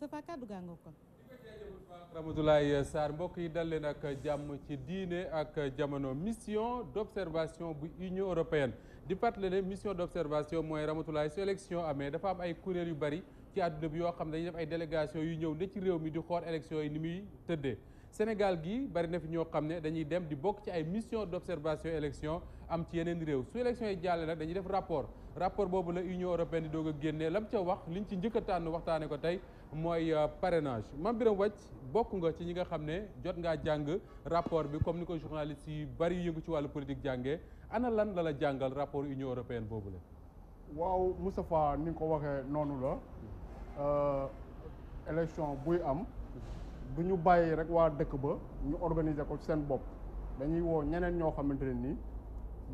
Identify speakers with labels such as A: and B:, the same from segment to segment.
A: Moustapha kàddu gaa nga ko
B: Ramatoulaye mbokk yi dal leen ak jàmm ci diine ak jamono mission d'observation bu Union européenne di fàttali ne mission d'observation mooy Ramatoulaye su élection amee dafa am ay kuréel yu bari ci àdduna bi yoo xam ne dañuy def ay délégation yu ñëw ne ci réew mi di xool élection yi ni muy tëddee Sénégal gi bari na fi ñoo xam ne dañuy dem di bokk ci ay mission d'observation élection am ci yeneen réew su élection yi jàlle nag dañuy def rapport rapport boobu la Union européenne di doog a génnee lam ca wax liñ ci njëkk tànn waxtaane ko tey mooy euh, parrainage Mame Birame Wathie bokk nga ci ñi nga xam ne jot ngaa jàng rapport bi comme ni ko journaliste yi bari yëngu ci wàllu politique jàngee ana lan la la jàngal rapport Union européenne boobu la
C: waaw Moustapha ni nga ko waxee noonu la euh, buy am bu ñu bàyyi rek waa dëkk ba ñu organiser ko ci seen bopp dañuy woo ñeneen ñoo xamante ne nii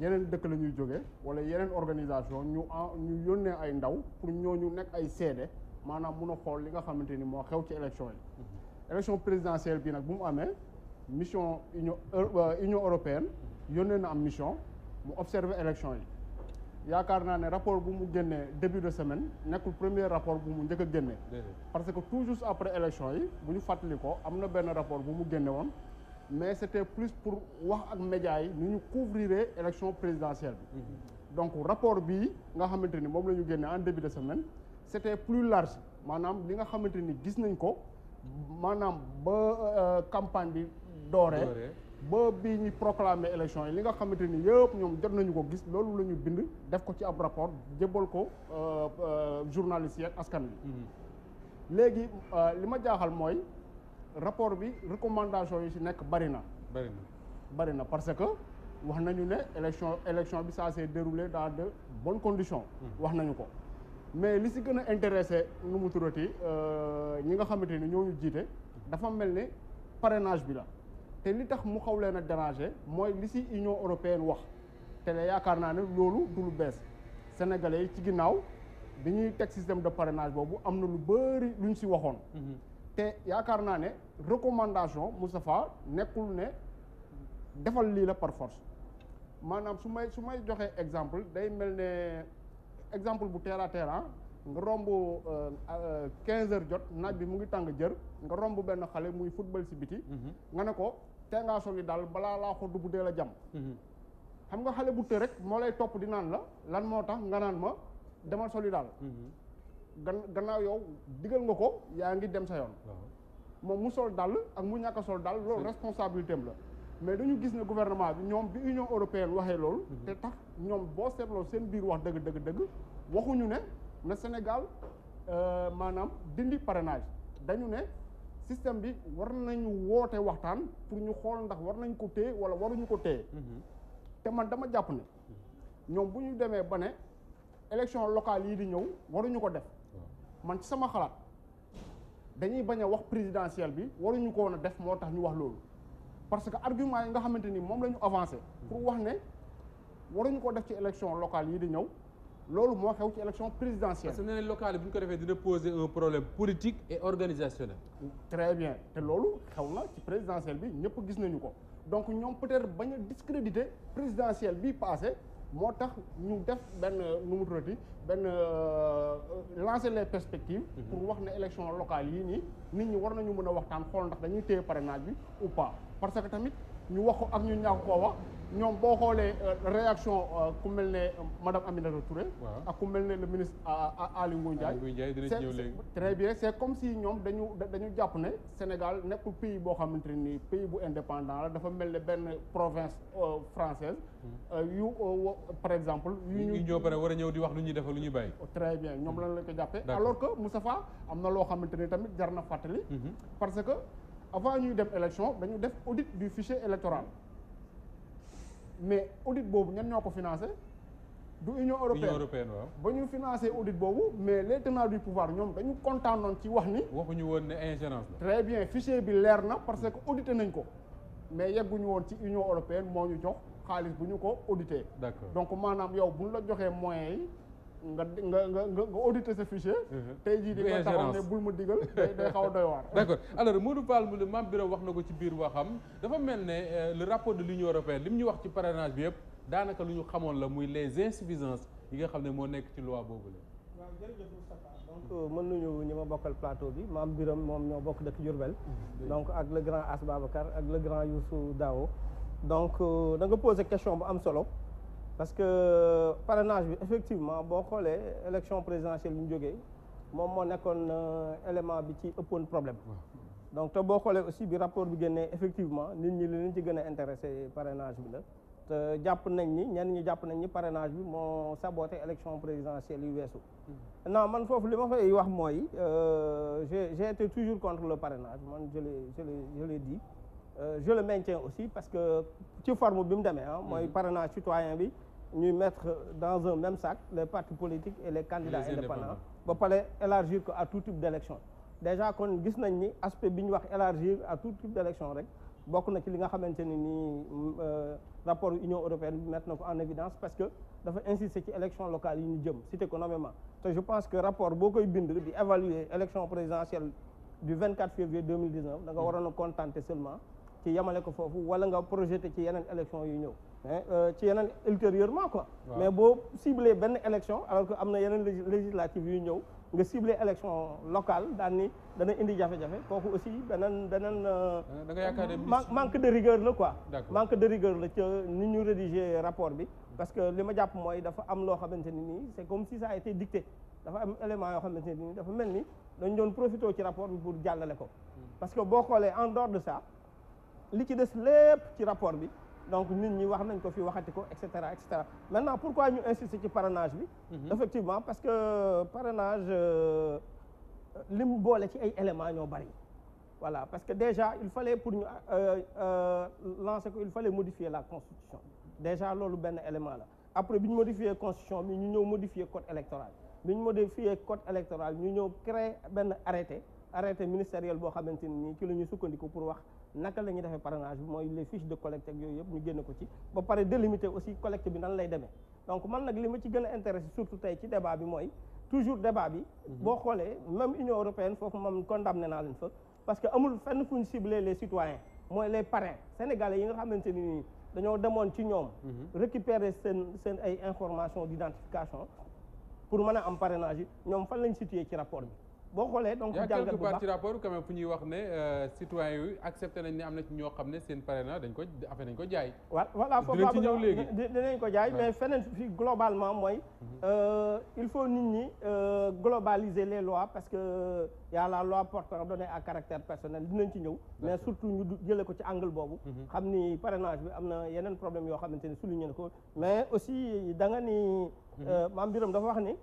C: yeneen dëkk la ñuy jóge wala yeneen organisation ñu ñu yónnee ay ndaw pour ñu nekk ay seede maanaam mun a xool li nga xamante ni moo xew ci élection yi. Mhm. élection présidentielle bi nag bu mu amee mission union euh, union européenne yónnee na am mission mu observer élection yi. yaakaar naa ne rapport bu mu génnee début de semaine nekkul premier rapport bu mu njëkk a génne parce que toujours juste après élection yi bu ñu fàttali ko am na benn rapport bu mu génne woon mais c'était plus pour wax ak médias yi nu ñu couvriree élection présidentielle bi mhm. donc rapport bii nga xamante ni moom la ñu génne en début de semaine c'était plus large maanaam li nga xamante ni gis nañ ko maanaam ba euh, campagne bi dooree ba bii ñuy proclamer élection yi li nga xamante ni yëpp ñoom jot nañu ko gis loolu la ñu bind def ko ci ab rapport jëbal ko euh, euh, journaliste yeeg askan bi mhm. léegi euh, li ma jaaxal mooy rapport bi recommandation yi si nekk bari na bari na parce que wax nañu ne élection élection bi ça s'est déroulé dans de bon condition mhm. wax nañu ko mais li si gën a intéressé nu mu turati ñi nga xamante ni ñooñu jiite dafa mel ne parrainage bi la te li tax mu xaw leen a déranger mooy li ci Union européenne wax te la yaakaar naa ne loolu du lu bees sénégalais ci ginnaaw bi ñuy teg système de parrainage boobu am na lu bëri lu ñu ci waxoon. Mhm. te yaakaar naa ne recommandation Moustapha nekkul ne defal lii la par force maanaam su may su may joxee exemple day mel ne exemple bu terre à ah, nga romb 15 euh, euh, heures jot naaj bi mu ngi tàng jër nga romb benn xale muy football ci biti. Mhm. nga ne ko te ngaa soli daal balaa laa xodd bu dee la jam mhm. xam nga xale bu të rek moo lay topp di naan la lan moo tax nga naan ma demal soli daal mhm. gan gannaaw yow digal nga ko yaa ngi dem sa yoon moom mu sol dàll ak mu ñàkk sol dàll loolu responsabilité am la mais dañu gis ne gouvernement bi ñoom bi union européenne waxee loolu mhm. te tax ñoom boo seetloo seen biir wax dëgg dëgg dëgg waxuñu ne na Sénégal euh, maanaam dindi parrainage dañu ne système bi war nañu woote waxtaan pour ñu xool ndax war nañ ko téye wala waruñu ko téye. Mhm. te man dama jàpp ne ñoom bu ñu demee ba ne élection locale yi di ñëw waruñu ko def man ci sama xalaat dañuy bañ a wax présidentielle bi waruñu ko woon a def moo tax ñu wax loolu parce que argument yi nga xamante ni moom la ñu avancé pour wax ne waruñu ko def ci élection locale yi di ñëw loolu moo xew ci élection présidentielle. parce que
B: nee nañ local yi bu ñu ko defee dina poser un problème politique et organisationnel. très bien te loolu xew na ci présidentielle
C: bi ñëpp gis nañu ko donc ñoom peut-être bañ a discréditer présidentielle bi passé moo tax ñu def benn nu mu tuddati benn euh, lancer les perspectives. Mhm. pour wax ne élection locale yi nii nit ñi war nañu mën a waxtaan xool ndax dañuy téye parrainage bi ou pas parce que tamit ñu wax ko ak ñu ñaax koo wax. ñoom boo xoolee euh, réaction euh, ku mel ne euh, madame Aminata Touré. ak ku mel ne le ministre Aly Ngouille Ndiaye. Aly Ngouille Ndiaye dina ñëw léegi très bien c' est comme si ñoom dañu dañu jàpp ne Sénégal nekkul pays boo xamante ni pays bu indépendant dafa mel ne benn province française hmm. yu par exemple. yu ñu ñoo pare war
B: a ñëw di wax lu ñuy defal lu ñuy bàyyi. Oh,
C: très bien ñoom lan la ko jàppee. alors que Moustapha am na loo xamante ni tamit jar na fàttali. Hmm. parce que avant ñuy dem élection dañu def audit du fichier électoral. mais audit boobu ñan ñoo ko financé du union européenne ba ñu financé audit boobu mais les naa du pouvoir ñoom dañu kontaanoon ci wax ni.
B: waxuñu woon ne ingérence
C: très bien fichier bi leer na parce que audité nañ ko mais yegguñu woon ci union européenne moo ñu jox xaalis bu ñu ko audité. d'accord donc maanaam yow bu ñu la joxee moyens yi. nga nga nga nga sa fichier. Mhm. tey
B: jii di nga taxaw ne bul
C: ma digal day day xaw a doy waar.
B: d' accord alors Modou Fall mu Mame Birame wax na ko ci biir waxam dafa mel ne euh, le rapport de l' Union européenne li mu ñu wax ci parrainage bi yëpp daanaka lu ñu xamoon la muy les insuffisances yi nga xam ne moo nekk ci loi boobu la.
D: Euh,
E: mën nañu ñu ma bokkal plateau bi Mame Birame moom moo bokk dëkk Diourbel. Mhm. donc ak le grand As Babacar ak le grand Youssou Dao. donc euh, da nga posé question bu am solo. parce que parrainage bi effectivement boo xoolee élection présidentielle bi ñu jógee moom moo nekkoon euh, élément bi ci ëppoon problème donc te boo xoolee aussi bi rapport bi génnee effectivement nit ñi li leen ci gën a intéressé parrainage bi la te jàpp nañ ñi ñenn ñi jàpp nañ ñi parenage bi moo saboté élection présidentielle yu weesu mm. non man foofu li ma fay wax mooy euh, j'ai j'ai été toujours contre le parrainage man je l'ai je l'ai je l'ai dit euh, je le maintiens aussi parce que ci forme bi mu demee ah mooy mm-hmm. parrainage citoyen bi ñuy mettre dans un même sac les partis politiques et les candidats les indépendants ba pare élargir ko à tout type d'élection déjà kon gis nañ ni aspect bi ñu wax élargir à tout type d'élection rek bokk na ci li nga xamante ni nii euh, rapport Union européenne bi mettre en évidence parce que dafa insister ci élection locale yi ñu jëm cité ko nommément te je pense que rapport boo koy bind di évaluer élection présidentielle du février 2019 da nga waroon a contenter seulement ci yemale ko foofu wala nga projeté ci yeneen élection yu ñëw euh, ci yeneen ultérieurement quoi mais boo ciblé benn élection alors que am na yeneen législative yu ñëw nga ciblé élection local daan ni dana indi jafe-jafe kooku aussi beneen beneen euh, manque de rigueur la quoi manque de rigueur la ci ni ñu rédiger rapport bi parce que li ma jàpp mooy dafa am loo xamante ni nii c'est comme si ça a été dicté dafa am élément yoo xamante ni nii dafa mel ni dañ doon profité ci rapport bi pour jàllale ko
D: hmm.
E: li ci des lépp ci rapport bi donc nit ñi wax nañ ko fi waxati ko et cetera et cetera maintenant pourquoi ñu insister ci parrainage bi mhm. effectivement parce que euh, parrainage euh, li mu boole ci ay éléments ñoo bari voilà parce que déjà il fallait pour ñu euh, lancer ko il fallait modifier la constitution déjà loolu benn élément la après bi ñu modifier constitution bi ñu ñëw modifier code électoral bi ñu modifier code électoral ñu ñëw créer benn arrêté arrêté ministériel boo xamante ni ci la ñu sukkandiku pour wax naka la ñuy defee parrainage bi mooy les fiches de collecte ak yooyu yëpp ñu génn ko ci ba pare délimiter aussi collecte bi nan lay demee donc man nag li ma ci gën a intéressé surtout tey ci débat bi mooy toujours débat bi mhm. boo xoolee même Union européenne foofu moom condamné naa leen fa parce que amul fenn fu ñu sible les citoyens mooy les parrains sénégalais yi nga xamante ne nii dañoo demoon ci ñoom mhm. récupérer seen seen ay information d' identification pour mën a am parrainage ñoom fan lañ situé ci rapport bi boo xoolee donc jàngat bu baax
B: y a quelque fu ñuy wax ne euh, citoyen yu accepté nañ ne am na ci ñoo xam ne seen parrainage dañ ko affaire dañ ko jaay waaw voilà foofu ci ñëw léegi
E: dinañ ko jaay mais feneen fi globalement mooy mhm. euh, il faut nit ñi euh, globaliser les lois parce que y a la loi portant données à caractère personnel dinañ ci ñëw mais surtout ñu jële ko ci angle boobu mhm. xam ni parrainage bi am na yeneen problème yoo xamante ne souligné ne ko mais aussi da nga ni mhm. maam Birame dafa wax ni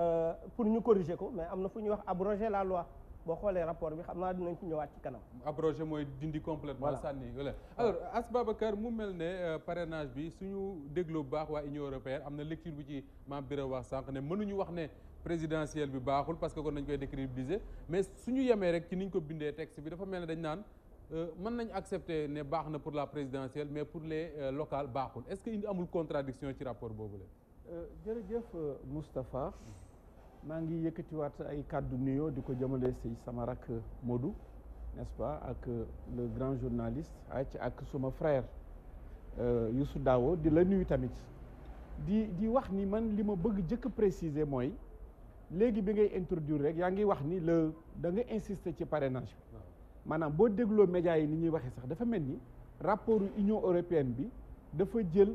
E: Euh, pour ñu corriger ko mais am na fu ñuy wax abroger la loi boo xoolee rapport bi xam naa dinañ ci ñëwaat ci kanam.
B: abroger mooy dindi complètement sànni voilà alors As Babacar mu mel ne euh, parrainage bi suñu dégloo bu baax waa Union européenne am na lecture bu ci maam Bira wax sànq ne mënuñu wax ne présidentielle bi baaxul parce que kon nañ koy décrédibiliser mais su ñu yemee rek ci niñ ko bindee texte bi dafa mel ne dañ naan euh, mën nañ accepter ne baax na pour la présidentielle mais pour les locales baaxul est-ce que indi amul contradiction ci rapport boobu la.
F: jërëjëf Moustapha. Mm-hmm. maa ngi yëkkatiwaat ay kàddu nuyoo di ko jëmale si sama rakk Modou n'est-ce pas ak le grand journaliste ak suma frère euh, Youssou Dawo di la nuyu tamit di di wax ni man li ma bëgg jëkk préciser mooy léegi bi ngay introduire rek yaa ngi wax ni la da nga insister ci parrainage bi maanaam boo dégloo médias yi ni ñuy waxee sax dafa mel ni rapport Union européenne bi dafa jël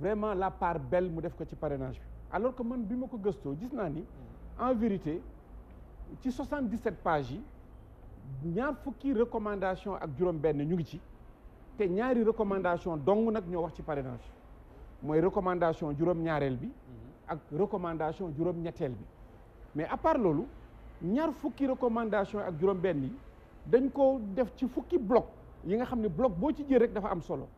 F: vraiment la part belle mu def ko ci parrainage bi alors que man bi ma ko gëstoo gis naa ni en vérité ci 77 pages yi ñaar fukki recommandation ak juróom-benn ñu ngi ci te ñaari recommandation dong nag ñoo wax ci parrainage mooy recommandation juróom-ñaareel bi mhm. ak recommandation juróom-ñetteel bi mais à part loolu ñaar fukki recommandation ak juróom-benn yi dañ ko def ci fukki bloc yi nga xam ne bloc boo ci jël rek dafa am solo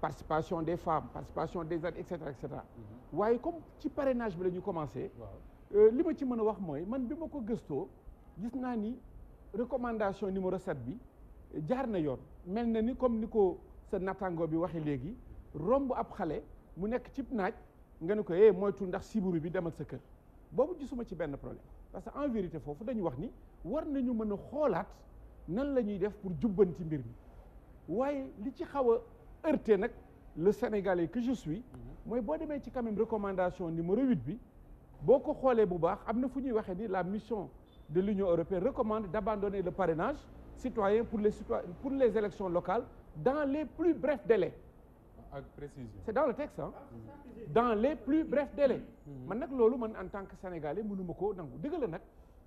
F: participation des femmes participation des arts et cetera cetera mhm. waaye comme ci parrainage bi lañu ñu commencé. Waaw. Euh, li ma ci mën a wax mooy man bi ma ko gëstoo gis naa ni recommandation numéro 7 bi jaar na yoon mel na ni comme ni ko sa nattango bi waxee léegi romb ab xale mu nekk cib naaj nga ne ko eh moytul ndax sibiru bi demal sa kër boobu gisuma ci benn problème parce que en vérité foofu dañu wax ni war nañu mën a xoolaat nan la ñuy def pour jubbanti mbir mi waaye li ci xaw a heurté nag le sénégalais que je suis. Mhm. mooy boo demee ci quand même recommandation numéro 8 bi. boo ko xoolee bu baax am na fu ñuy waxee ni la mission de l'Union européenne recommande d'abandonner le parrainage citoyen pour les citoy pour les élections locales dans les plus brefs délais.
B: ak précision
F: c'est dans le texte ah. dans les plus brefs délais. man nag loolu man en tant que sénégalais mënuma koo nangu dëgg la nag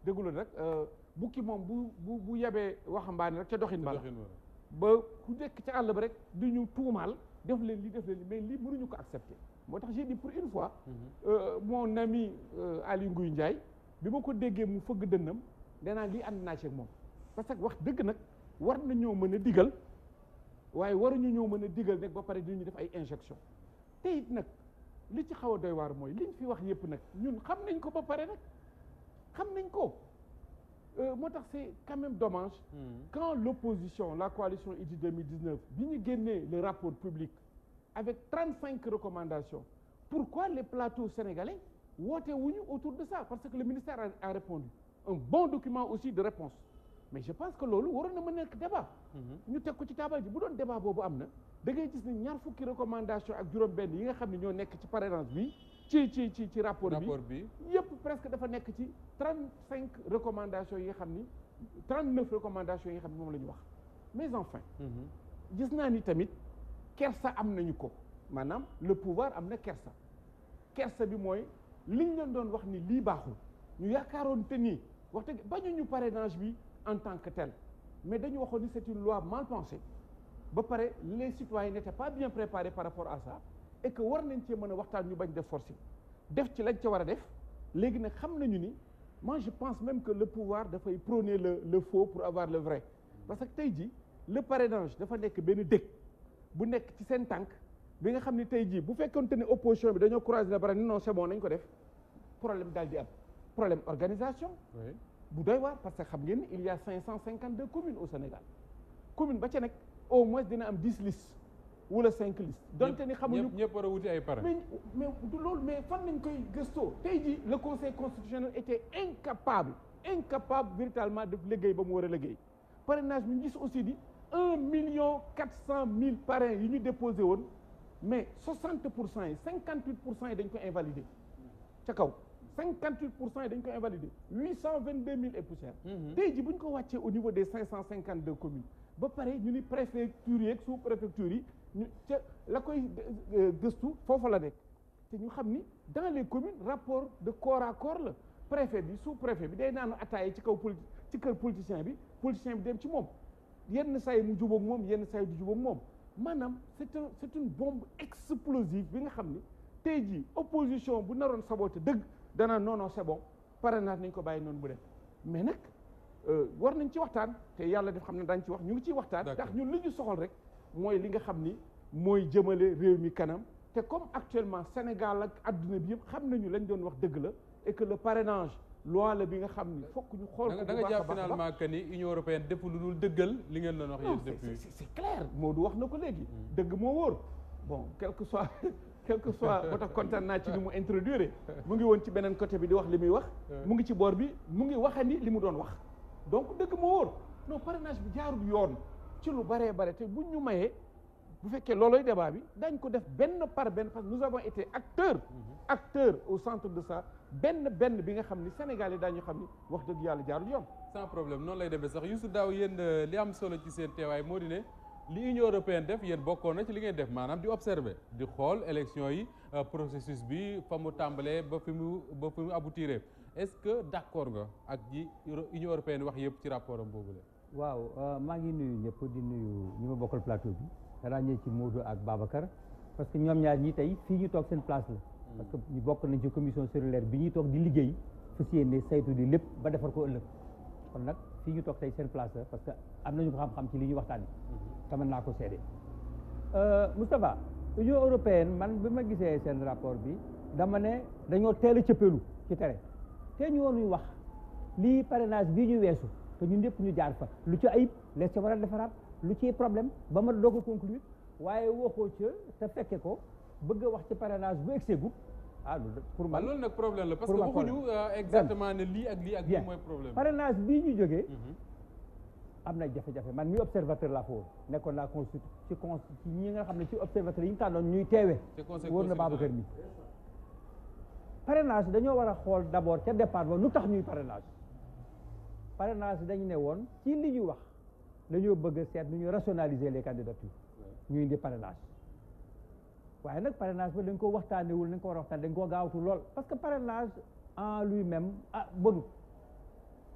F: dëgg la nag euh, bukki moom bu bu bu yebee waxambaane rek ca doxin ba ba ku dekk ca àll ba rek du ñu tuumaal def leen li def leen mais lii mënuñu ko accepter. moo tax j'ai pour une fois mhm. euh, mon ami euh, Aliou Nguy Ndiaye bi ma ko déggee mu fëgg dënnam nee naa lii ànd naa ci moom parce que wax dëgg nag war na ñoo mën a diggal waaye waruñu ñoo mën a digal nag ba pare dinañu def ay injection te it nag li ci xaw a doy waar mooy liñ fi wax yëpp nag ñun xam nañ ko ba pare nag xam nañ ko euh, moo tax c'est quand même dommage hmm. quand l'opposition la coalition Idy 2019 bi ñu génnee le rapport public avec 35 recommandations pourquoi les plateaux sénégalais woote wuñu autour de ça parce que le ministère a, a répondu un bon document aussi de réponse mais je pense que loolu waroon na ma nekk débat mhm. ñu teg ko ci taabal ji bu doon débat boobu am na da ngay gis ne ñaar fukki recommandation ak juróom benn yi nga xam ne ñoo nekk ci parrainage bi
B: ci ci ci ci rapport bi
F: yëpp presque dafa nekk ci trente cinq recommandation yi nga xam ni trente neuf recommandations yi nga xam moom la ñu wax mais enfin mhm. gis naa ni tamit kersa am nañu ko maanaam le pouvoir am na kersa kersa bi mooy liñ leen doon wax ni lii baaxul ñu yaakaaroon te nii wax dëgg bañu ñu parrainage bi en tant que tel mais dañu waxoon ni c'est une loi mal pensée ba pare les citoyens n'étaient pas bien préparés par rapport à sa et que war nañ cee mën a waxtaan ñu bañ def forcing def ci lañ ca war a def léegi nag xam nañu ni moi je pense même que le pouvoir dafay prôner le le faux pour avoir le vrai parce que tey ji le parrainage dafa nekk benn dëkk bu nekk ci seen tànk bi nga xam ne tey jii bu fekkonte ne opposition bi dañoo courage na bara ni non c'est bon nañ ko def problème daal di am problème organisation bu doy waar parce que xam ngeen il y cinq cent cinquante de communes au Sénégal commune ba ca nekk au moins dina am dix listes wala cinq listes donte ni xamuñu
B: ñëpp war a wuti ay parrain mais du loolu
F: mais fan nañ koy gëstoo tey jii le conseil constitutionnel était incapable incapable véritablement de liggéey ba mu war a liggéey parrainage bi ñu gis aussi di un million quatre cent mille parrains yi ñu déposé woon mais soixante pour cent yi cinquante huit pour cent yi dañ ko invalidé ca kaw cinquante huit pour cent yi dañ ko invalidé huit cent vingt deux mille et poussière mhm. tey ji bu ñu ko wàccee au niveau des cinq cent cinquante deux communes ba pare ñu ni préfecture yi ak sous préfecture yi ñu ca la koy euh, gëstu foofu la nekk te ñu xam ni dans les communes rapport de corps à corps la préfet bi sous préfet bi day naanu attaaya ci kaw poli ci kër politicien bi politicien bi dem ci moom yenn saa yi mu moom yenn saa yi du jubóog moom maanaam c'est un c'est une bombe explosive bi nga xam ni tey jii opposition bu naroon saboté dëgg dana non non c'est pare naa nañ ko bàyyi noonu bu def mais nag euh, war nañ ci waxtaan te yàlla def xam ne daañ ci wax ñu ngi ciy waxtaan ndax ñun li ñu soxal rek mooy li nga xam ni mooy jëmale réew mi kanam te comme actuellement Sénégal ak adduna bi yëpp xam nañu lañ doon wax dëgg la et que le parrainage loi bi nga xam ni fokk ñu xool ko da nga jàpp finalement
B: que ni union européenne def lu dul dëggal li ngeen doon wax yéen depuis c'est clair
F: Modou wax na ko léegi mm. dëgg moo wóor bon quel que soit quel soit ba tax kontaan naa ci ni mu introduire mu ngi woon ci beneen côté bi di wax li muy wax mu ngi ci boor bi mu ngi waxani li mu doon wax donc dëgg moo wóor non parenage bi jaarul yoon ci lu baree bare te buñ ñu mayee bu fekkee looloy débat bi dañ ko def benn par benn parce que nous avons été acteurs mhm. acteurs au centre de ça benn benn bi nga xam ni Sénégal yi daañu xam ni wax dëgg yàlla jaarul yoon
B: sans problème noonu lay demee sax Youssou Daw yéen euh, li am solo ci seen teewaay moo di ne li Union européenne def yéen bokkoon na ci li ngeen def maanaam di observer di xool élection yi euh, processus bi fa mu tàmbalee ba fi mu ba fi mu aboutir est-ce que d'accord nga ak ji Union européenne wax yëpp ci rapport am boobu la
G: waaw euh, maa ngi nuyu ñëpp di nuyu ñi ma bokkal plateau bi ràññee ci Modou ak Babacar parce que ñoom ñaar ñi tey fii ñu toog seen place la ñu bokk nañ ci commission cellulaire bi ñuy toog di liggéey fas yéene saytu di lépp ba defar ko ëllëg kon nag fii ñu toog tey seen place la parce que am nañu ko xam-xam ci li ñuy waxtaanee tamit naa ko seede euh, Moustapha Union européenne man bi ma gisee seen rapport bi dama ne dañoo teel a cëppeelu ci tere te ñu woon wax lii parrainage bii ñu weesu te ñun ñëpp ñu jaar fa lu ci ayib lees ca war defaraat lu ciy problème ba ma doog a conclure waaye waxoo ca te fekke ko bëgg a wax ci parrainage bu egg seegul ah pour man ah, loolu nag problème la parce que waxuñu euh, exactement
B: ne lii ak ak lii mooy problème parrainage
G: bii ñu jógee mhm. am na jafe-jafe man mi observateur laa fa woon nekkoon naa constitut ci con ñi nga xam ne ci observateur yi ñu tànnoon ñuy teewee wóor na Babacar mi parenage dañoo war a xool d'abord ca départ ba lu tax ñuy parenage parrainage dañu ne woon ci li ñu wax dañoo bëgg seet nu ñu rationaliser les candidatures ñu indi parrainage waaye nag parrainage ba dañ ko waxtaanewul nañ ko war a waxtaan dañ koo gaawatu lool parce que parrainage en lui-même ah bonut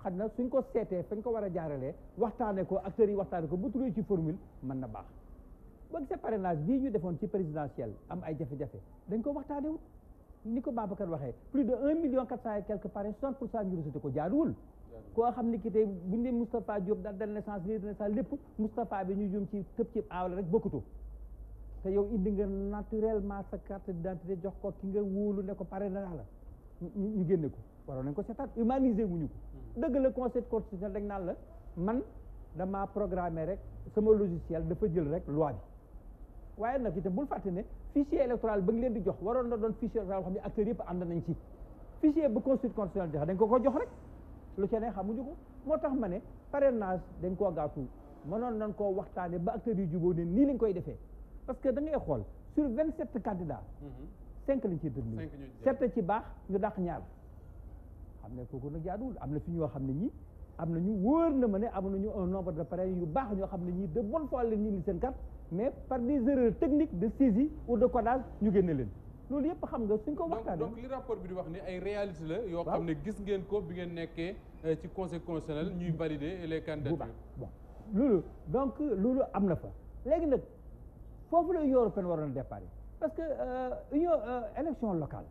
G: xam na suñ ko seetee fañ ko war a jaaralee waxtaane ko acteur yi waxtaane ko ba turee ci formule mën na baax ba gisee parrainage bii ñu defoon ci présidentiel am ay jafe-jafe dañ ko waxtaanewut ni ko Babacar waxee plus de un million quatre cent et quelques koo xam ne ki tey bu ñu ne Moustapha Diop daal de naissance nii de naissance lépp Moustapha bi ñu jëm ci tëb ci aawale rek bokkutu te yow indi nga naturellement sa carte d'identité jox ko ki nga wóolu ne ko pare na la ñu génne ko waroon nañ ko seetaat humaniser wuñu ko dëgg la conseil constitutionnel dañ naan la man damaa programmé na doon fichier électoral xam ne acteurs yëpp ànd nañ ci fichier bu conseil dañ ko ko jox rek lu ca ne xamuñu ko moo tax ma ne parrainage dañ koo gàttu mënoon nañ koo waxtaane ba acteurs yu juboo ne nii lañ koy defee parce que da xool sur vingt sept candidats mhm. cinq lañ ci dëglu sept ci baax ñu dàq ñaar xam ne kooku nag jaaduwul am na fi ñoo xam ne ñi am na ñu wóor na ma ne am nañu un nombre de parrain yu baax ñoo xam ne ñi de bonne foi la ñu li seen carte mais par des erreurs techniques de saisie ou de codage ñu génne leen loolu yëpp xam nga suñ ko waxtaanee donc
B: li rapport bi di wax ni ay réalité la yoo xam ne gis ngeen ko bi ngeen nekkee euh, ci conseil constitutionnel ñuy mm-hmm. valider les candidatures bon
G: loolu donc loolu am na fa léegi nag foofu la union européenne waroon a départ parce que euh, union euh, élection locale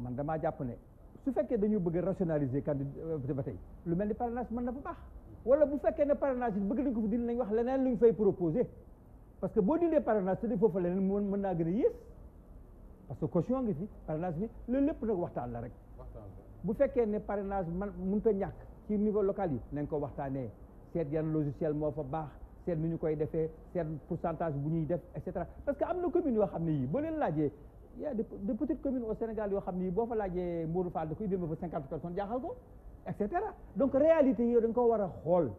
G: man damaa jàpp ne su fekkee dañu bëgg a rationaliser candidat tey lu mel ni parrainage mën na fa baax wala bu fekkee ne parrainage bëgg nañ ko fi dindi nañ wax leneen lu ñu fay proposer parce que boo dindee parrainage te di foofu leneen mën naa gën a parce que caution ngi fi parrainage bi loolu lépp nag waxtaan la rek bu fekkee ne parrainage man mënut a ci niveau local yi nañ ko waxtaanee seet yan logiciel moo fa baax seet nu ñu koy defee seet centage bu ñuy def et cetera parce que am na commune yoo xam ne yii boo leen laajee y a de petites communes au Sénégal yoo xam ne yii boo fa laajee Modou Fall da koy dem ba fa cinquante personnes jaaxal ko et cetera donc réalité yi dañ ko war a xool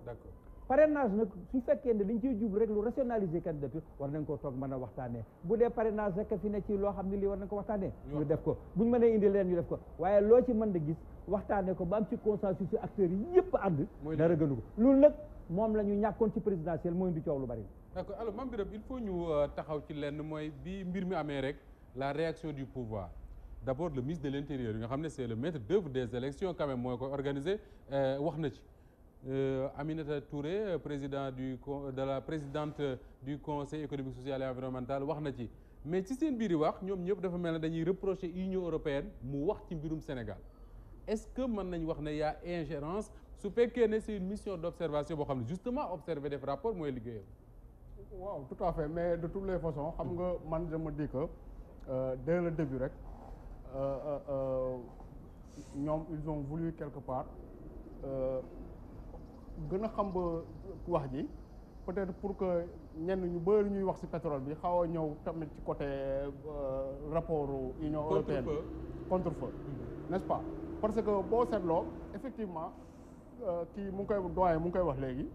G: parrainage nag su fekkee ne dañ ciy jublu rek lu rationaliser candidature war nañ koo toog mën a waxtaanee bu dee parrainage rek fi ne ci loo xam ne lii war nañ ko waxtaanee ñu def ko buñ mënee indi leen ñu def ko waaye loo ci mën da gis waxtaanee ko ba am ci consensus yu acteurs yi yëpp ànd dara gënu ko loolu nag moom la ñu ñàkkoon ci présidentielle mooy indi lu bari
B: d'accord alors Mame euh, taxaw ci lenn mooy bi mbir mi amee rek la réaction du pouvoir d'abord le ministre de l'intérieur yi nga xam ne c'est le maître d'œuvre des élections quand même euh, wax na ci Euh, Aminata Touré président du de la présidente du conseil économique social et environnemental wax na ci mais ci seen biir wax ñoom ñëpp dafa mel ne dañuy reprocher Union européenne mu wax ci mbirum Sénégal est-ce que mën nañ wax ne y a su fekkee ne c'est une mission d'observation boo xam ne justement observer def rapport mooy liggéeyam.
C: waaw tout à fait mais de toutes les façons xam nga man je me dis que euh, dès le début rek euh, euh, ñoom gën a xam ba wax ji peut-être pour que ñenn ñu bëri ñuy wax ci pétrole bi xaw a ñëw tamit ci côté euh, rapport Union européenne contre feu mm-hmm. n'est-ce pas parce que boo seetloo effectivement euh, kii mu ngi koy doyen mu ngi koy wax léegi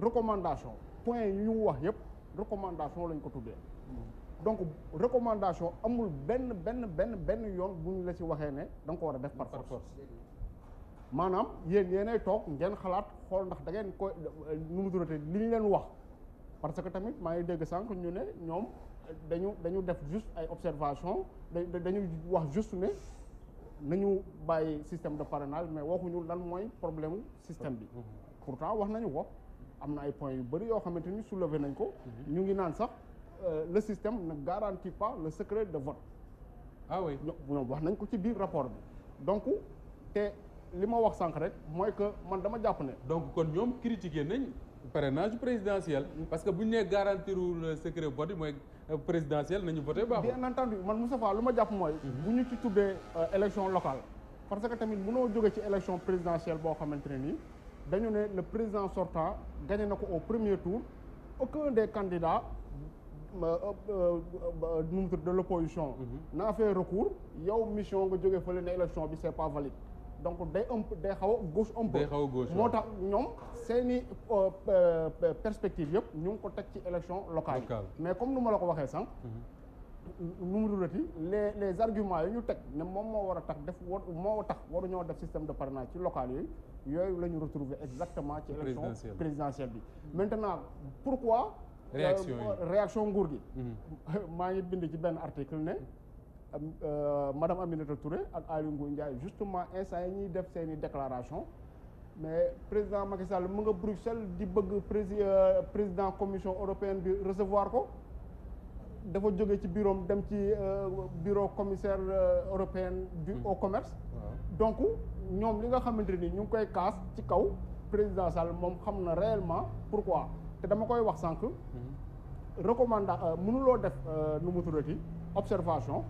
C: recommandation point yi ñu wax yëpp recommandation lañ ko tuddee
D: mm-hmm.
C: donc recommandation amul benn benn benn benn yoon bu ñu la ci waxee ne da ko war a def par force maanaam yéen yéenay toog ngeen xalaat xool ndax da ngeen koy nu mu durate li ñu leen wax parce que tamit maa ngi dégg sànq ñu ne ñoom dañu dañu def juste ay observation dañu wax juste ne nañu bàyyi système de parrainage mais waxuñu lan mooy problème système bi pourtant wax nañu ko am na ay points yu bëri yoo xamante ni sulever nañ ko mhm. ñu ngi naan sax euh, le système na garantit pas le secret de vote ah oui ñoom wax
B: nañ ko ci biir rapport bi donc te li ma wax sànq rek mooy que man dama jàpp ne. donc kon ñoom critiqué nañ parrainage présidentiel. Mm. parce que bu ñu nee garantirul secret vote mooy euh, présidentiel nañu voté baaxul. bien
C: entendu man Moustapha lu ma jàpp mooy. Mm-hmm. bu ñu ci tuddee euh, élection locale. parce que tamit mu noo jóge ci élection présidentielle boo xamante ne nii dañu ne le président sortant gagné na ko au premier tour aucun des candidats. Euh, numtre de l'opposition mm-hmm. naa fee recours yow mission nga jóge fële ne élection bi donc day un day xaw a gauche un xaw a gauche moo tax ñoom seeni euh, euh, euh, perspective yëpp ñu ngi ko teg ci élection locale mais comme nu ma la ko waxee sànq. Mhm. nu mu dulati les les arguments yi ñu teg ne moom moo war a tax def war moo tax waru ñoo def système de parrainage ci local yooyu yooyu la ñu retrouver exactement ci élection présidentielle bi maintenant pourquoi réaction nguur gi mhm. maa ngi bind ci benn article ne mhm. Euh, madame Aminata Touré ak Aliou Ngouille Ndiaye justement instant yi ñuy def seen i déclaration mais président Macky Sall mu nga Bruxelles di bëgg euh, président commission européenne bi recevoir ko dafa jóge ci bureau dem ci euh, bureau commissaire européen du hmm. au commerce donc ñoom li nga xamante ni ñu ngi koy kaas ci kaw président Sall moom xam na réellement pourquoi te dama koy wax sànq
D: hmm.
C: recommanda mënuloo def nu mu tuddati observation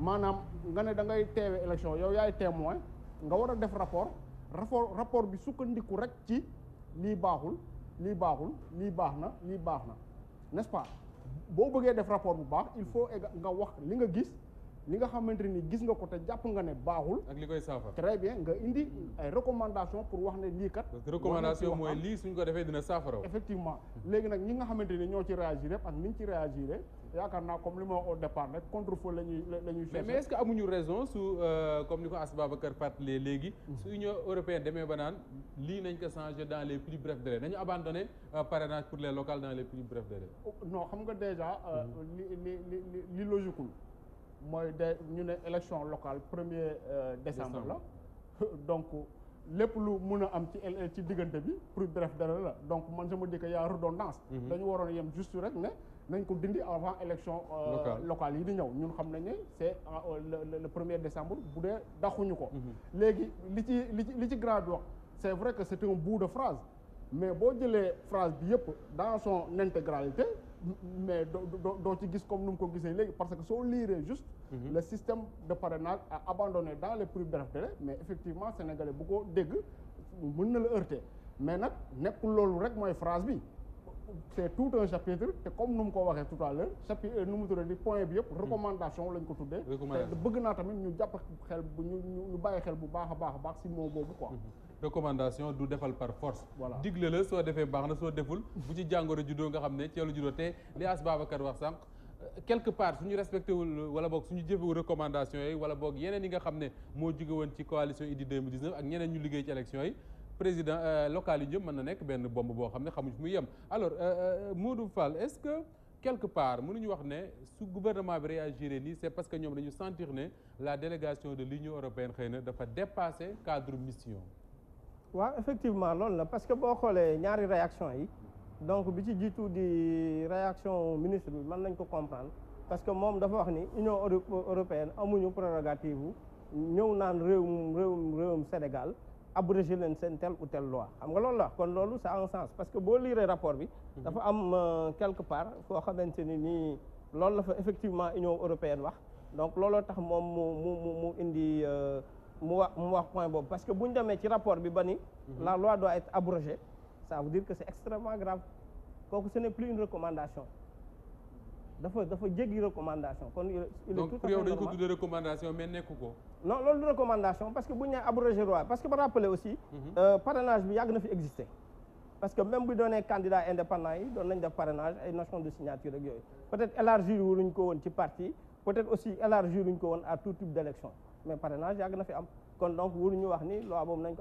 C: maanaam nga ne da ngay teewe élection yow yaay témoin nga war a def rapport rapport rapport bi sukkandiku rek ci lii baaxul lii baaxul lii baax na lii baax na n'est-ce pas boo bëggee def rapport bu baax il faut nga wax li nga gis li nga xamante ni gis nga ko te jàpp nga ne baaxul.
B: ak li koy saafara
C: très bien nga indi ay recommandations pour wax ne lii kat. parce que recommandation mooy lii
B: suñ ko defee dina saafara.
C: effectivement léegi nag ñi nga xamante ni ñoo ci réagir ak ni ñu ci réagir. yaakaar naa comme li ma wax au départ rek contre feu la ñuy la
B: euh, ni ko As Babacar fàttalee léegi mm-hmm. su union européenne demee ba naan lii nañ ko changé dans les plus brefs délais nañu abandonné euh, parrainage pour les locales dans les plus brefs délais
C: oh, non xam nga déjà euh, mm-hmm. li li li mooy de ñu ne élection locale premier décembre la donc lépp lu mun a am ci ci diggante bi pour bref dara la donc man sama dëkk y a redondance mm-hmm. dañu waroon yem juste rek ne nañ ko dindi avant élection euh, locale yi di ñëw ñun xam nañ ne c'est euh, le premier décembre bu dee daxuñu ko mhm. léegi li ci li ci li ci grand bi wax c'est vrai que c'est un bout de phrase mais boo jëlee phrase bi yëpp dans son intégralité mais doo doo ci gis comme nu mu ko gisee léegi parce que soo liiree juste mhm. le système de parrainage a abandonné dans les plus brefs délais mais effectivement sénégalais bu ko dégg mën na la heurter mais nag nekkul loolu rek mooy phrase bi c'est tout un chapitre te comme nu mu ko waxee tout à l'heure chapitre nu mu tuddee di point bi yëpp hmm. recommandation lañ ko tuddee te bëgg naa tamit ñu jàpp xel bu ñu ñu bàyyi xel bu baax a baax a baax si moo boobu quoi hmm.
B: recommandation du defal par force voilà digle la soo defee baax na soo deful bu ci jàngoro juddoo nga xam ne ci la juddoo te li as Babacar wax sànq euh, quelque part suñu respecté wul wala boog suñu jëfewul recommandation yi wala boog yeneen yi nga xam ne moo jóge woon ci coalition Idy 2019 ak ñeneen ñu liggéey ci élection président euh, local yi jëm mën na nekk benn bomb boo xam ne xamuñu fu muy yem alors euh, euh, Modou fal est-ce que quelque part mënuñu wax ne su gouvernement bi réagir nii c'est parce que ñoom nañu sentir ne la délégation de l'Union européenne xëy na dafa dépasser cadre mission.
E: waaw effectivement loolu na parce que boo xoolee ñaari réaction yi donc bi ci jiitu di réaction ministre bi man nañ ko comprendre parce que moom dafa wax ni Union européenne amuñu prérogative ñëw naan réewum réewum réewum Sénégal. abrogé leen seen telle ou telle loi xam nga loolu la kon loolu ça en un sens parce que boo liiree rapport bi mhm. dafa am euh, quelque part foo xamante ni nii loolu la fa effectivement Union européenne wax donc looloo tax moom mu mu mu mu indi euh, mu wax mu wax point boobu parce que bu ñu demee ci rapport bi ba ni mhm. la loi doit être abrogée ça veut dire que c'est extrêmement grave kooku ce n'est plus une recommandation dafa dafa jéggi recommandation kon il est donc yow dañ ko tuddee
B: recommandation mais nekku ko
E: non loolu du recommandation parce que bu ñu nee abrogé loi parce que ba rappeler aussi mhm. euh, parrainage bi yàgg na fi exister parce que même bu doonee candidat indépendant yi doon nañ def parrainage ay notion de signature ak peut-être élargir wuñ ko woon ci parti peut-être aussi élargir wuñ ko woon à tout type d'élection mais parrainage yàgg na fi am kon donc waruñu wax ni loi mhm.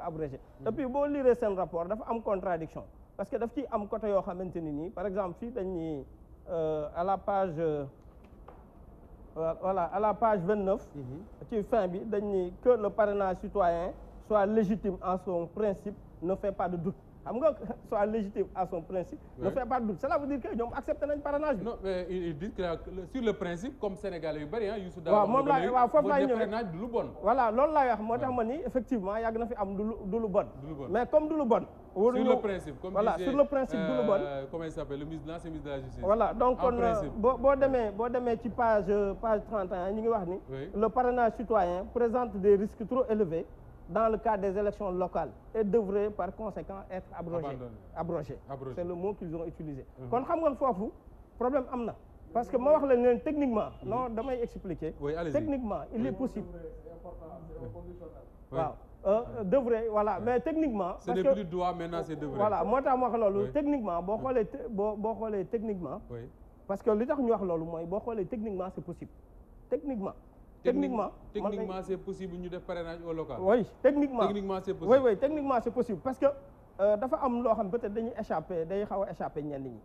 E: xamante ni nii par Euh, à la paj euh, voilà à la page vingt neuf mhm. ci fin bi dañ ni que le parrainage citoyen soit légitime en son principe ne fait pas de doute xam nga soit légitime à son principe. ne fait pas de doute cela veut dire que ñoom accepté nañ parrainage bi. non
B: mais ils disent sur le principe comme sénégalais yu bëri ah. Youssou Daouda moom laa waaw foofu laay bon.
E: voilà loolu laay wax moo ma ni effectivement yàgg na fi am du lu du lu bon. mais comme du bon. sur le principe comme voilà sur bon.
B: Euh, la justice. voilà donc kon euh,
E: boo boo demee boo demee ci page euh, page 31 ñu ngi wax ni. le parrainage citoyen présente des risques trop élevés. dans le cadre des élections locales et devrait par conséquent être abrogé abrogé c'est le mot qu'ils ont utilisé mhm. kon xam nga foofu problèm am na parce que ma wax la techniquement mhm. non damay expliquer techniquement il est possible waaw euh, euh, devrait voilà mais techniquement parce que
B: droit maintenant moo tax
E: ma wax loolu techniquement boo mm. xoolee boo boo xoolee techniquement parce que li tax ñu wax loolu mooy boo xoolee techniquement c'est possible techniquement techniquement techniquement
B: c'est possible ñu def parrainage au local. oui techniquement techniquement
E: c'est possible. parce que euh, dafa am loo xam peut-être dañuy échapper day xaw a échapper ñenn ñi.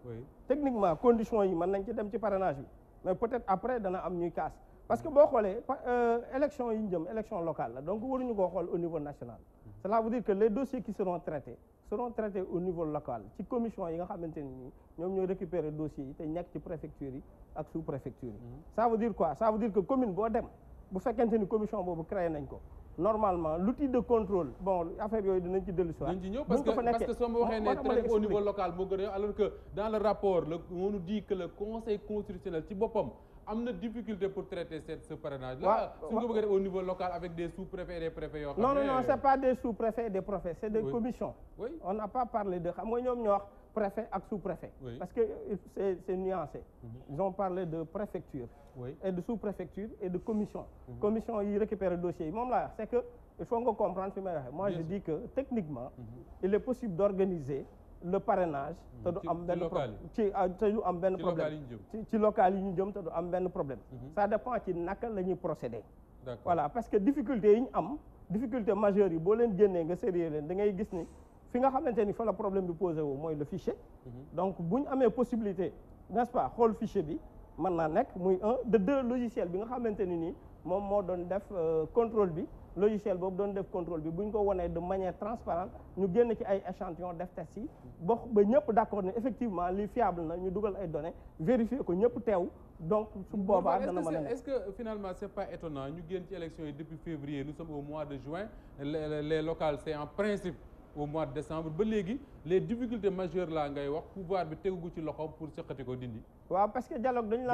E: techniquement conditions yi mën nañ ci dem ci parrainage bi mais peut-être après dana am ñuy kaas parce que boo xoolee euh, élection yi ñu jëm élection locale la donc waruñu ko xool au niveau national. Hmm. cela veut dire que les dossiers qui seront traités seront traités au niveau local ci commission yi nga xamante ni ñoom ñooy récupérer dossiers yi te nekk ci préfecture yi ak sous préfecture yi. Hmm. commune boo dem. bu fekkente ni commission boobu créé nañ ko normalement l'outil de contrôle bon affaire yooyu dinañ ci dellu si waat. dinañ ci ñëw soo ma waxee ne traite au niveau
B: local moo gën alors que dans le rapport le on nous dit que le conseil constitutionnel ci boppam. am na difficulté pour traiter cette ce parrainage là su ñu ko bëggee au niveau local avec des sous-préfets et des préfets yoo xam non non non c'est
E: pas des sous-préfets et des préfets c'est des préfet ak sous-préfet. Oui. parce que euh, c'est nuancé. Mhm. ils parlé de préfecture. Oui. et de sous-préfecture et de commission. Mm -hmm. commission yi récupérer dossier yi moom laa wax c'est que il faut nga comprendre fi may waxee. moi Bien je sûr. que techniquement. Mhm. il est possible d'organiser le parrainage. Mhm. Ah, te du am benn problème ci te du benn problème ci ci local yi ñu jëm te du am benn problème. ça dépend ci naka la ñuy procéder. voilà parce que difficulté yi ñu am difficulté majeure yi boo leen génnee nga sérieux leen da ngay gis ni. bi nga xamante ni fa la problème bi posé wu mooy le fichier. Mhm. donc bu ñu amee possibilité n'est-ce pas xool fichier bi man naa nekk muy un de deux logiciel bi nga xamante ni nii moom moo doon def euh, contrôle bi logiciel boobu doon def contrôle bi bu ñu ko wanee de manière transparente ñu génn ci ay échantillon def test yi ba ba ñëpp d'accord ne effectivement li fiable na ñu dugal ay données vérifier ko ñëpp teew donc su boobaa dana mën a nekk est-ce
B: que finalement c'est pas mois de juin les locales c'est en au mois de décembre ba léegi les difficultés majeures laa ngay wax pouvoir bi tegugu ci loxoom pour sëqati ko dindi waaw parce que
E: dialogue dañu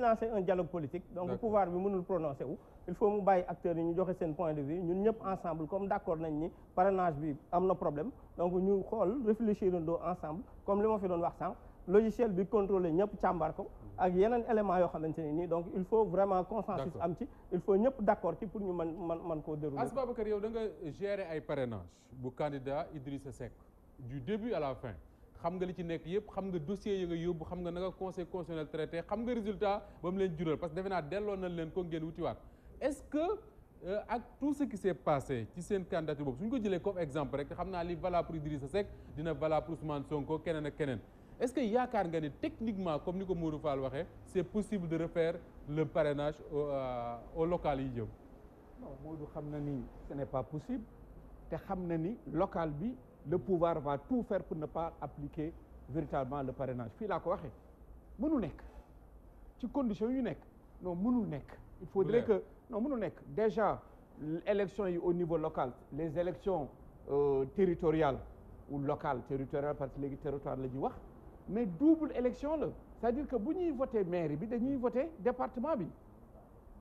E: lancé dañu dialogue politique donc pouvoir bi mënul prononcé il faut mu bàyyi acteurs yi ñu joxe seen point de vue ñun ñëpp ensemble comme d' accord nañ ni parrainage bi am na problème donc ñu xool réfléchir ndoo ensemble comme li ma fi doon wax sànq logiciel bi contrôlé ñëpp càmbar ak yeneen éléments yoo xamante ne nii donc il faut vraiment consensus am ci il faut ñëpp d'accord ci pour ñu mën
B: man mën koo dérouler Ass Babacar yow da nga gérer ay parrainage bu candidat Idrissa Seck du début à la fin xam nga li ci nekk yëpp xam nga dossier yi nga yóbbu xam nga naka conseil constitutionnel traité xam nga résultat ba mu leen jural parce que defe naa delloo nañ leen ko ngeen wutiwaat est-ce que euh, ak tout ce qui s'est passé ci seen candidature boobu suñ ko jëlee comme exemple rek xam naa li valable pour Idrissa Seck dina valable pour Ousmane Sonko keneen ak keneen est-ce que yaakaar nga ni techniquement comme ni ko Modou Fall waxee c'est possible de refaire le parrainage euh, au local yi jëm.
D: non
F: Modou xam na ni ce n'est pas possible te xam na ni local bi le pouvoir va tout faire pour ne pas appliquer véritablement le parrainage fii laa ko waxee mënu nekk ci condition yu nekk non mënul nekk. il faudrait que non mënul nekk déjà élection yi au niveau local les élections euh, territoriales ou locales territoriales parce que léegi territoire la ñuy wax. mais double élection la c'est-à-dire que bu ñuy voté mairie bi dañuy voté département bi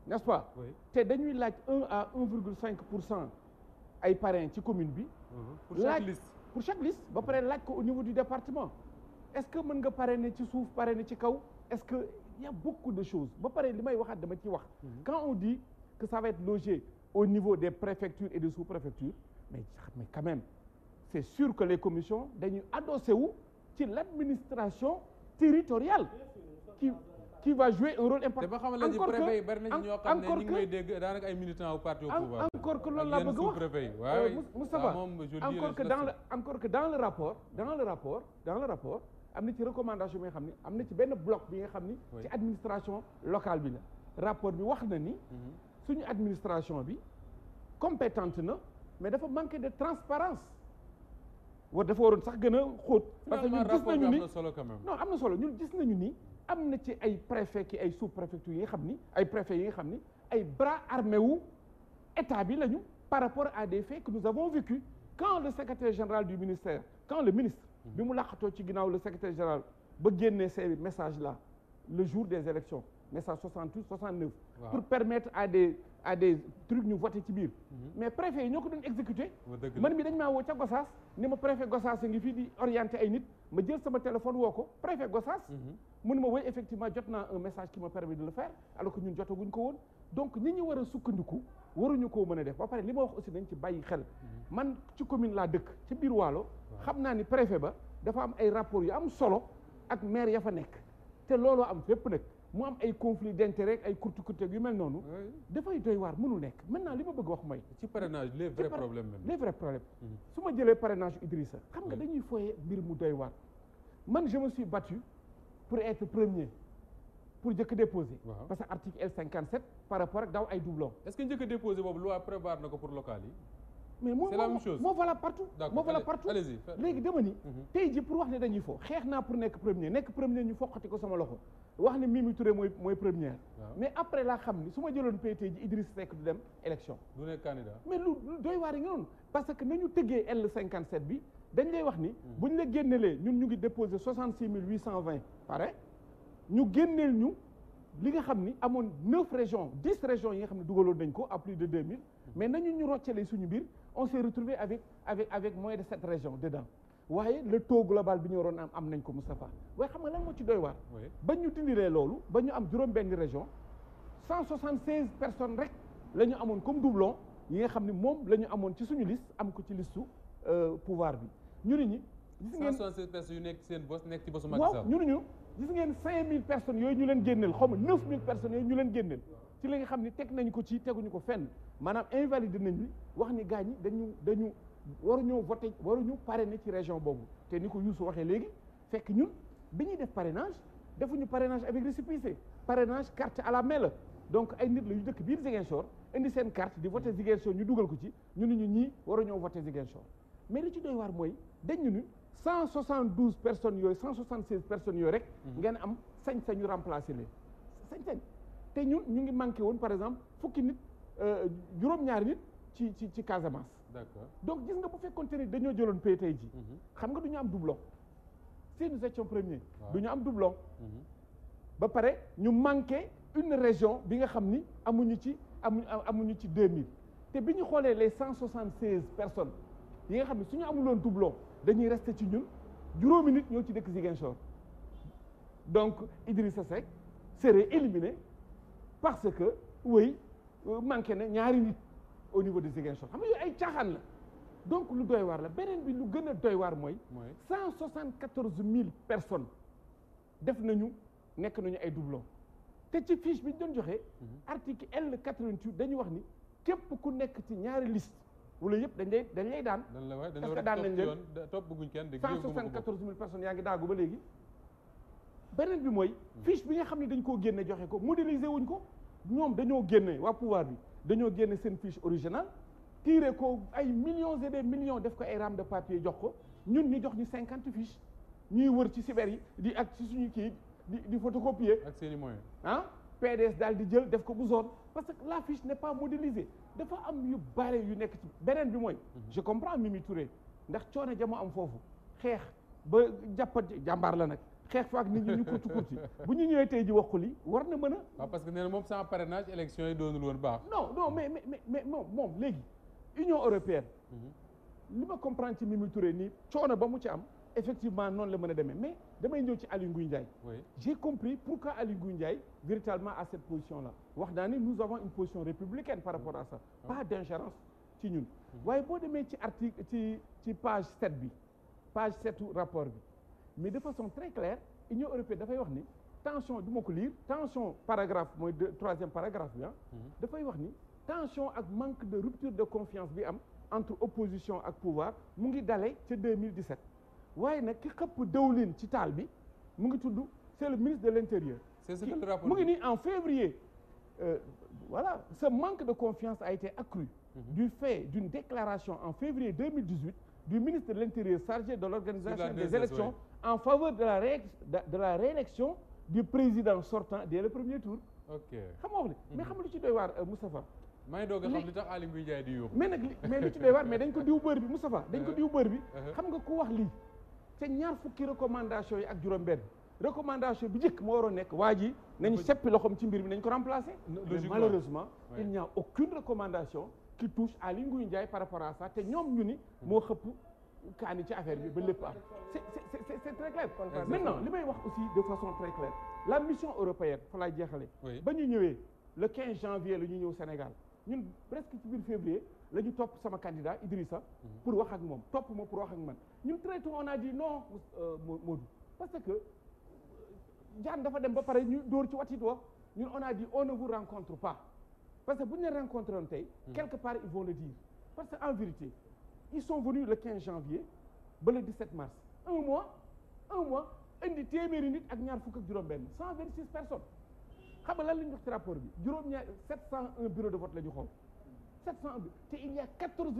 F: n'est-ce pas te dañuy laaj un un virgule cinq pour cent ay parrain ci commune bi
D: mhm. laaj
F: pour chaque liste ba pare laaj ko au niveau du département est-ce que mën nga parrainer ci suuf parrainer ci kaw est-ce que il y a beaucoup de choses ba pare li may waxaat dama ci wax mhm. quand on dit que ça va être au niveau des préfectures et des sous-préfectures mais mais quand même c'est sûr que les commissions dañuy adossé wu ci l'administration territoriale qui qui va jouer un rôle important. encore que encore
B: que encore que loolu laa bëgg a wax euh, Moustapha encore que dans le
F: encore que dans le rapport dans le rapport am na ci recommandation bi xam ni am na ci benn bloc bi nga xam ni. ci administration local bi la. rapport bi wax na ni. Mhm. suñu administration bi compétente na mais dafa manquer de transparence war dafa waroon sax gën a xóot parce que ñun gis nañu ni non am na solo ñun gis nañu ni am na ci ay préfet ki ay sous préfecture yi nga xam ni ay préfet yi nga xam ni ay bras armé wu état bi lañu par rapport à des faits que nous avons vécu quand le secrétaire général du ministère quand le ministre bi mu làqatoo ci ginnaaw le secrétaire général ba génnee ces message là le jour des élections message ça 68 69. waaw pour permettre à des à des trucs ñu voté ci biir. Mhm. mais préfet yi ñoo ko doon exécuté. man mi dañ maa woo ca Gossas ni ma préfet Gossas a ngi fii di orienté ay nit ma jël sama téléphone woo ko préfet Gossas. Mhm. mun ma woy effectivement jot naa un message qui m'a permis de le faire alors que ñun jotaguñ ko woon donc nit ñi war a sukkandiku waruñu koo mën a def ba pare li ma wax aussi nañ ci bàyyi xel. Mhm. man ci commune laa dëkk ci biir Waalo. xam naa ni préfet ba dafa am ay rapports yu am solo ak maire ya fa nekk te looloo am fépp nag. mu am ay conflit d'intérêt ay kurtu kurtu yu mel noonu. dafay doy waar mënul nekk maintenant li ma bëgg wax mooy.
B: ci parrainage les vrais problèmes même. les vrais problèmes mhm.
F: su ma jëlee parrainage Idrissa. xam nga dañuy foyee mbir mu doy waar. man je me suis battu pour être premier pour njëkk déposer. waaw que article L57 par rapport ak daaw ay doublons.
B: est-ce que njëkk déposer boobu loi prévoir na ko pour local yi.
F: mais moo moo voilà
B: partout moo voilà partout léegi
F: dama ni mhm. tey ji pour wax ne dañuy fo xeex naa pour nekk premier nekk premier ñu foqati ko sama loxo wax ne Mimi Touré mooy mooy première mais après laa xam ni su ma jëloon pay tey ji Idriss Seck du dem
B: élection du nekk candidat
F: mais lu doy waar yi nga noonu parce que nañu tëggee L cinquante sept bi dañ lay wax ni mhm. buñ la génnelee ñun ñu ngi déposé soixante six mille huit cent vingt pare ñu génneel ñu li nga xam ni amoon neuf régions dix régions yi nga xam ne dugaloon nañ ko à plus de deux mille mhm. suñu biir on s'est retrouvé avec avec avec moins de sept régions dedans waaye le taux global bi ñu waroon am am nañ ko Moustapha waaye xam nga lan moo ci doy waar ba ñu dindiree loolu ba ñu am juróom benn région cent soixante seize personnes rek la ñu amoon comme doublon yi nga xam ne moom la ñu amoon ci suñu liste am ko ci listu euh, pouvoir bi ñu ni ñi
B: gis ngeen 176 personnes yu nekk seen bos nekk ci bosu Macky Sall waaw ñu
F: ni ñu gis ngeen 5000 personnes personnes yooyu ñu ci li nga xam ni teg nañ ko ci teguñu ko fenn maanaam invalide nañu wax ni gaañ ñi dañu dañu waruñoo voté waruñu parrainé ci région boobu te ni ko Youssou waxee léegi fekk ñun bi ñuy def parrainage defuñu parrainage avec récépissé parrainage carte à la la donc ay nit la yu dëkk biir Ziguinchor indi seen carte di voté Ziguinchor ñu dugal ko ci ñu ni ñu ñii waruñoo voté Ziguinchor mais li ci doy waar mooy dañ ñu ni 172 personnes yooyu 176 personnes yooyu rek. Mmh. ngeen am sañ-sañu remplacer leen sañ te ñun ñu ngi manqué woon par exemple fukki nit euh, juróom-ñaari nit ci ci ci Casamance. d'accord donc gis nga bu fekkoonte ne dañoo jëloon pay tey ji mhm. xam nga du ñu am doublon si nous étions premiers du ñu am doublon mhm. ba pare ñu manqué une région bi nga xam ni amuñu ci amuñu amuñu ci 2000 te bi ñu xoolee les 176 personnes yi nga xam ne su ñu amuloon doublon dañuy resté ci ñun juróomi nit ñoo ci dëkk Ziguinchor donc Idrissa Seck serait éliminé parce que wéy euh, manqué na ñaari nit au niveau de Ziguinchor xam nga ay caaxaan la donc lu doy waar la beneen bi lu gën a doy waar mooy cent soixante quatorze mille personnes def nañu nekk nañu ay doublon te ci fiche bi doon joxe. Mhm. article L quatre-vingt-huit dañu wax ni képp ku nekk ci ñaari liste wala yëpp dañ lay daan parce que daan nañ leen cent yaa ngi daagu ba léegi beneen bi mooy fiche bi nga xam ne dañ koo génne joxe ko modéliser wuñ ko ñoom dañoo génne waa pouvoir bi dañoo génne seen fiche originale tiré ko ay millions et des millions def ko ay rames de papier jox ko ñun ñu jox ñu cinquante fiches ñuy wër ci cyber yi di ak ci suñu kii di di photocopier ak seen i moyens ah PDS daal di jël def ko bu zone parce que la fiche n'est pas modélisée dafa am yu bare yu nekk ci beneen bi mooy mhm. je comprends Mimi Touré ndax coone jamo am foofu xeex ba jàppat jàmbaar la nag xeex fa ak nit ñi ñu kurti kurti bu ñu ñëwee tey ji wax ko
B: war na mën a. waaw parce que nee na moom sans parrainage élection yi doonul woon baax. non non moom
F: moom léegi Union européenne.
D: Mm-hmm.
F: li ma comprendre ci Mimi nii coono ba mu ci am. effectivement noonu la mën a demee mais damay ñëw ci Aliou Ngouille Ndiaye. j'ai compris pourquoi Aliou Ngouille Ndiaye véritablement à cette position là wax naa ni nous avons une position républicaine par rapport à ça. Mm-hmm. pas d'ingérence ci ñun. Mm-hmm. waaye boo demee ci article ci ci page 7 bi page 7 rapport bi. mais de façon très claire Union européenne dafay wax ni tension du ma ko tension paragraphe mooy de troisième paragraphe bi ah. mhm. dafay wax ni tension ak manque de rupture de confiance bi am entre opposition ak pouvoir mu ngi dale ca 2017. waaye nag ki xëpp dëwlin ci taal bi mu ngi tudd c'est le ministre de l'intérieur. c'est ce
B: mu ngi nii
F: en février. Euh, voilà ce manque de confiance a été accru mmh. du fait d'une déclaration en février 2018 du ministre de l'Intérieur chargé de l'organisation des élections en faveur de la la réélection du président sortant dès le premier tour. ok xam nga mais mhm. xam nga lu ci doy waar euh, Moustapha.
B: maa ngi doog a mais
F: nag mais lu ci doy waar mais dañ ko diw bër bi Moustapha dañ ko diw bër bi. Uh-huh. Uh-huh. xam nga ku wax lii. te ñaar fukki recommandation yi ak juróom ben recommandation bi njëkk moo waroon nekk waa ji nañu seppi loxoom ci mbir mi nañ ko remplacer. malheureusement il n'y a aucune recommandation qui touche Aly Ngouille Ndiaye par rapport à ça te ñoom ñu ni mm. moo xëpp. kaani ci affaire bi ba lépp am c'est c'est c'est très clair maintenant li may wax aussi de façon très claire la mission européenne fa laay jeexale ba ñu ñëwee le 15 janvier la ñu ñëw Sénégal ñun presque ci biir février la ñu topp sama candidat Idrissa mhm. pour wax ak moom topp ma pour wax ak man ñun très tôt on a dit non euh, Modou parce que jaan euh, dafa dem ba pare ñu dóor ci watit wa ñun on a di on ne vous rencontre pas parce que bu ñu la rencontré woon tey mhm. quelque part parce que en vérité ils son venus le 15 janvier ba le 17 mars un mois un mois indi téeméeri nit ak ñaar fukk ak juróom-benn 126 personnes xam nga lan la ñu wax ci rapport bi juróom-ñaar 701 bureau de vote la ñu xool 701 te il y a 14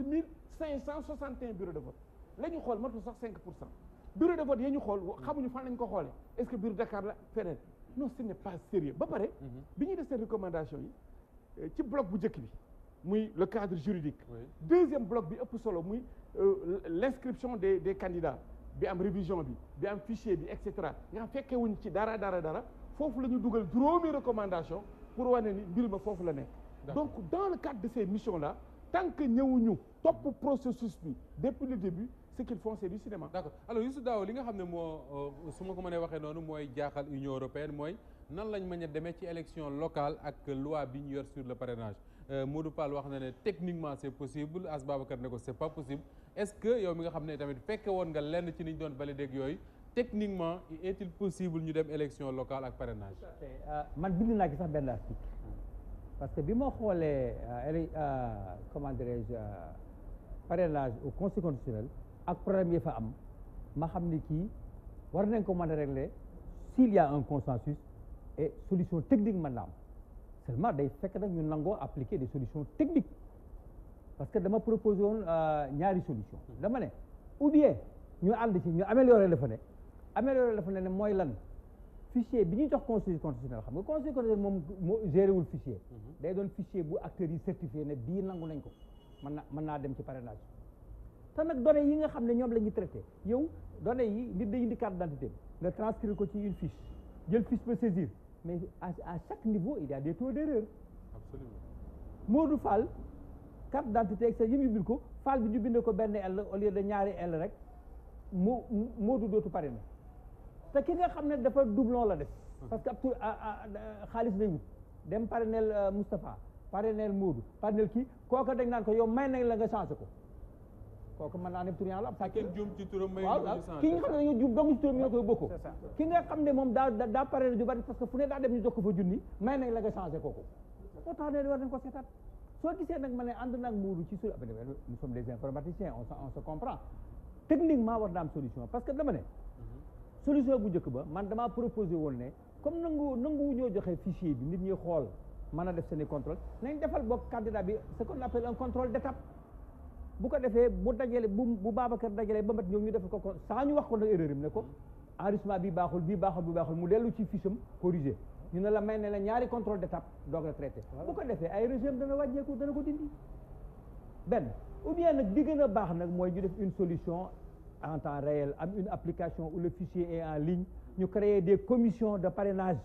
F: 561 bureau de vote la ñu xool matul sax 5 pour cent bureau de vote yi ñu xool xamuñu fan lañ ko xoolee est-ce que bureau Dakar la feneen non ce n'est pas sérieux ba pare. Mhm. bi ñuy def seen recommandation yi ci bloc bu njëkk bi. muy le cadre juridique oui. deuxième bloc bi ëpp solo muy euh, l'inscription des des candidats bi am révision bi bi am fichier bi et cetera nga xam wuñ ci dara dara dara foofu la ñu dugal juróomi recommandation pour wane ni mbir ma foofu la nekk donc dans le cadre de ces missions là tant que ñëwuñu topp processus bi depuis le début ce qu'ils font c'est du cinéma
B: d'accord alors Youssou Dao li nga xam ne moo euh, su ma ko mënee waxee noonu mooy jaaxal Union européenne mooy nan lañ mën a demee ci élection locale ak loi bi ñu yor sur le parrainage Euh, Modou Pall wax na ne techniquement c'est possible As Babacar ne ko c'est pas possible est-ce que yow mi nga xam ne tamit fekke woon nga lenn ci niñ doon valider ak yooyu techniquement est-il possible ñu dem élection locale ak parrainage.
D: Euh,
G: man bind naa ci sax benn article parce que bi ma xoolee euh, comment dirais-je parrainage au conseil constitutionnel yi fa am ma xam ni kii war nañ ko mën a régler s'il y a un consensus et solution technique mën na am seulement day fekk nag ñu nangoo appliquer des solutions techniques parce que dama proposé woon euh, ñaari solution dama ne ou bien ñu ànd ci ñu améliorer dafa ne améliorer dafa ne mooy lan fichier bi ñuy jox conseil constitutionnel xam nga conseil constitutionnel moom moo géré wul fichier mhm. day doon fichier bu acteurs yi certifié ne bii nangu nañ ko mën na mën naa dem ci parrainage te nag données yi nga xam ne ñoom la ñuy traité yow données yi nit day indi carte d'identité nga transcrire ko ci une jël fiche ba saisir mais à, à chaque niveau il y a des taux d'erreur absolument Modou Fall carte d'identité ak sa yim yu ko Fall bi ñu bind ko benn L au lieu de ñaari L rek moo Modou dootu pare na te ki nga xam ne dafa doublon la def parce que ab tur xaalis lay wut dem parrainel euh, Moustapha parrainel Modou parrainel kii kooka dañ naan ko yow may nañ la nga changé ko kooku mën naa ne turian la ab sàcc kenn ki nga xam ne moom daa daa pare ju bari parce que fu ne daa dem ñu jox fa junni may nañ la nga changé kooku moo tax ne war nañ ko seetaat soo gisee nag ma ne ànd naag muuru ci sur nous on se on se parce que dama ne solution bu njëkk ba man damaa proposé woon ne comme nangu nangu ñoo joxe fichier bi nit ñi xool mën a def seen i contrôle nañ defal boog candidat bi ce qu'on appelle un contrôle d'étape bu ko defee bu dajale bu bu Babacar dajale ba mat ñoom ñu def ko ko saa ñu wax ko nag erreur am ne ko enrichissement bi baaxul bii baaxul bi baaxul mu dellu ci fiche am corrigé ñu ne la may ne la ñaari contrôle d'étape doog la traité bu ko defee ay régime dana wàññeeku dana ko dindi benn ou bien nag di gën baax nag mooy ñu def une solution en temps réel am une application où le fichier est en ligne ñu créer des commissions de parrainage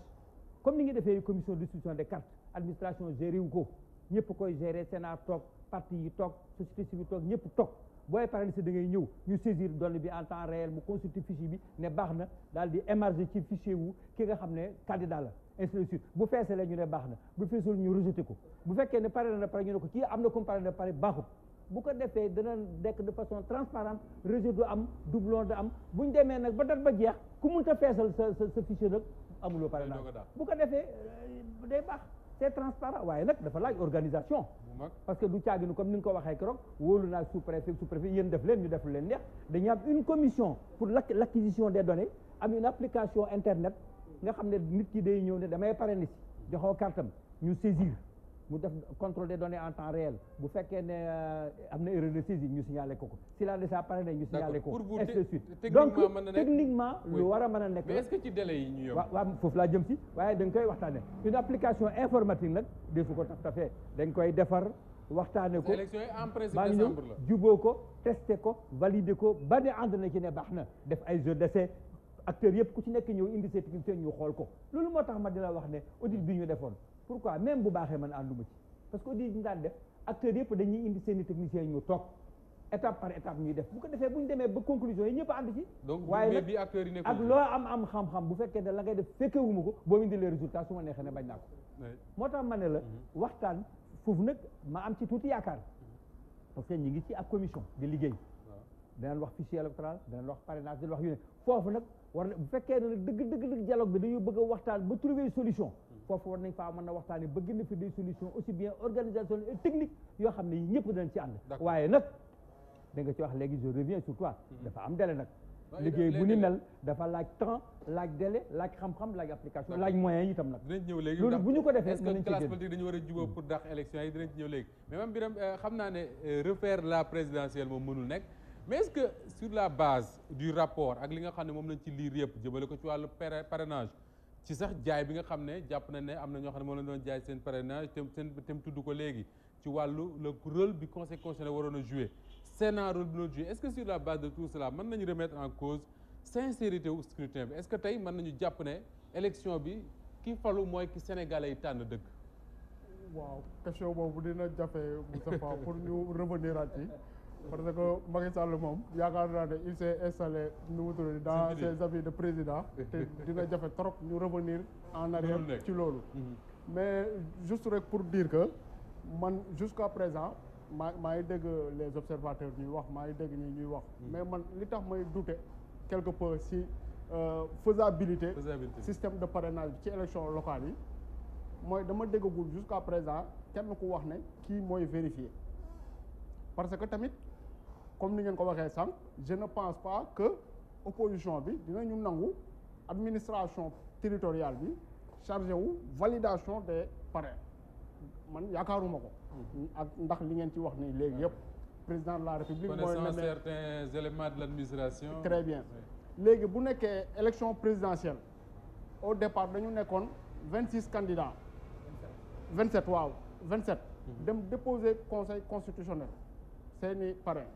G: comme ni ngi defee commission de distribution des cartes administration géré wu ko ñëpp koy gérer Sénat toog parti yi toog société civile toog ñëpp toog booy paralysé da ngay ñëw ñu saisir données bi en temps réel mu consulter fichier bi ne baax na daal di émarger ci fichier wu ki nga xam ne candidat la ainsi de suite bu feesalee ñu ne baax na bu feesul ñu rejeté ko bu fekkee ne pare na pare ñu ne ko kii am na comme pare na pare baaxut bu ko defee dana dekk de façon transparente rejet du am doublon am bu ñu demee nag ba dat ba jeex ku mun ta feesal sa sa sa fichier nag amuloo pare naa bu ko defee euh, day baax c'est transparent waaye nag dafa laaj organisation parce que du caaginu comme ni nga ko waxee keroog wóolu naa sous-préfet sous-préfet yéen def leen ñu def leen neex dañu am une commission pour l'acquisition des données am une application internet nga xam ne nit ki day ñëw ne damay pare ni si joxoo kartam ñu saisir mu def contrôle des données en temps réel bu fekkee ne euh, am na erreur de saisie ñu signalé ko ko si la déjà pare na ñu signalé ko et de suite donc techniquement lu war a a nekk mais est-ce que
B: ci délai yi ñu
G: foofu laa jëm si waaye dañ koy waxtaane une application informatique nag defu ko taf tafee dañ koy defar waxtaane ko maa ngi ñëw juboo ko testé ko validé ko ba ne ànd na ci ne baax na def ay jeu d'essai acteurs yëpp ku ci nekk ñëw indi sa technicien ñu xool ko loolu moo tax ma di wax ne audit bi ñu defoon pourquoi même bu baaxee man ànduma ci parce que audit yi ñu daan def acteurs yëpp dañuy indi seen i techniciens ñu toog étape par étape ñuy def bu ko defee bu ñu demee ba conclusion yi ñëpp ànd ci.
B: waaye nag ak loo
G: am am xam-xam bu fekkee ne la ngay def fekkewuma ko boo indi les résultats su ma neexee ne bañ naa ko. moo tax ma ne la mhm. waxtaan foofu nag ma am ci tuuti yaakaar parce que ñu ngi ci ak commission di liggéey. danañ wax fichier électoral danañ wax parrainage danañ wax yu foofu nag war na bu fekkee ne dëgg dëgg dëgg dialogue bi dañuy bëgg a waxtaan ba trouver solution. foofu war nañ faa mën a waxtaane bëgg gën a fi des solutions aussi bien organisation et technique yoo xam ne yi ñëpp dañ ci ànd waaye nag da nga ci wax léegi je reviens sur hmm. dafa am dele nag liggéey bu ni mel dafa laaj temps laaj délai laaj xam-xam laaj application laaj moyen yi itam nag dinañ
B: léegi bu ñu ko defee est-ce que classe politique dañu war a jubóo pour dàq élection yi dinañ ci ñëw léegi mais même biram euh, xam naa ne euh, refaire la présidentielle moom mënul nekk mais est-ce que sur la base du rapport ak li nga xam ne moom lañ ci liir yëpp jëmale ko ci wàllu parrainage ci sax jaay bi nga xam ne jàpp na ne am na ñoo xam ne moo leen doon jaay seen parrainage te seen tem tudd ko léegi ci wàllu le rôle bi conseil constitutionnel waroon a joué Sénat rôle bi doon joué est-ce que sur la base de tout cela mën nañu remettre en cause sincérité wu scrutin bi est-ce que tey mën nañu jàpp ne élection bi ki falu mooy ki sénégalais yi tànn dëgg
C: waaw question boobu dina jafe Moustapha pour ñu revenir ci parce que Macky Sall moom yaakaar naa ne il s'est installé nu mu tudd dans ses de président te dina jafe trop ñu revenir en arrière ci loolu mhm. mais juste rek pour dire que man jusqu'à présent maa maa ngi dégg les observateurs ñuy wax maa ngi dégg ñi ñuy wax mhm. mais man li tax mooy douter quelque peu si euh, faisabilité, faisabilité système de parrainage bi ci élection locale yi mooy dama déggagul jusqu'à présent kenn ku wax ne kii mooy vérifier parce que tamit comme ni ngeen ko waxee sànq je ne pense pas que opposition bi dinañu nangu administration territoriale bi chargé wu validation des parrains man yaakaaruma ko. ak ndax li ngeen ci wax nii léegi yëpp. président de la république mooy nommé
B: certains éléments de l'administration. très bien
C: léegi bu nekkee élection présidentielle au départ dañu nekkoon vingt six candidats. vingt sept waaw vingt sept. Mhm. dem déposer conseil constitutionnel seeni parrain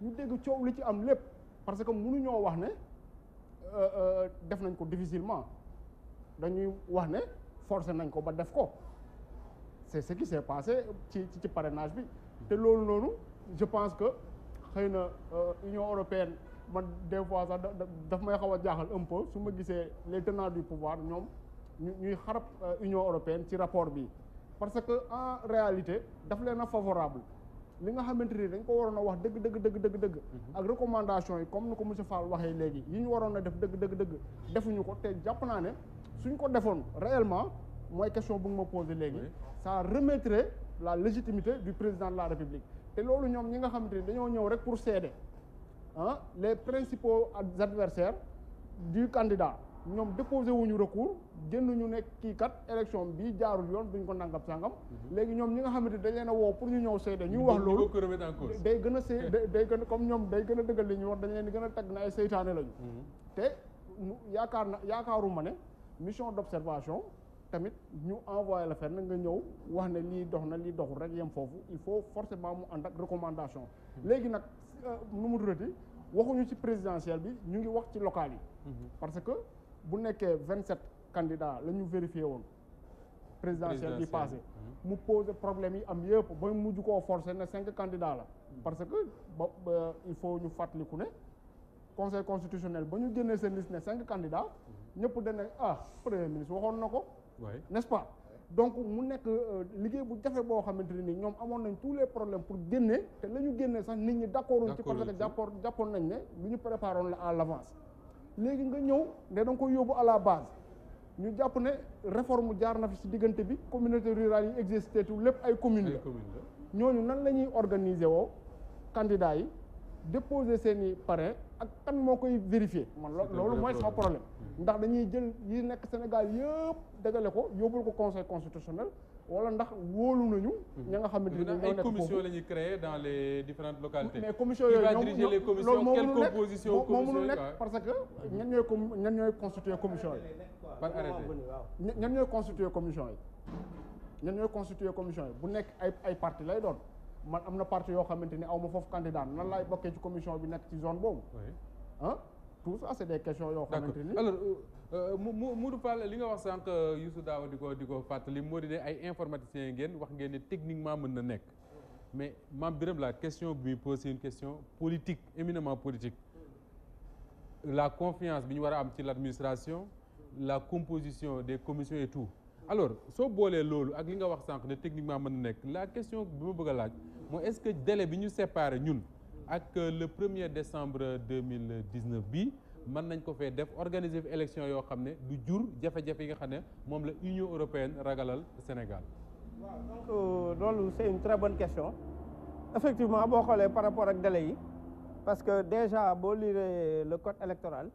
C: ñu dégg coow li ci am lépp parce que mënuñoo wax ne euh, euh, def nañ ko difficilement dañuy wax ne forcé nañ ko ba def ko c'est ce qui s'est passé ci ci parrainage bi te loolu noonu je pense que xëy na euh, Union européenne man des fois sax daf may xaw a jaaxal un su ma gisee les tenants du pouvoir ñoom ñuy xarab Union européenne ci rapport bi parce que en réalité daf leen a favorable li nga xamante ni dañ ko waroon a wax dëgg dëgg dëgg dëgg dëgg mhm. ak recommandation yi comme ni ko monsieur Fall waxee léegi yi ñu waroon a def dëgg dëgg dëgg defuñu ko te jàpp naa ne suñ ko defoon réellement mooy question bu nga ma posé léegi sa remettrait la légitimité du président de la République te loolu ñoom ñi nga xamante ni dañoo ñëw rek pour céder ah les principaux adversaires du candidat ñoom déposé wuñu recours génnuñu ñu kii kat élection bi jaarul yoon bu duñ ko nangam sangam. Mhm. léegi ñoom ñi nga xamante dañ leen a woo pour ñu ñëw seede ñu wax loolu day gën a see day gën a comme ñoom day gën a dëggal li ñuy wax dañ leen di gën a tagg na ay seytaane lañu. Mhm. te yaakaar na yaakaaru ma ne mission d'observation tamit ñu envoyé la fenn nga ñëw wax ne lii dox na lii doxul rek yem foofu il faut forcément mu ànd ak recommandation mhm. léegi nag euh, nu mu durati waxuñu ci présidentielle bi ñu ngi wax ci local yi bu nekkee vingt sept candidats la ñu vérifié woon présidentielle bi passé mhm. mu pose problème yi am yëpp ba mujj ko forcé ne cinq candidats la mhm. parce que ba il faut ñu fàttaliku ne conseil constitutionnel ba ñu génnee seen liste ne cinq candidats mhm. ñëpp dana ah premier ministre waxoon na ko n'est-ce pas donc mu nekk euh, liggéey bu jafe boo xamante ne ni ñoom amoon nañ tous les problèmes pour génne te la ñu sax nit ñi d'accorduñ ci parce que jàppoon jàppoon nañ ne lu ñu préparoon la à léegi nga ñëw ne da koy yóbbu à la base ñu jàpp ne réforme jaar na fi si diggante bi communauté rural yi existé tout lépp ay commune la ñooñu nan la ñuy organiser woo candidats yi déposer seen i ak kan moo koy vérifier man loolu mooy sama problème ndax dañuy jël yi nekk Sénégal yëpp dajale ko yóbbul ko conseil constitutionnel wala ndax wóolu nañu. ña nga xamante ni ñoo nekk foofu ay commission la ñuy
B: créer dans les différentes localités. mais commission yooyu ñoom loolu moo mënul nekk moo mënul nekk
C: parce que. ñan ñooy com ñan ñooy constituer commission yi. par arrêté ñan ñooy constituer commission yi. ñan ñooy constituer commission yi bu nekk ay ay parti lay doon man am na parti yoo xamante ni aw ma foofu candidat nan laay bokkee ci commission bi nekk ci zone boobu. ah. tout ça c'est des questions yoo xamante ni
B: euh, euh, li nga wax sànq Youssou Dawa di ko di ko fàttali moo ay informaticiens ngeen wax ngeen ne techniquement mën na nekk mais mam Birame la question bi muy posé une question politique éminement politique la confiance bi ñu war a am ci l'administration la composition des commissions et tout alors soo boolee loolu ak li nga wax sànq ne techniquement mën na nekk la question bi ma bëgg laaj mooy est-ce que délai bi ñu séparé ñun ak euh, le premier décembre deux mille dix-neuf bi mën nañ ko fee def organiser fi élection yoo xam ne du jur jafe-jafe yi nga xam ne moom la Union européenne ragalal Sénégal.
E: waaw donc euh, loolu c'est une très bonne question effectivement boo xoolee par rapport ak délai yi parce que déjà boo lire le code électoral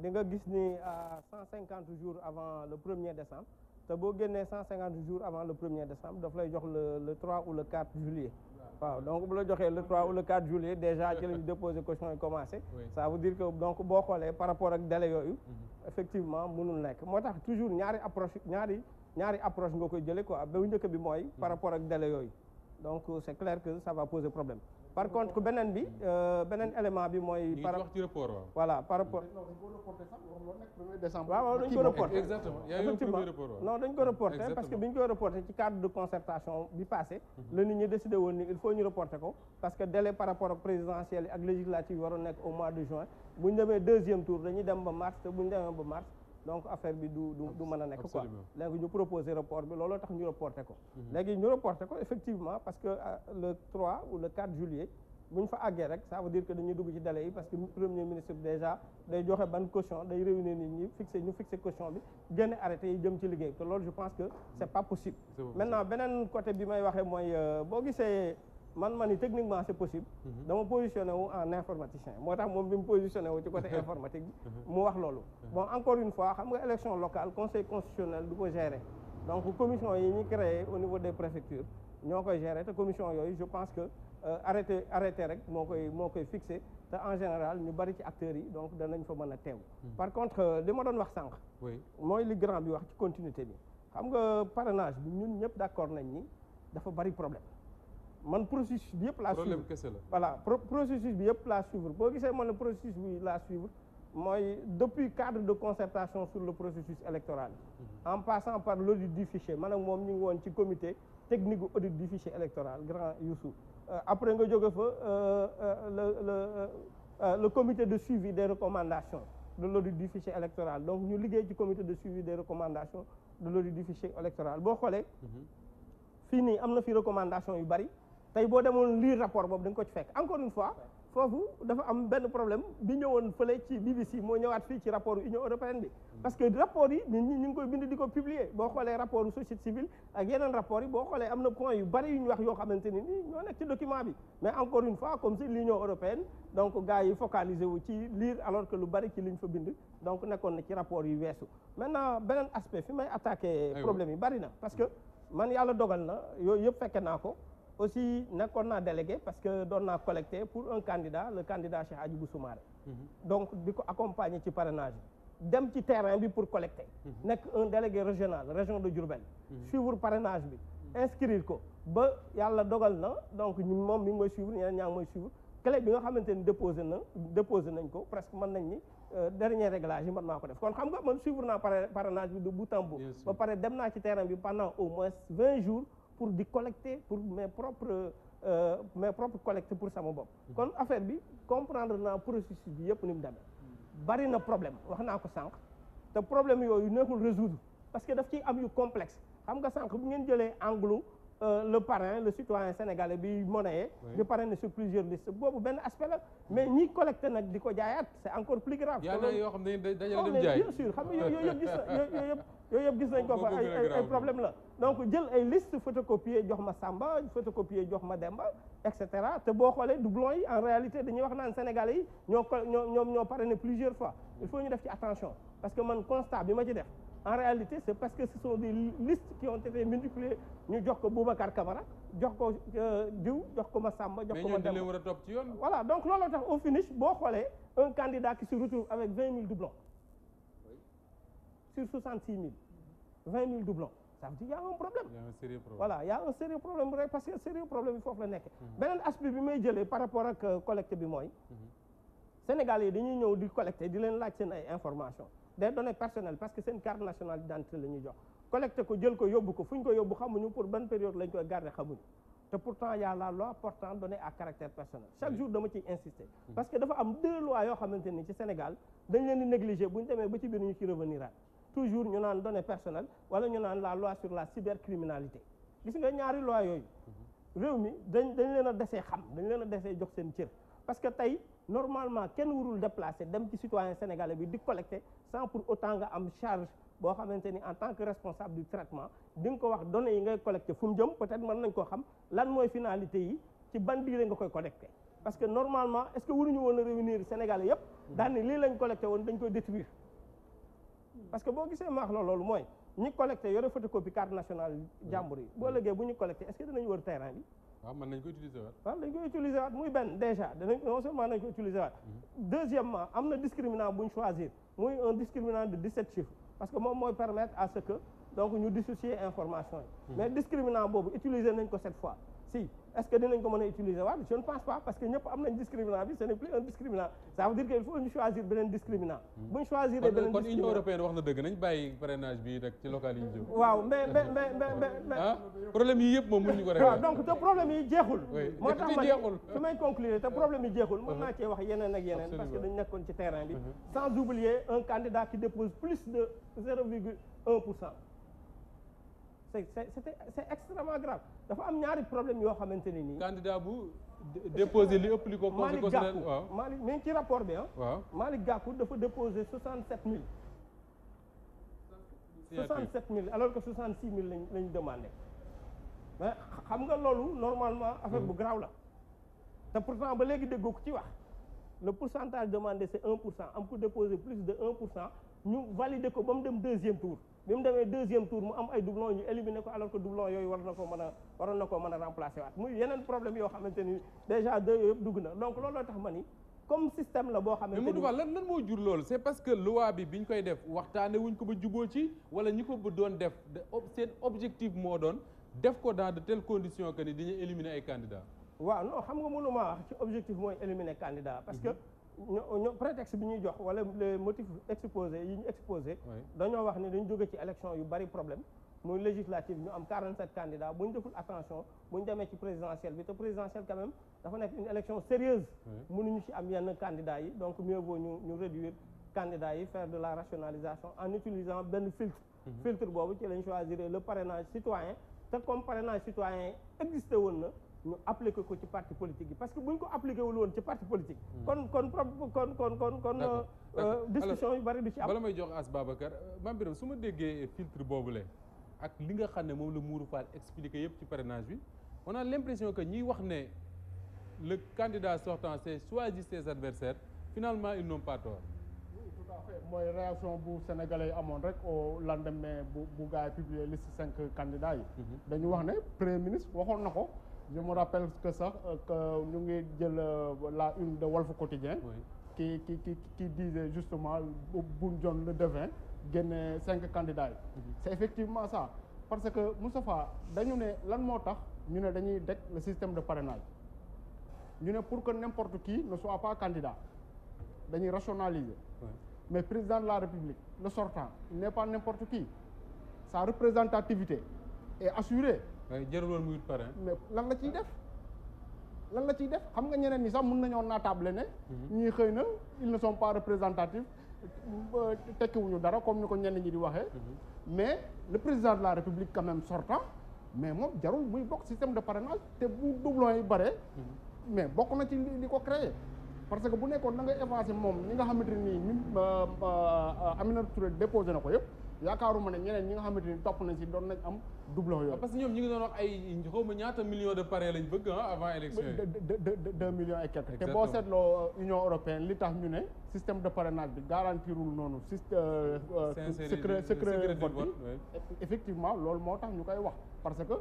E: di nga gis ni à cent cinquante jours avant le premier décembre te boo génnee cent cinquante jours avant le premier décembre daf lay jox le le trois ou le quatre juillet. waaw donc bu la joxee le 3 ou le 4 juillet déjà ci la ñu déposé caution yi commencé. ça veut dire que donc boo xoolee par rapport ak délai yooyu. Mhm. effectivement mënul nekk moo tax toujours ñaari approche ñaari ñaari approche nga koy jële ko ba njëkk bi mooy. par mhm. rapport ak délai yooyu donc euh, c' est clair que ça va poser problème. par contre ku beneen bi euh, beneen élément bi mooy. par rapport ci report waaw. voilà par rapport.
C: waaw dañ ko reporté exactement effectivement non
E: dañ ko reporté parce que bi ñu ko reporté ci cadre de concertation bi passé mhm. la nit ñi décidé woon ni il faut ñu reporté ko parce que délai par rapport ak présidentiel yi ak législative yi waroon nekk au mois de juin bu ñu demee deuxième tour dañuy dem ba mars te bu ñu demee ba mars donc affaire bi du du du mën a nekk quoi léegi ñu proposé report bi looloo tax ñu reporté ko mhm. léegi ñu reporté ko effectivement parce que euh, le 3 ou le 4 juillet ñu fa àggee rek ça veut dire que dañuy dugg ci délai yi parce que premier ministre bi déjà day joxe ban caution day réunir nit ñi fixé ñu fixé caution bi génne arrêté yi jëm ci liggéey te loolu je pense que mhm. c'est pas possible maintenant beneen côté bi may waxee mooy euh, boo gisee man ma ni techniquement c'est possible. Mm-hmm. dama positionné wu en informaticien moo tax moom bi mu positionné wu ci côté mm-hmm. informatique bi. Mm-hmm. mu wax loolu. bon encore une fois xam nga élection local conseil constitutionnel du ko gérer donc commission yi ñu créé au niveau des préfectures ñoo koy gérer te commission yooyu je pense que euh, arrêté arrêté rek moo koy moo fixé te en général ñu bari ci acteurs yi donc danañ fa mën a teew. par contre euh, li ma doon wax sànq. mooy li bi wax ci continuité bi. xam nga parrainage bi ñun ñëpp d'accord nañ ni dafa bari problème. man processus bi yëpp laa suivre kese la voilà processus bi yëpp laa suivre boo gisee man la processus bi laa suivre mooy depuis cadre de concertation sur le processus électoral mhm. en passant par l'audit du fichier man ak moom ñu ngi woon ci comité technique gu audit du fichier électoral grand Youssou euh, après nga jóge fa euh, euh, le le le comité de suivi de recommandation de l'audit du fichier électoral donc ñu liggéey ci comité de suivi des recommandations de l'audit du fichier électoral boo xoolee mhm. fii nii am na fi recommandation yu bari tey boo demoon lire rapport boobu da ko fekk encore une fois foofu dafa am benn problème bi ñëwoon fële ci BBC moo ñëwaat fii ci rapport Union européenne bi parce que rapport yi ñi ñu ngi koy bind di ko publier boo xoolee rapport société civile ak yeneen rapport yi boo xoolee am na point yu bari ni nii ñoo nekk ci document bi mais encore une fois comme si l'Union européenne donc gars focalisé wu ci lire alors que lu bari li ñu fa bind donc nekkoon na ci rapport yu weesu maintenant beneen aspect fi may attaqué problème yi bari na parce que man yàlla dogal na yooyu yëpp fekke naa ko aussi nekkoon naa délégué parce que doon naa collecté pour un candidat le candidat Cheikh Hadjibou Soumaré mhm. donc di ko accompagner ci parrainage bi dem ci terrain bi pour collecter mhm. nekk un délégué régional région de Diourbel mhm. suivre parrainage bi inscrire ko ba yàlla dogal na donc ñun moom mi ngi mooy suivre ñeneen mooy suivre clé bi nga xamante ni déposé na déposé nañ ko presque mën nañ ni euh, dernier réglage yi mën naa ko def kon xam nga man suivre naa parrainage bi de bout en bout ci terrain bi pendant au moins vingt jours pour di collecter pour mes propres euh, mes propres collecte pour sama bopp. Mm-hmm. kon affaire bi comprendre naa processus bi yëpp ni mu
D: mm-hmm.
E: bari na problème wax naa ko sànq te problème yooyu nekkul résoudre parce que daf ciy am yu complexe xam nga sànq bu ngeen jëlee anglo. Euh, le parrain le citoyen sénégalais bi monnayee ñu parrainé sur plusieurs listes boobu benn aspect la mais ñi collecté nag di ko jaayaat c'est encore plus grave yaa yoo
B: xam ne dajale oh, dem jaay bien sûr xam nga yooyu
E: yëpp nañ ko fa la donc jël ay liste photocopier jox ma Samba photocopier jox ma Demba et cetera te boo xoolee doublon yi en réalité dañuy wax naan sénégal yi ñoo ñoo ñoom ñoo parrainé plusieurs fois il faut ñu def ci attention parce que man constat bi ma ci def en réalité c'est parce que ce sont des listes qui ont été manipulées ñu jox ko Boubacar Camara jox ko euh, diw jox ko Massamba jox ko ma dem
B: war a topp ci yoon
E: voilà donc looloo tax au finish boo xoolee un candidat qui se retrouve avec mille doublons sur soixante six mille vingt mille doublons ça veut dire y a un problème
B: y a un sérieux problème voilà
E: y a rek parce que sérieux problème bi foofu la nekk beneen aspect bi may jëlee par rapport ak euh, collecte bi mooy mhm. Sénégal yi dañuy ñëw di collecter di leen laaj seen ay information de données personnelles parce que seen carte nationale d'identité la ñuy jox collecté ko jël ko yóbbu ko fu ñu ko yóbbu xamuñu pour ban période lañ koy garder xamuñu te pourtant y a la loi portant données à caractère personnel chaque jour dama ciy insister mmh. parce que dafa am deux lois yoo xamante ni ci Sénégal dañ leen di négliger bu ñu demee ba ci biir ñu ci revenir aat toujours ñu naan données personnelles wala ñu naan la loi sur la cybercriminalité gis nga ñaari loi yooyu mmh. réew mi dañ dañ leen a xam dañ leen desee jox seen cër parce que tey normalement kenn warul déplacé dem ci citoyen sénégalais bi di collecté sans pour autant nga am charge boo xamante ni en tant que responsable du traitement di nga ko wax données yi ngay collecté fu jëm peut-être mën nañ koo xam lan mooy finalité yi ci ban nga koy collecté parce que normalement est-ce que waruñu woon a réunir sénégalais yépp daan ni lii lañ collecté woon dañ koy détruire parce que boo gisee maax la loolu mooy ñi collecté yore photocopie carte nationale jàmbur yi boo lëgee bu ñu collecté est-ce que dinañ wër
B: waaw mën nañ ko utiliser waat.
E: waaw dañ koy utiliser waat muy benn déjà danañ non seulement nañ ko utiliser waat. Mhm. deuxièmement am na discriminant bu ñu choisir muy un discriminant de 17 parce que moom mooy permettre à ce que donc ñu dissocier information yi. Mhm. mais discriminant boobu utiliser nañ ko cette fois. si est-ce que dinañ ko mën a utiliser waat je ne pense pas parce que ñëpp am nañ discriminant bi ce n'est plus un discriminant ça veut dire que il faut ñu choisir beneen discriminant hmm. bu ñu choisir beneen kon
B: na dëgg nañ bàyyi parrainage bi rek ci local yi ñu jëm waaw mais mais mais mais ah, problème yi yëpp moom mënuñu ko rek
E: donc te problème yi jeexul moo tax ma jeexul uh-huh. wax yeneen ak yeneen parce que dañ nekkoon ci terrain bi uh-huh. sans oublier un candidat qui dépose plus c'est c'était c'est extrêmement grave dafa am ñaari problème yoo xamante ne nii.
B: candidat bu
E: déposé li ëpp li ko. conseil constitutionnel waaw Malick Gakou mi ngi ci rapport bi ah. waaw Malick Gakou dafa déposé 67000.
D: 67000
E: alors que 66000 lañ lañ demandé. mais xam nga loolu normalement affaire bu hmm. grave la. te pourtant ba léegi déggoo ko ci wax le pourcentage demande c'est 1 pour cent am ku déposé plus de un pour cent. ñu valider ko ba mu dem deuxième tour bi mu demee deuxième tour mu am ay doublon ñu éliminer ko alors que doublon yooyu war na ko mën a waroon na ko mën a remplacer waat muy yeneen problème yoo xamante ni déjà deux yooyu yëpp dugg na donc looloo tax ma ni comme système la boo xam ne mais Modou Fall
B: lan lan moo jur loolu c'est parce que loi bi bi ñu koy def waxtaane wuñ ko ba juboo ci wala ñi ko doon def seen objectif moo doon def ko dans de telles conditions que ni dañuy éliminer ay candidats waaw non xam
E: nga mënuma wax ci objectif mooy éliminer candidat que mhm. ño prétexte bi ñuy jox wala les motifs exposés yi ñu exposé dañoo wax ne dañ jóge ci élection yu bari problème muy législative ñu am 47 candidats bu ñu deful attention bu ñu demee ci présidentielle bi te présidentielle quand même dafa nekk une élection sérieuse ñu ci am yenn candidats yi donc mieux vaut ñu ñu réduire candidats yi faire de la rationalisation en utilisant benn filtre mhm. filtre boobu ci lañ choisir le parrainage citoyen te comme parrainage citoyen existé woon na ñu appliqué ko ci parti politique yi parce que bu ñu ko appliqué wul woon ci parti politique. kon kon kon kon kon kon. Euh, euh, discussion yu bari du ci am. bala
B: may jox as Babacar euh, Mame Birame su ma déggee filtre le ak li nga xam ne moom la Mourou Fall expliqué yëpp ci parrainage bi on a l' impression que ñiy wax ne le candidat sortant c'est choisir ses adversaires finalement ils n'ont pas
C: mooy réaction bu sénégalais yi amoon rek au lendemain bu bu gars yi publier liste cinq candidats yi. Mhm. dañu wax ne premier ministre waxoon na ko. je me rappelle que sax euh, que ñu ngi jël euh, la une de Walf Quotidien qui ki qui qui disait justement Boun Dionne le devin génne cinq candidats yi mhm. c'est effectivement ça parce que Moustapha dañu ne lan moo tax ñu ne dañuy deg le système de parrainage ñu ne pour que n'importe qui ne soit pas candidat dañuy rationaliser mais président de la République le sortant n'est pas n'importe qui sa représentativité
B: est assurée jëruloon muy parrain
C: mais lan ciy def lan la ciy def xam nga ñeneen ñi sax mën nañoo naatable ne mhm. ñii xëy na ils ne sont pas représentatifs euh, tekkiwuñu dara comme ni ko ñenn ñi di waxee mhm. mais le président de la république quand même sortant mais moom jarul muy bokk système de parrainage te bu doublon yi bare mhm. mais bokk na ci li ko créer parce que bu nekkoon da ngay avancer moom ñi nga xamante nii euh, euh, Aminata Touré déposé na ko yëpp yaakaaruma ne ñeneen ñi nga xamante ni topp nañ ci doon nañ am doublon yooyu.
B: parce que ñoom ñu ngi doon wax ay xaw ma ñaata millions de parrains lañ bëgg ah avant élection yi.
C: te boo seetloo euh, Union européenne li tax ñu ne système de parrainage bi garantirul noonu. Euh, euh, secret secret vote bi effectivement loolu moo tax ñu koy wax parce que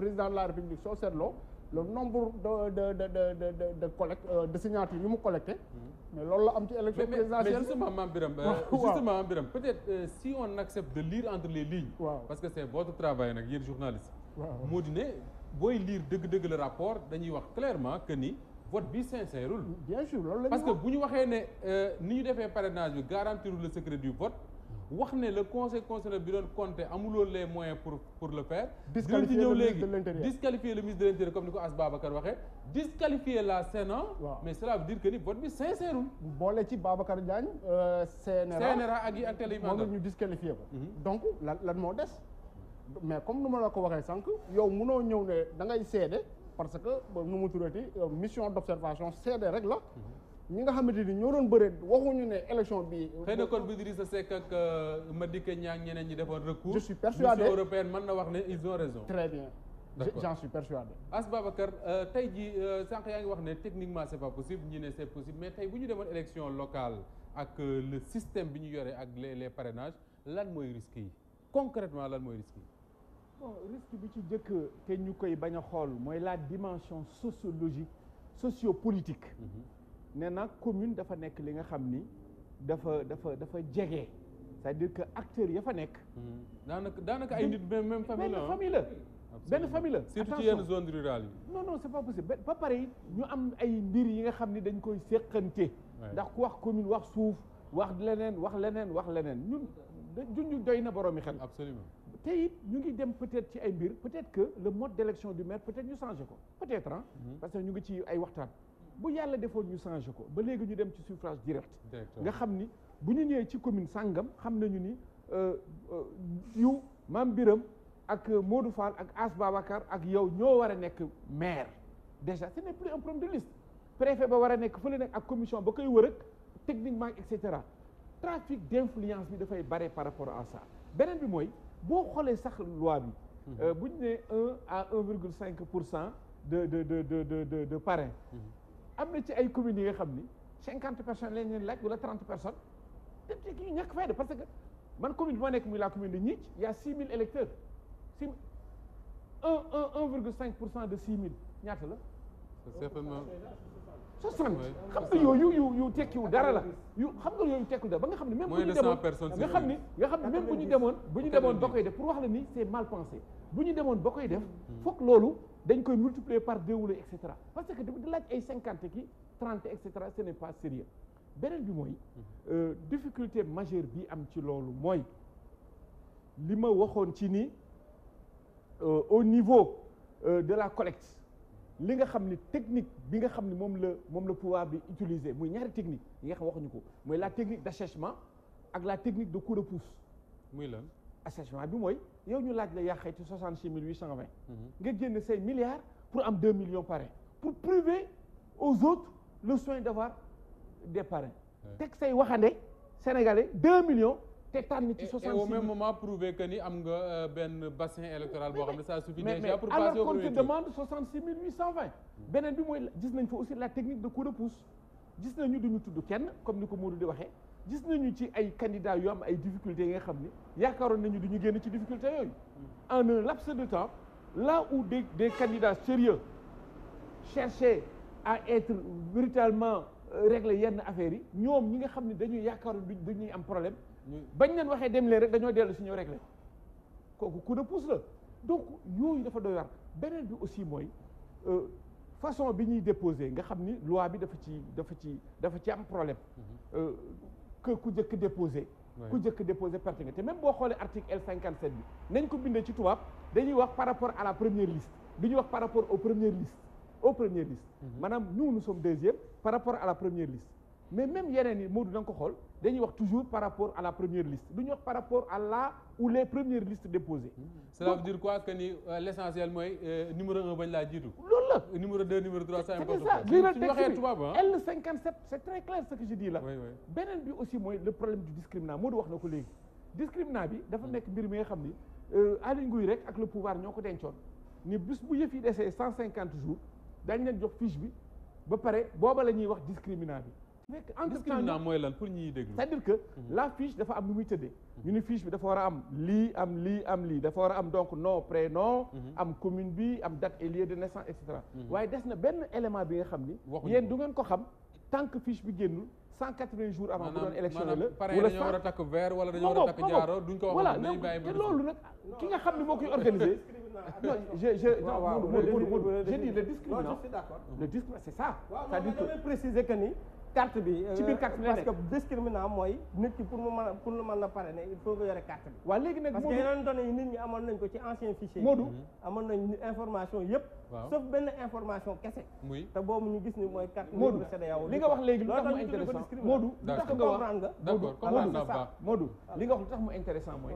C: président de la république soo seetloo. le nombre de de de de de de collecte euh, de signature yu mu collecté. Hmm. mais loolu la am ci élection présidentielle mais justement Mame
B: Birame euh, justement Mame Birame peut-être euh, si on accepte de lire entre les lignes. parce que c'est votre travail nag yéen journaliste. waaw moo di ne booy lire dëgg-dëgg le rapport dañuy wax clairement que ni. vote bi sincèreul bien sûr loolu la que bu ñu waxee ne ni ñu defee parrainage bi garantirul le secret du vote. wax ne le conseil constitutionnel bi doon compter amuloon les moyens pour pour le faire. dinañ ci ñëw léegi disqualifier le ministre de l'intérieur comme ni ko As Babacar waxee. disqualifier la Sénat. waaw mais cela veut dire que ni vote bi sincère
C: boole ci Babacar Diagne. CNRA euh, CNRA ak yi ak télé yi maanaam ñu disqualifier ko. Mhm. donc la lan moo des. mais comme nu ma la ko waxee sànq yow munoo ñëw ne da seede parce que nu mu tuddati euh, mission d'observation seede rek la. Mhm. ñi nga xamante ni ñoo doon bëre waxuñu ne élection bii.
B: xëy na kon Idrissa Seck ak euh, Madické Niang ñeneen ñi defoon recours. je suis persuadé Union européenne na wax ne ils ont raison. très bien
C: j'en suis persuadé.
B: As Babacar euh, tey jii euh, sànq yaa ngi wax ne techniquement c'est pas possible ñi ne c'est possible mais tey bu ñu demoon élection locale ak le système bi ñu yore ak les les parrainages lan mooy risque yi concrètement lan mooy risque yi.
F: bon risque bi ci jëkk te ñu koy bañ a xool mooy la dimension sociologique sociopolitique. Mm -hmm. nee nag commune dafa nekk li nga xam ni dafa dafa dafa jege c'est-à-dire que acteurs ya fa nekk. Hmm.
B: daanaka daanaka ay nit même famille la ah. famille la. benn famille la surtout ci yenn zone yi.
F: non non c'est pas possible ba pare ñu am ay mbir yi nga xam ni dañ koy séqante. ndax ku wax commune wax suuf wax leneen wax leneen wax leneen ñun junj doy na boroomi xel. absolument te it ñu ngi dem peut-être ci ay mbir peut-être que le mode d'élection du maire peut-être ñu changé ko peut-être hmm. parce que ñu ngi ci ay waxtaan. bu yàlla defoon ñu changé ko ba léegi ñu dem ci suffrage direct nga xam ni bu ñu ñëwee ci commune sàngam xam nañu ni euh, euh, yu Mame Biram ak Modou Fall ak As Babacar ak yow ñoo war a nekk maire déjà ce n'est plus un problème de liste préfet ba war a nekk fu fële nekk ak commission ba koy wër ak techniquement et cetera trafic d'influence bi dafay bare par rapport à ça beneen bi mooy boo xoolee sax loi bi mhm. euh, bu ñu nee un à un virgule cinq pour cent de de de de de de parrain mhm. am na ci ay communes yi nga xam ni cinquante personnes lañ leen laaj wala trente personnes te te kii ñàkk fayda parce que man commune bi ma nekk muy la commune de Gnitch y' a six mille électeurs pour cent de six mille ñaata la. certainement soixante xam nga yooyu yu yu tekkiwu dara la yu xam nga yooyu tekkiwu dara ba nga xam ne même ni nga xam ne même bu ñu demoon bu ñu demoon ba koy def pour wax la ni c'est mal pensé bu ñu demoon ba koy def hmm. foog loolu dañ koy multiplier par deux wala et cetera parce que dafa di laaj ay cinquante ki trente et cetera ce n'est pas sérieux beneen bi mooy mhm. euh, difficulté majeure bi am ci loolu mooy li ma waxoon ci ni euh, au niveau euh, de la collecte li nga xam ni technique bi nga xam ni moom la moom la pouvoir bi utiliser muy ñaari technique yi nga xam waxuñu ko mooy la technique d'assèchement ak la technique de coup de pouce muy lan assèchement bi mooy yow ñu laaj la yaa ci soixante six mille huit cent vingt mhm. nga génne say milliards pour am deux millions parrain pour prouver aux autres le soin d'avoir des parrains teg say waxande sénégalais deux millions te tànn ci soixante et au même moment
B: prouver que ni am nga euh, benn bassin électoral boo xam ne ça suffit déjà pour passer au premier tour alors qu'on te
F: demande soixante six mooy gis nañ fa aussi la technique de coup de pouce gis nañu duñu tudd kenn comme ni ko Modou di waxee gis nañu ci ay candidats yu am ay difficultés yi nga xam ne yaakaaroon nañu di ñu génn ci difficultés yooyu mm-hmm. en un laps de temps là où des des candidats sérieux cherchaient à être véritablement euh, régler yenn affaires yi ñoom ñi nga xam ne dañuy yaakaaroon du ñuy am problème bañ leen waxee dem leen rek dañoo dellu si ñëw régler kooku coup de pouce la donc yooyu dafa doy war beneen bi aussi mooy euh, façon bi ñuy déposé nga xam ni loi bi dafa ci dafa ci dafa ci am problème mm-hmm. euh, que ku jëkk déposé ku jëkk déposé perte nga te même boo xoolee article L cinquante sept bi nañ ko bindee ci tubaab dañuy wax par rapport à la première liste du wax par rapport aux premières listes aux premières listes mhm. maanaam nous nous sommes deuxième par rapport à la première liste mais même yeneen yi Modou da ko xool dañuy wax toujours par rapport à la première liste du ñu wax par rapport à la ou les premières listes déposées. Hmm. cela
B: Donc, ni euh, l' essentiel mooy euh, numéro un bañ laa jiitu. loolu la euh, numéro deux numéro trois. c' est ça biiral texte bi
F: L57 c' est très clair ce que je dis là. beneen bi aussi mooy le problème du discriminant Modou wax na ko léegi. discriminant bi dafa hmm. nekk mbir mi nga xam ni Aly Ngouille rek ak le pouvoir ñoo ko dencoon ni bis bu yëf yi desee 150 jours dañ leen jox fiche bi ba pare booba la ñuy wax discriminant bi.
B: fekk entre mooy lan pour ñiy déglu
F: cest dire que mhm. la fiche dafa am nu muy tëddee mhm. ñu bi dafa war am lii am lii dafa war a am donc nom prénom mhm. am commune bi am date et lieu de naissance et cetera waaye des na benn élément bi nga xam ni yéen du ngeen ko xam tant fiche bi génnul cent quatre-vingts jours avant bu doon élection la wala ko
B: wax voilà te loolu
F: nag ki nga xam ne moo koy organisé je je le discriminant le discriminant c'est ça
E: cest dire que préciser que ni carte bi ci biir carte bi euh, parce que discriminant mooy nit ki pour mu mën a pour mu mën a parrainer il faut que yore carte bi. waaw léegi nag parce que yeneen nit ñi amoon nañ ko ci ancien fichier. Modou mm-hmm. amoon nañ information yëpp. sauf benn information kese. te boobu ñu gis ni mooy carte. Modou li nga wax léegi lu tax mu intéressant Modou li nga
F: wax lu tax mu intéressant mooy.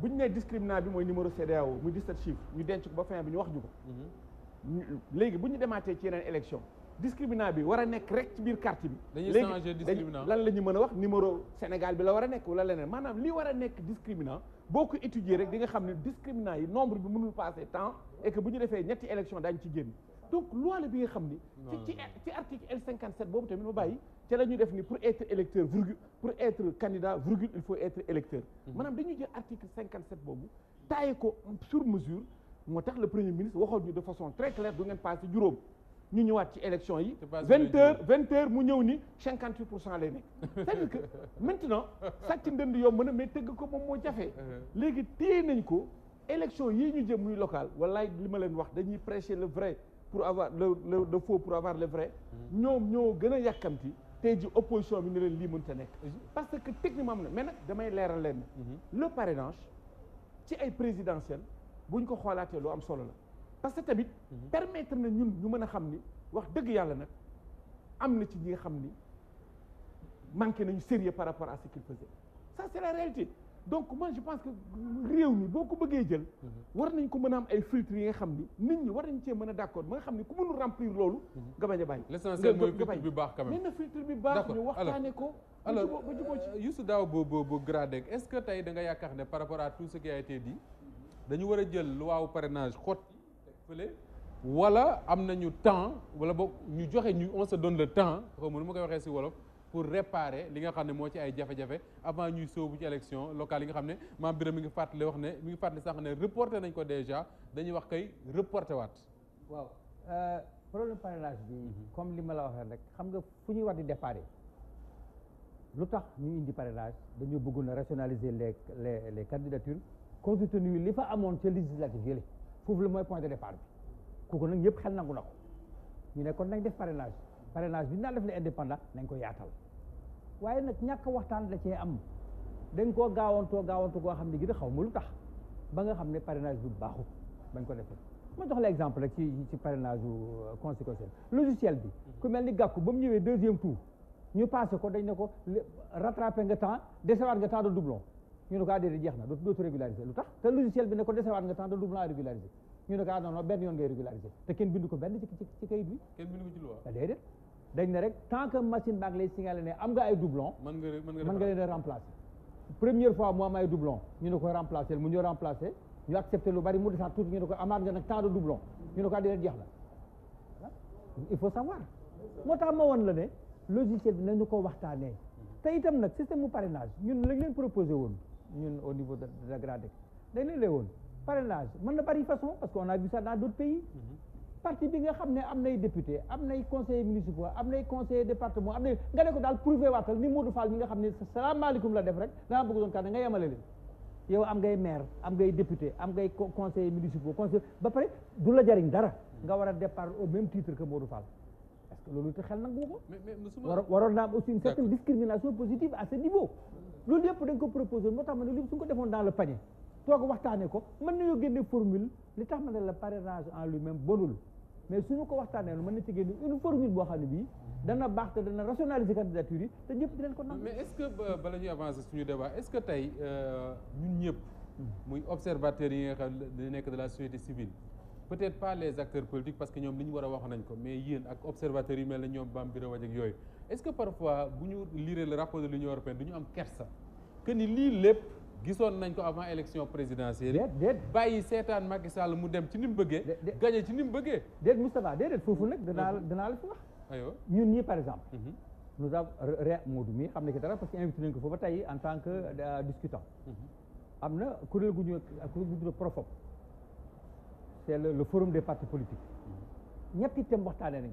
F: bu ñu nee discriminant bi mooy numéro CEDEAO muy 17 chiffres ñu denc ko ba fin bi ñu wax ñu ko. Mm-hmm. léegi bu ñu demaatee ci yeneen élection discriminant bi war a nekk rek ci biir carte bi. dañuy changer discriminant lan la ñu mën a wax numéro Sénégal bi la war a nekk wala leneen maanaam li war a nekk discriminant boo ko étudier rek di nga xam ne discriminant yi nombre bi mënul passer temps et bu ñu defee ñetti élection daañu ci génn donc loi bi nga xam ni. ci article L57 boobu tamit ma bàyyi. ca la ñuy def ni pour être électeur virgule pour être candidat virgule il faut être électeur. Mhm. maanaam dañuy jël article 57 ñu ñëwaat ci élection yi vingt heures vingt heures mu ñëw ni cinquante huit pour cent lay nekk c'est-à-dire que maintenant sàcc ndënd yomb na mais tëgg ko moom moo jafe uh-huh. léegi téye nañ ko élection yii ñu jëm muy local wallaay li ma leen wax dañuy prêcher le vrai pour avoir le le faux pour avoir le vrai uh-huh. ñoom ñoo gën a yàkkamti tey ji opposition bi ne leen lii mënta nekk uh-huh. parce que techniquement am na mais nag damay leeral leen le parrainage ci ay présidentielles buñ ko xoolaatee lu am solo la parce que tamit mhm. permettre na ñun ñu mën a xam ni wax dëgg yàlla nag am na ci ñi nga xam ni manqué nañu sérieux par rapport à ce qu'il faisait ça c'est la réalité donc moi je pense que réew mi boo ko bëggee jël mhm. war nañ ko mën a am ay filtres yi nga xam ni nit ñi war nañ cee mën a d'accord ba nga xam ni ku mënul remplir loolu mhm. nga bañ a bàyyi l'essentiel mooy filtre bi baax quand même mais filtre bi baax ñu waxtaane ko alors
B: ba juboo ci euh, Youssou Daw bu bu bu que tey da nga yaakaar ne par rapport à tout ce a été dit dañu war a jël fële wala am nañu temps wala boog ñu joxe ñu on se donne le temps xaw ma nu ma koy waxee si wolof pour réparer li nga xam ne moo ci ay jafe-jafe avant ñuy soobu ci élection locale yi nga xam ne maam Birame mi ngi fàttali wax ne mi ngi fàttali sax ne reporté nañ ko déjà dañuy wax kay reporter waat.
G: waaw euh, problème parrainage bi. Mhm. comme li ma la waxee rek xam nga fu ñuy wax di déparé. lu tax ñu indi parrainage dañoo bëggoon a rationaliser les les les candidatures compte tenu li fa amoon ca législative yële foofu la mooy point de départ bi kooku nag ñëpp xel nangu na ko ñu ne kon nañ def parrainage parrainage bi naan def la indépendant nañ ko yaatal waaye nag ñàkk waxtaan la cee am dañ koo gaawantoo gaawantu koo xam ni gi da xaw ma lu tax ba nga xam ne parrainage bi baaxut bañ ko defee ma jox la exemple rek ci ci parrainage u euh, constitutionnel logiciel bi hmm. ku mel ni gàkku ba mu ñëwee deuxième tour ñu passé ko dañ ne ko rattrapé nga temps desewaat nga temps de doublon ñu ne ko addéedé jeex na dootu régulariser lu tax te logiciel bi ne ko desewaat nga temps de doublement régulariser ñu ah te kenn bindu ko benn ci kayit bi dañ ne rek tant machine baa lay signalé ne am nga ay doublon
B: mën nga
G: leen a remplacer première fois mu am ay doublon ñu ne ko remplacer mu ñu remplacer ñu accepté lu bari mu desaat tuuti ñu ne ko amaat nga nag tant de ñu ne ko addéedé jeex na il faut savoir moo tax ma woon la ne logiciel bi nañu ko waxtaanee mm-hmm. te itam nag système mu parrainage ñun lañ leen proposé woon ñun au niveau de la grade mën na bari façon parce que on a vu ça dans d'autres pays mhm. parti bi nga xam ne am nay député am nay conseillers municipaux am nay conseillers département am nay nga ne daal prouvé waatal ni Modou Fall mi nga xam ne salaamaaleykum la def rek danaa bëgg doon kàddu nga yemale leen yow am ngay maire am ngay député am ngay conseillers municipaux conseil ba pare du la jariñ dara nga war départ au même titre que Modou Fall est-ce que loolu yëpp dañ ko proposé moo tax ma ne li suñ ko defoon dans le panier toog waxtaanee ko mën nañoo génne formule tax ma ne la parrainage en lui-même bonul mais suñu ko waxtaanee mën na ci génne une formule boo xam ne bii dana baax te dana rationaliser candidature yi te ñëpp dinañ ko nangu. mais
B: tey euh, ñun ñëpp. muy observateurs yi nga xam ne nekk de la société civile. peut-être pas les acteurs politiques parce que ñoom li ñu war a wax nañ ko mais yéen ak observateurs yi mel ne ñoom Bambira Wade ak yooyu. est-ce que parfois bu ñu lire le rapport de l'Union européenne du ñu am kersa que ni lii lépp gisoon nañ ko avant élection présidentielle déet bàyyi seetaan Macky Sall mu dem ci ni mu bëggee gagné ci bëgge mu bëggee
G: déet Moustapha foofu nag danaa danaa la fi wax aywa ñun ñii par exemple mm-hmm. nous avons re Modou mi xam ne ki dara parce que invité nañ ko fa tey en tant que mm-hmm. euh, discutant mm-hmm. am na kuréel gu ñu kuréel gu ñu Profop c'est le forum des partis politiques ñetti thèmes waxtaanee nañ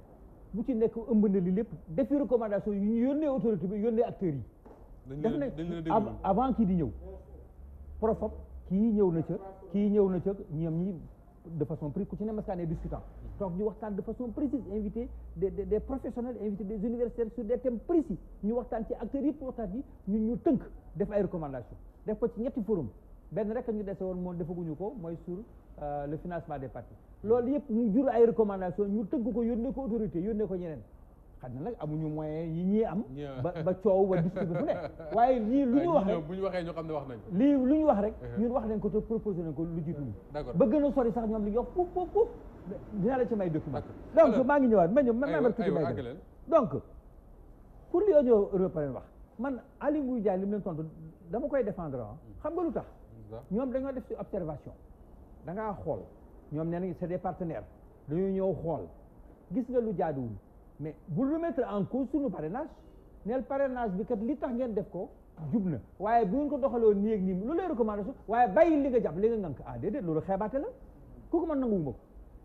G: bu ci nekk ëmb li lépp defi recommandation yu ñu yónnee autorité bi yónnee acteurs yi.
D: def na
G: avant kii di ñëw. profop kii ñëw na ca kii ñëw na ca ñoom ñi de façon prise ku ci ne maskaan discutant toog ñu waxtaan de façon précise invité des des professionnels invité des universitaires sur des thèmes précis ñu waxtaan ci acteurs yëpp waxtaan yi ñu ñu tënk def ay recommandation def ko ci ñetti forum benn rek ñu dese woon moom defaguñu ko mooy sur euh, le financement des partis loolu yëpp ñu jur ay recommandation ñu tëgg ko yónnee ko autorité yónnee ko ñeneen xam na nag amuñu moyen yi ñii am ba ba coow ba discuter fu ne waaye lii lu ñu wax rek
B: bu ñu waxee ñu xam ne wax nañ lii lu ñu wax rek uh-huh.
G: ñun wax nañ ko te proposé nañ ko lu jiitu ba gën a sori sax ñoom li ñu wax foof foof foof dinaa la ci may document donc maa ngi ñëwaat ma ñëw ma mar tuuti may dem donc pour li audio européen wax man Aly Ngouille Ndiaye li mu leen tontu dama koy défendre ah hmm. xam nga lu tax hmm, ñoom dañoo def si observation da ngaa xool ñoom nee nañu c'est partenaire partenaires dañoo ñëw xool gis nga lu jaaduwul mais bu lu remettre en cause suñu parrainage neel parrainage bi kat li tax ngeen def ko jub na waaye bu ngeen ko doxaloo nii ak nii lu lay recommandation waaye bàyyi li nga jàpp li nga ngànk ah déedéet loolu xeebaate la kooku man nanguwuma ko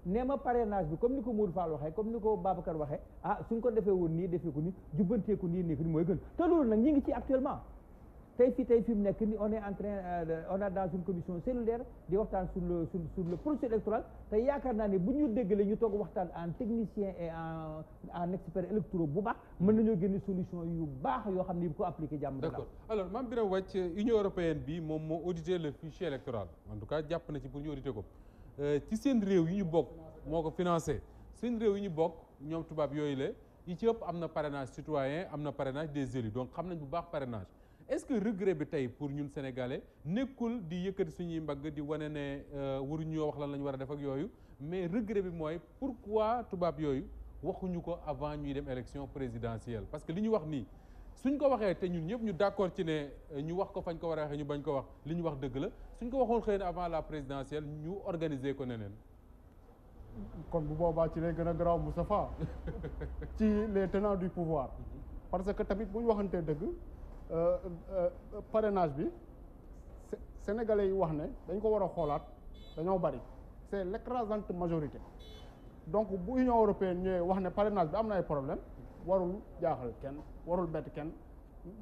G: nee ma parrainage bi comme ni ko Mour Fall waxee comme ni ko Babacar waxee ah suñ ko defee woon nii defee ko nii jubbanteeku nii nii ko nii mooy gën te loolu nag ñi ngi ci actuellement tey fii tey fi mu nekk ni on est en train euh, on est dans une commission cellulaire di waxtaan sur le sur sur le yaakaar naa ne bu ñu déggalee ñu toog waxtaan en technicien et en en expert électro bu baax mën nañoo génne solution yu baax yoo xam ne bu ko appliqué jàmm d'accord
B: alors Mame Birame Wathie Union européenne bi moom moo audité le fichier électoral en tout cas jàpp na ci pour ñu audité ko euh, ci seen réew yi ñu bokk moo ko financé seen réew yu ñu bokk ñoom tubaab yooyu la ci ëpp am na parrainage citoyen am na parrainage des élus donc xam nañ bu baax parrainage est-ce que regret bi tey pour ñun sénégalais nekkul di yëkkati suñuy mbagg di wane ne euh, waruñoo wax lan la ñu war a def ak yooyu mais regret bi mooy pourquoi tubaab yooyu waxuñu ko avant ñuy dem élection présidentielle parce que li ñu wax nii suñ ko waxee te ñun ñëpp ñu d'accord ci ne euh, ñu wax ko fañ ko war a waxee ñu bañ ko wax li ñu wax dëgg la suñ ko waxoon xëy na avant la présidentielle ñu organiser ko neneen
C: kon bu boobaa ci lay gën a garaaw Moustapha ci les tenants du pouvoir parce que tamit bu ñu waxantee dëgg Euh, euh, euh, parrainage bi sénégalais yi wax ne dañ ko war a xoolaat dañoo bari c'est l'écrasante majorité donc bu union européenne ñëwee wax ne parrainage bi am na ay problème warul jaaxal kenn warul bett kenn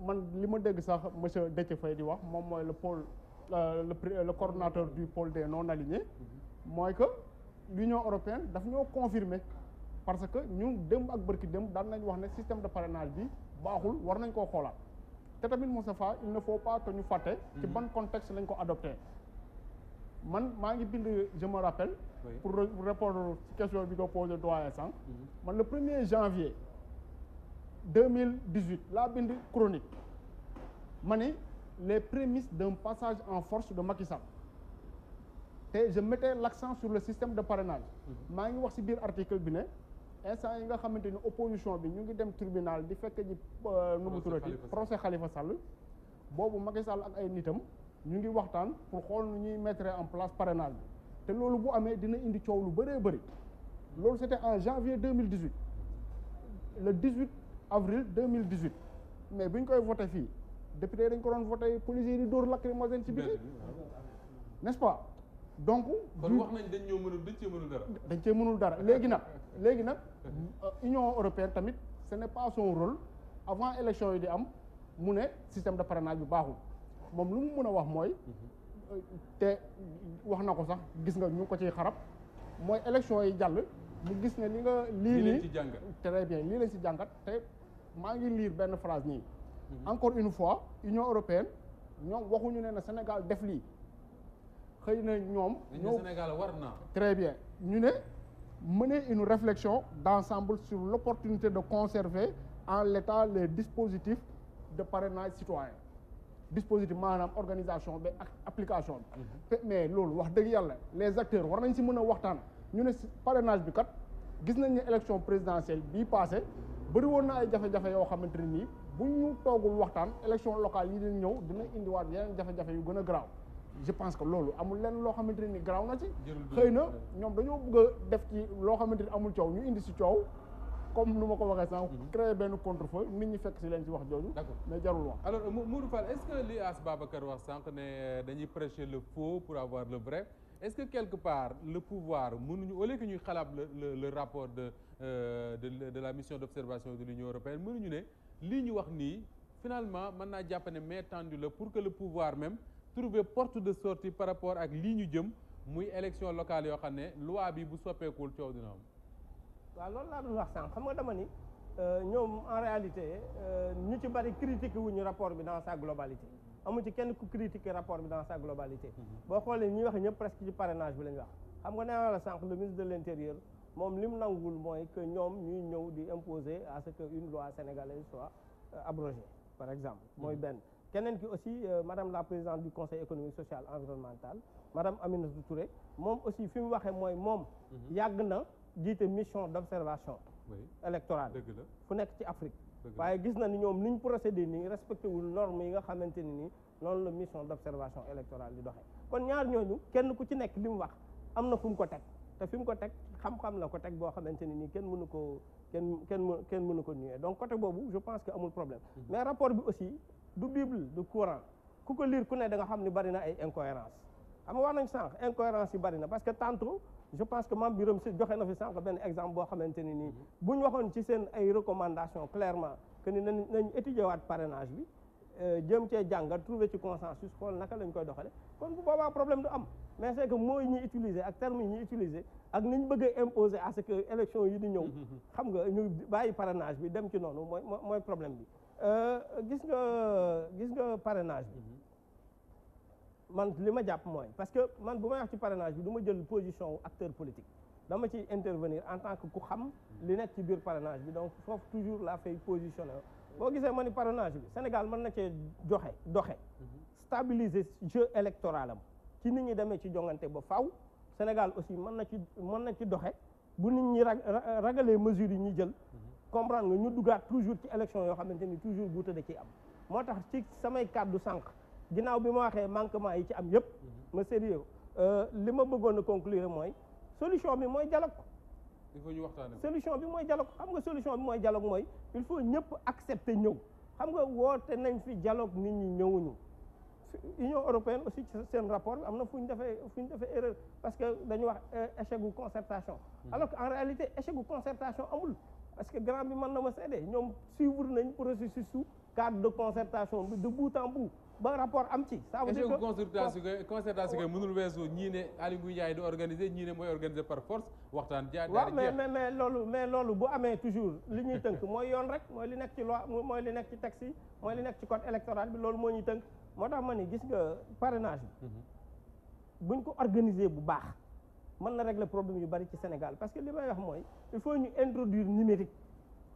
C: man li ma dégg sax monsieur Déthié Faye di wax moom mooy le pôle le le coordonnateur du pole de non alignés mooy que l'union européenne daf ñoo confirmer parce que ñu démb ak bërki dem daan nañu wax ne système de parrainage bi baaxul war nañ koo xoolaat te tamit Moustapha il ne faut pas que ñu fàtte. ci mhm. ban contexte lañ ko adopté. man maa ngi bind je me rappelle. Oui. pour répondre ci question bi ko posé doyen sànq. Mhm. man le premier janvier deux mille dix huit laa bind chronique ma ni les prémices d'un passage en force de Macky Sall te je mettais l'accent sur le système de parrainage. Mhm. maa ngi wax ci biir article bi ne. instant yi nga xamante ni opposition bi ñu ngi dem tribunal di fekk ji euh, nu mu turati procès Khalifa Sall boobu Macky Sall ak ay nitam ñu ngi waxtaan pour xool nu ñuy mettre en place parrainage bi te loolu bu amee dina indi coow lu bëree bëri loolu c'était en janvier 2018 le 18 avril 2018 mais bu ñu koy vote fii député dañ ko doon voté policiers yi di dóor lacrymogène ci biti n'est-ce pas donc. kon wax
B: nañ dañ ñoo dañ cee mënul
D: dara.
C: dañ cee mënul dara léegi nag léegi nag Union européenne tamit ce n'est pas rôle avant élection yi di am mu ne système de parrainage bi baaxul moom lu mu mën a wax mooy. te wax na ko sax gis nga ñu ngi ko ciy xarab mooy élection yi jàll mu gis ne li nga. lii nii très bien lii lañ ci jàngat te maa ngi liir benn phrase nii. Mhm. encore une fois Union européenne ñoom waxuñu ne na Sénégal def lii. xëy na ñoom. ñoo
B: Sénégal war na.
C: très bien ñu ne mener une réflexion d'ensemble sur l'opportunité de conserver en l'état les dispositifs de parrainage citoyen dispositif maanaam organisation bi ak application bi. Mhm. mais loolu wax dëgg yàlla les acteurs war nañ si mën a waxtaan ñu ne si parrainage bi kat gis nañ ne élection présidentielle bii passé bëri woon na ay jafe-jafe yoo xamante ne nii bu ñu toogul waxtaan élection locale yi di ñëw dina indiwaat yeneen jafe-jafe yu gën a garaaw. je pense que loolu amul lenn loo xamante ne ni garaaw na ci. xëy na ñoom dañoo bëgg def ci loo xamante ni amul coow ñu indi si coow. comme nu ma ko waxee sànq. Mhm. créer benn contre-feu nit ñi fekk si leen ci wax jooju. d'accord mais jarul wax.
B: alors Modou Fall est-ce que li As Babacar wax sànq ne euh, dañuy prêcher le faux pour avoir le vrai est-ce que quelque part le pouvoir mënuñu au lieu que ñuy xalaat le le rapport de euh, de de la mission d'observation de l'Union européenne mënuñu ne lii ñu wax nii finalement mën naa jàpp ne main tendue la pour que le pouvoir même. trouver porte de sortie par rapport ak lii ñu jëm muy élection locale yoo xam ne loi bi bu soppeekul coow dina am.
E: waaw loolu laa doon wax sànq xam nga dama ni euh, ñoom en réalité euh, ñu ci bari critiqué wuñu rapport bi dans sa globalité amu ci kenn ku critiqué rapport bi dans sa globalité. Mhm. boo xoolee ñuy wax ñëpp presque ci parrainage bi lañu wax. xam nga nee la sànq le ministre de l'intérieur moom li mu nanguwul mooy que ñoom ñuy ñëw di imposer à ce que une loi sénégalaise soit euh, abrogée par exemple mooy mhm. benn. keneen ki aussi euh, madame la présidente du conseil économique social environnemental madame Aminata Touré moom aussi fi mu waxee mooy moom. Mhm. yàgg na jiite mission d' observation. électorale fu nekk ci Afrique. waaye gis na ni ñoom ni ñu procédé nii respecté wul norme yi nga xamante ni nii noonu la mission d' observation électorale di doxe kon ñaar ñooñu kenn ku ci nekk li mu wax am na fu mu ko teg te fi mu ko teg xam-xam la ko teg boo xamante ni nii kenn mënu ko kenn kenn kenn mënu ko nuyee donc côté boobu je pense que amul problème mhm. du bible du courant ku ko lire ku ne da nga xam ni bari na ay incohérence xam nga wax nañ sànq incohérence yi bari na parce que tantôt je pense que maam Birame si joxe na fi sànq benn exemple boo xamante ni nii mm-hmm. bu ñu waxoon ci seen ay recommandation clairement que ni nañ nañ étudier waat parrainage bi euh, jëm cee jàngat trouver ci consensus xool naka lañ koy doxale kon bu boobaa problème du am mais c'est que mooy ñi utiliser ak termes yi utiliser ak ni ñu bëgg a imposer que élection yi di ñëw mm-hmm. xam nga ñu bàyyi parrainage bi dem ci noonu mooy mooy problème bi Euh, gis nga gis nga parrainage bi man li ma jàpp mooy parce que man bu ma wax ci parrainage bi du ma jël position wu acteur politique dama ciy intervenir en tant que ku xam li nekk ci biir parenage bi donc foofu toujours la fay positionné boo gisee ma ni parrainage bi Sénégal mën na cee joxe doxe stabiliser jeu électoral ci nit ñi deme ci jongante ba faw Sénégal aussi mën na ci mën na ci doxe bu nit ñi ragalee mesure yi ñuy jël comprendre nga ñu duggaat toujours ci élection yoo xamante ni toujours guuta da ciy am moo tax ci samay kàddu sànq ginnaaw bi ma waxee manquement yi ci am yëpp ma sérieux euh, li ma bëggoon a conclure mooy solution bi mooy dialogue
B: il faut ñu waxtaanee
E: solution bi mooy dialogue xam nga solution bi mooy dialogue mooy il faut ñëpp accepter ñëw xam nga woote nañ fi dialogue nit ñi ñëwuñu Union européenne aussi ci seen rapport bi am na fu ñu defee fu ñu defee erreur parce que dañu wax euh, échec gu concertation hmm. alors que en réalité parce que grand bi mën na ma seede ñoom suivre nañ processus su cadre de concertation bi de bout en bout ba rapport am ci. saa veut dire que concertation
B: concertation kay mënul weesu ñii ne Aly Ngouille Ndiaye du organiser ñii ne mooy organiser par force waxtaan. jaar jaar mais mais
E: mais loolu mais loolu bu amee toujours li ñuy tënk mooy yoon rek mooy li nekk ci loi mooy li nekk ci texte yi mooy li nekk ci code électoral bi loolu moo ñuy tënk moo tax ma ni gis nga parrainage bi. Mhm. buñ ko organiser bu baax. mën na régler problème yu bari ci Sénégal parce que li may wax mooy il faut ñu introduire numérique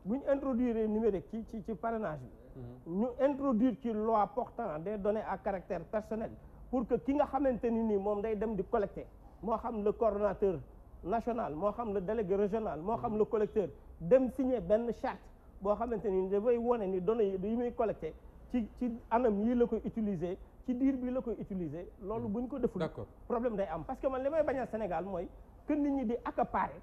E: bu ñu introduire numérique ci ci ci parrainage bi mm-hmm. ñu introduire ci loi portant des données à caractère personnel pour que ki nga xamante ni nii moom day dem di collecter moo xam le coordonnateur national moo xam le délégué régional moo xam le collecteur dem signer benn charte boo xamante ni dafay wone ni données yi muy collecter ci ci anam yii la koy utiliser ci diir bi la koy utiliser loolu hmm. buñ ko deful problème day am parce que man li may bañal Sénégal mooy que nit ñi di accaparer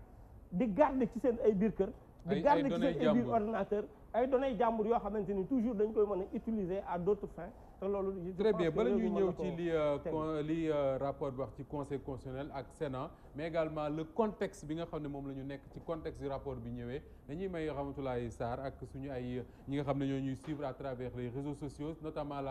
E: di garder ci seen ay biir kër di garder ci seen ay biir ordinateur ay données jàmbur yoo xamante ni toujours dañ koy mën a utiliser à d'autres fins te loolu très bien bala ñuy ñëw ci li
B: euh, li euh, rapport bi wax ci conseil constitutionnel ak Sénat mais également le contexte bi nga xam ne moom la ñu nekk ci contexte du rapport bi ñëwee dañuy may Ramatoulaye Sarr ak suñu ay ñi nga xam ne ñoo ñuy suivre à travers les réseaux sociaux notamment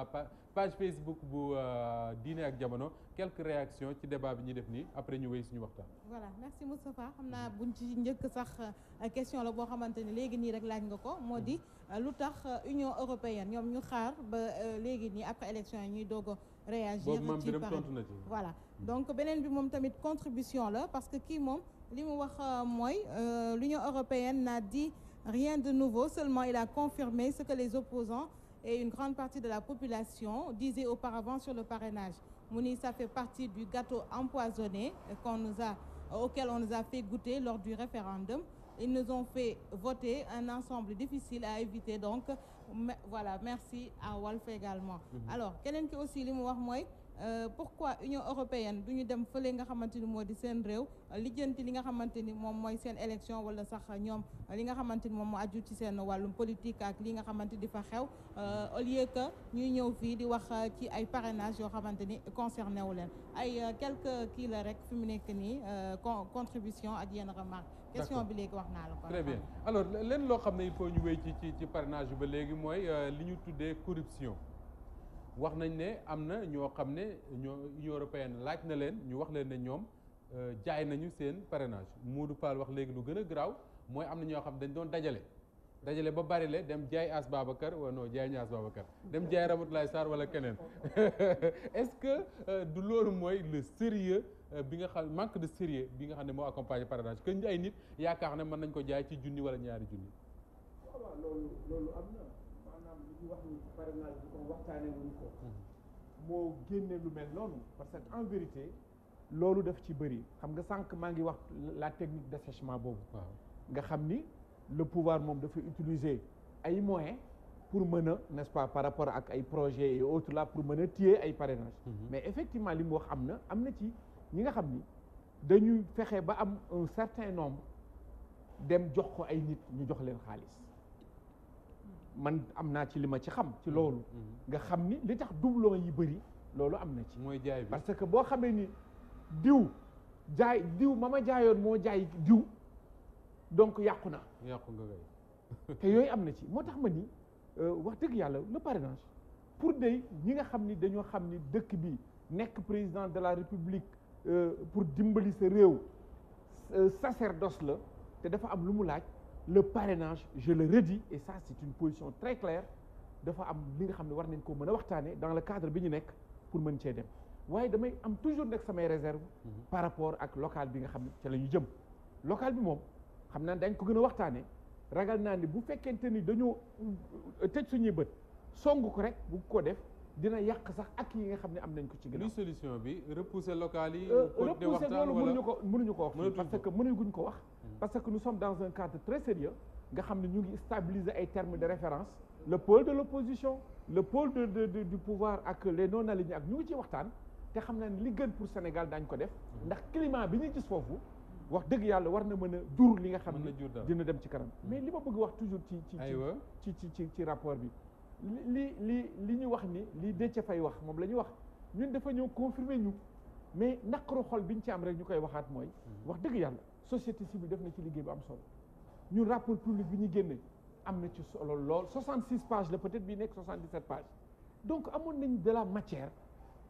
B: page Facebook bu euh, diine ak jamono quelques réactions ci débat bi ñu def nii après ñu wéy suñu waxtaan.
A: voilà merci Moustapha xam naa buñ ci njëkk sax euh, question la boo xamante ne léegi nii rek laaj nga ko moo di euh, lu tax Union européenne ñoom ñu xaar ba léegi nii après élection yi ñuy doog a réagir ci tontu na ci voilà hmm. donc beneen bi moom tamit contribution la parce que kii moom li mu wax mooy l'Union européenne n'a di rien de nouveau seulement il a confirmé ce que les opposants et une grande partie de la population disait auparavant sur le parrainage mu ni ça fait partie du gâteau empoisonné qu'on nous a auquel on nous a fait goûter lors du référendum ils nous ont fait voter un ensemble difficile à éviter donc voilà merci à Walf également mhm. alors keneen ki aussi li mu wax mooy Euh, pourquoi Union européenne du ñu dem fële nga xamante ni moo di seen réew lijjanti li nga xamante ni moom mooy seen élection wala sax ñoom li nga xamante ni moom moo aju ci seen wàllum politique ak li nga xamante di fa xew euh, au lieu que ñuy ñëw fii di wax ci ay parrainage yoo xamante ni concerné wu leen ay euh, quelques kii la rek fi mu nekk nii contribution ak yenn remarque question bi léegi wax naa la ko très bien
B: alors leen loo xam ne il faut ñu wéy ci ci ci ba léegi mooy li ñu tuddee corruption wax nañ ne am na ñoo xam ne ñoo Union européenne laaj na leen ñu wax leen ne ñoom euh, jaay nañu seen mu Moodu Fall wax léegi lu gën a garaaw mooy am na ñoo xam dañ doon dajale dajale ba bari le dem jaay As Babacar wala non jaay ñu As Babacar dem jaay Ramatoulaye Sarr wala keneen est-ce que euh, du loolu mooy le sérieux euh, bi nga xam manque de sérieux bi nga xam ne moo accompagné parrainage que ay nit yaakaar ne mën nañ ko jaay ci junni wala ñaari junni.
F: ci wax ni parrainage bi comme waxtaanee mm-hmm. moo génne lu mel noonu parce que en vérité loolu daf ci bëri xam nga sànq maa ngi wax la technique d'assèchement boobu. nga xam ni le pouvoir moom dafa utiliser ay moyens pour mën a n'est-ce pas par rapport ak ay projet et autres là pour mën a téye ay parrainage mm-hmm. mais effectivement li mu wax am na am na ci ñi nga xam ni dañuy fexe ba am un certain nombre dem jox ko ay nit ñu jox leen xaalis. man am naa ci li ma ci xam ci mm-hmm. loolu mm-hmm. nga xam ni li tax doublon yi bëri loolu am na ci mooy jaay parce que boo xamee ni diw jaay diw ma ma jaayoon moo jaay diw donc yàqu na
B: yàqu nga
F: te yooyu am na ci moo tax ma ni euh, wax dëgg yàlla le parrainage pour day ñi nga xam ni dañoo xam ni dëkk bi nekk président de la république euh, pour dimbali sa réew euh, sacerdoce la te dafa am lu mu laaj le parrainage je le redis et ça c'est une position très claire dafa am li nga xam ne war nañ koo mën a waxtaanee dans le cadre bi ñu nekk pour mën cee dem waaye damay am toujours nekk samay réserve mhm. par rapport ak local bi nga xam ne ca la ñu jëm local bi moom xam naa dañ ko gën a waxtaanee ragal naa ne bu fekkente ni dañoo euh, tëj suñuy bët song ko rek bu koo def dina yàq sax ak yi
B: nga xam ne am nañ ko ci gën a. solution bi repousser local yi. Euh, continuer waxtaan wala mënuñu
F: ko mënuñu ko wax. parce que mënuñu ko wax. Hmm. parce que nous sommes dans un cadre très sérieux nga xam ne ñu ngi stabiliser ay terme de référence le pôle de l'opposition le pôle de, de, de du pouvoir ak les ak ñu ngi ci waxtaan te xam naa ne li gën pour Sénégal daañ ko def hmm. ndax climat bi ñu gis foofu wax dëgg yàlla war na mën a dur li nga xam ne dina dem ci kanam hmm. mais li ma bëgg wax toujours ci ci ci ci ci rapport bi li li li ñu wax ni li ca fay wax moom la ñu wax ñun dafa ñëw confirmer ñu mais naqaru xol bi ñu ci am rek ñu koy waxaat mooy mhm. wax dëgg yàlla société civile def na ci liggéey bu am solo ñun rapport public bi ñu génnee am na ci solo lool 66 page la peut-être bii nekk 77 pages donc amoon nañ de la matière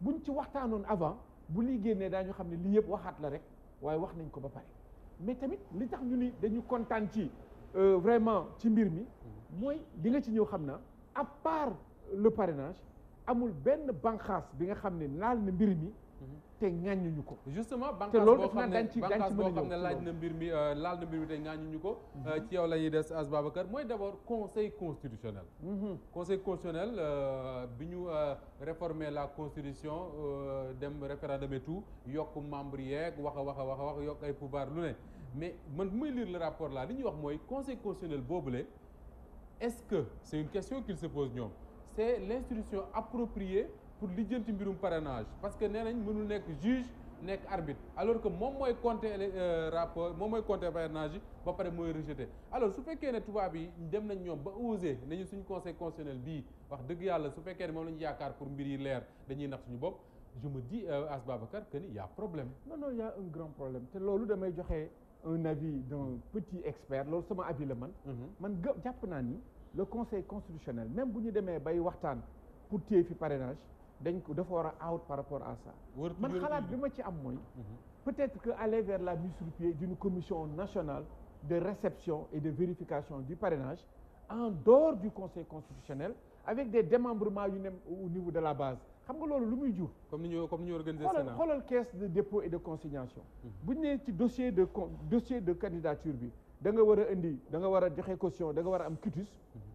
F: ñu ci waxtaanoon avant bu lii génnee daañu xam ne lii yëpp waxaat la rek waaye wax nañ ko ba pare mais tamit li tax ñu ni dañu kontaan ci euh, vraiment ci mbir mi mhm. mooy di ci ñëw xam naa à part le parrainage amul benn banqaas bi nga xam ne laal na mbir mi mhm. te ŋàññuñu ko
B: justement banqaas boo xam ne banqaas boo xam ne laaj na mbir mi euh, laal na mbir mi te ñu ko mhm. euh, ci yow la ñuy des as Babacar mooy d'abord conseil constitutionnel mhm. conseil constitutionnel euh, bi ñu réformer la constitution dem référendum et tout yokk membre yeeg wax a wax a wax a wax yokk ay pouvoir lu ne mais man bu may lire le rapport là li ñuy wax mooy conseil constitutionnel boobule est-ce que c'est une question qu'il se pose ñoom c'est l'institution appropriée pour lijjanti mbirum parrainage parce que nee nañ mënul nekk juge nekk arbitre alors que moom mooy compter euh, rapport moom mooy compter parrainage ba pare mooy rejeté alors su fekkee ne tubaab yi dem nañ ñoom ba osé nañu suñu conseil constitutionnel bii wax dëgg yàlla su fekkee ne moom la ñu yaakaar pour mbir yi leer dañuy nax suñu bopp je me dis euh, As Babacar que ni y a problème.
F: non y te loolu damay joxe. un avis d'un petit expert loolu sama avis la man mhm. man gë jàpp naa ni le conseil constitutionnel même bu ñu demee bay waxtaan pour téye fi parrainage dañ ko dafa war a out par rapport à ça man xalaat bi ma ci am mooy mhm. peut-être que aller vers la mise sur pied d'une commission nationale de réception et de vérification du parrainage en dehors du conseil constitutionnel avec des démembrements yu ne au niveau de la base xam nga loolu lu muy jur.
B: comme ni ñu comme ni ñu organisé Sénat xoolal
F: caisse de dépôt et de consignation. bu nee ci dossier de con dossier de candidature bi da nga war a indi da nga war a joxe caution da nga war a am cutis.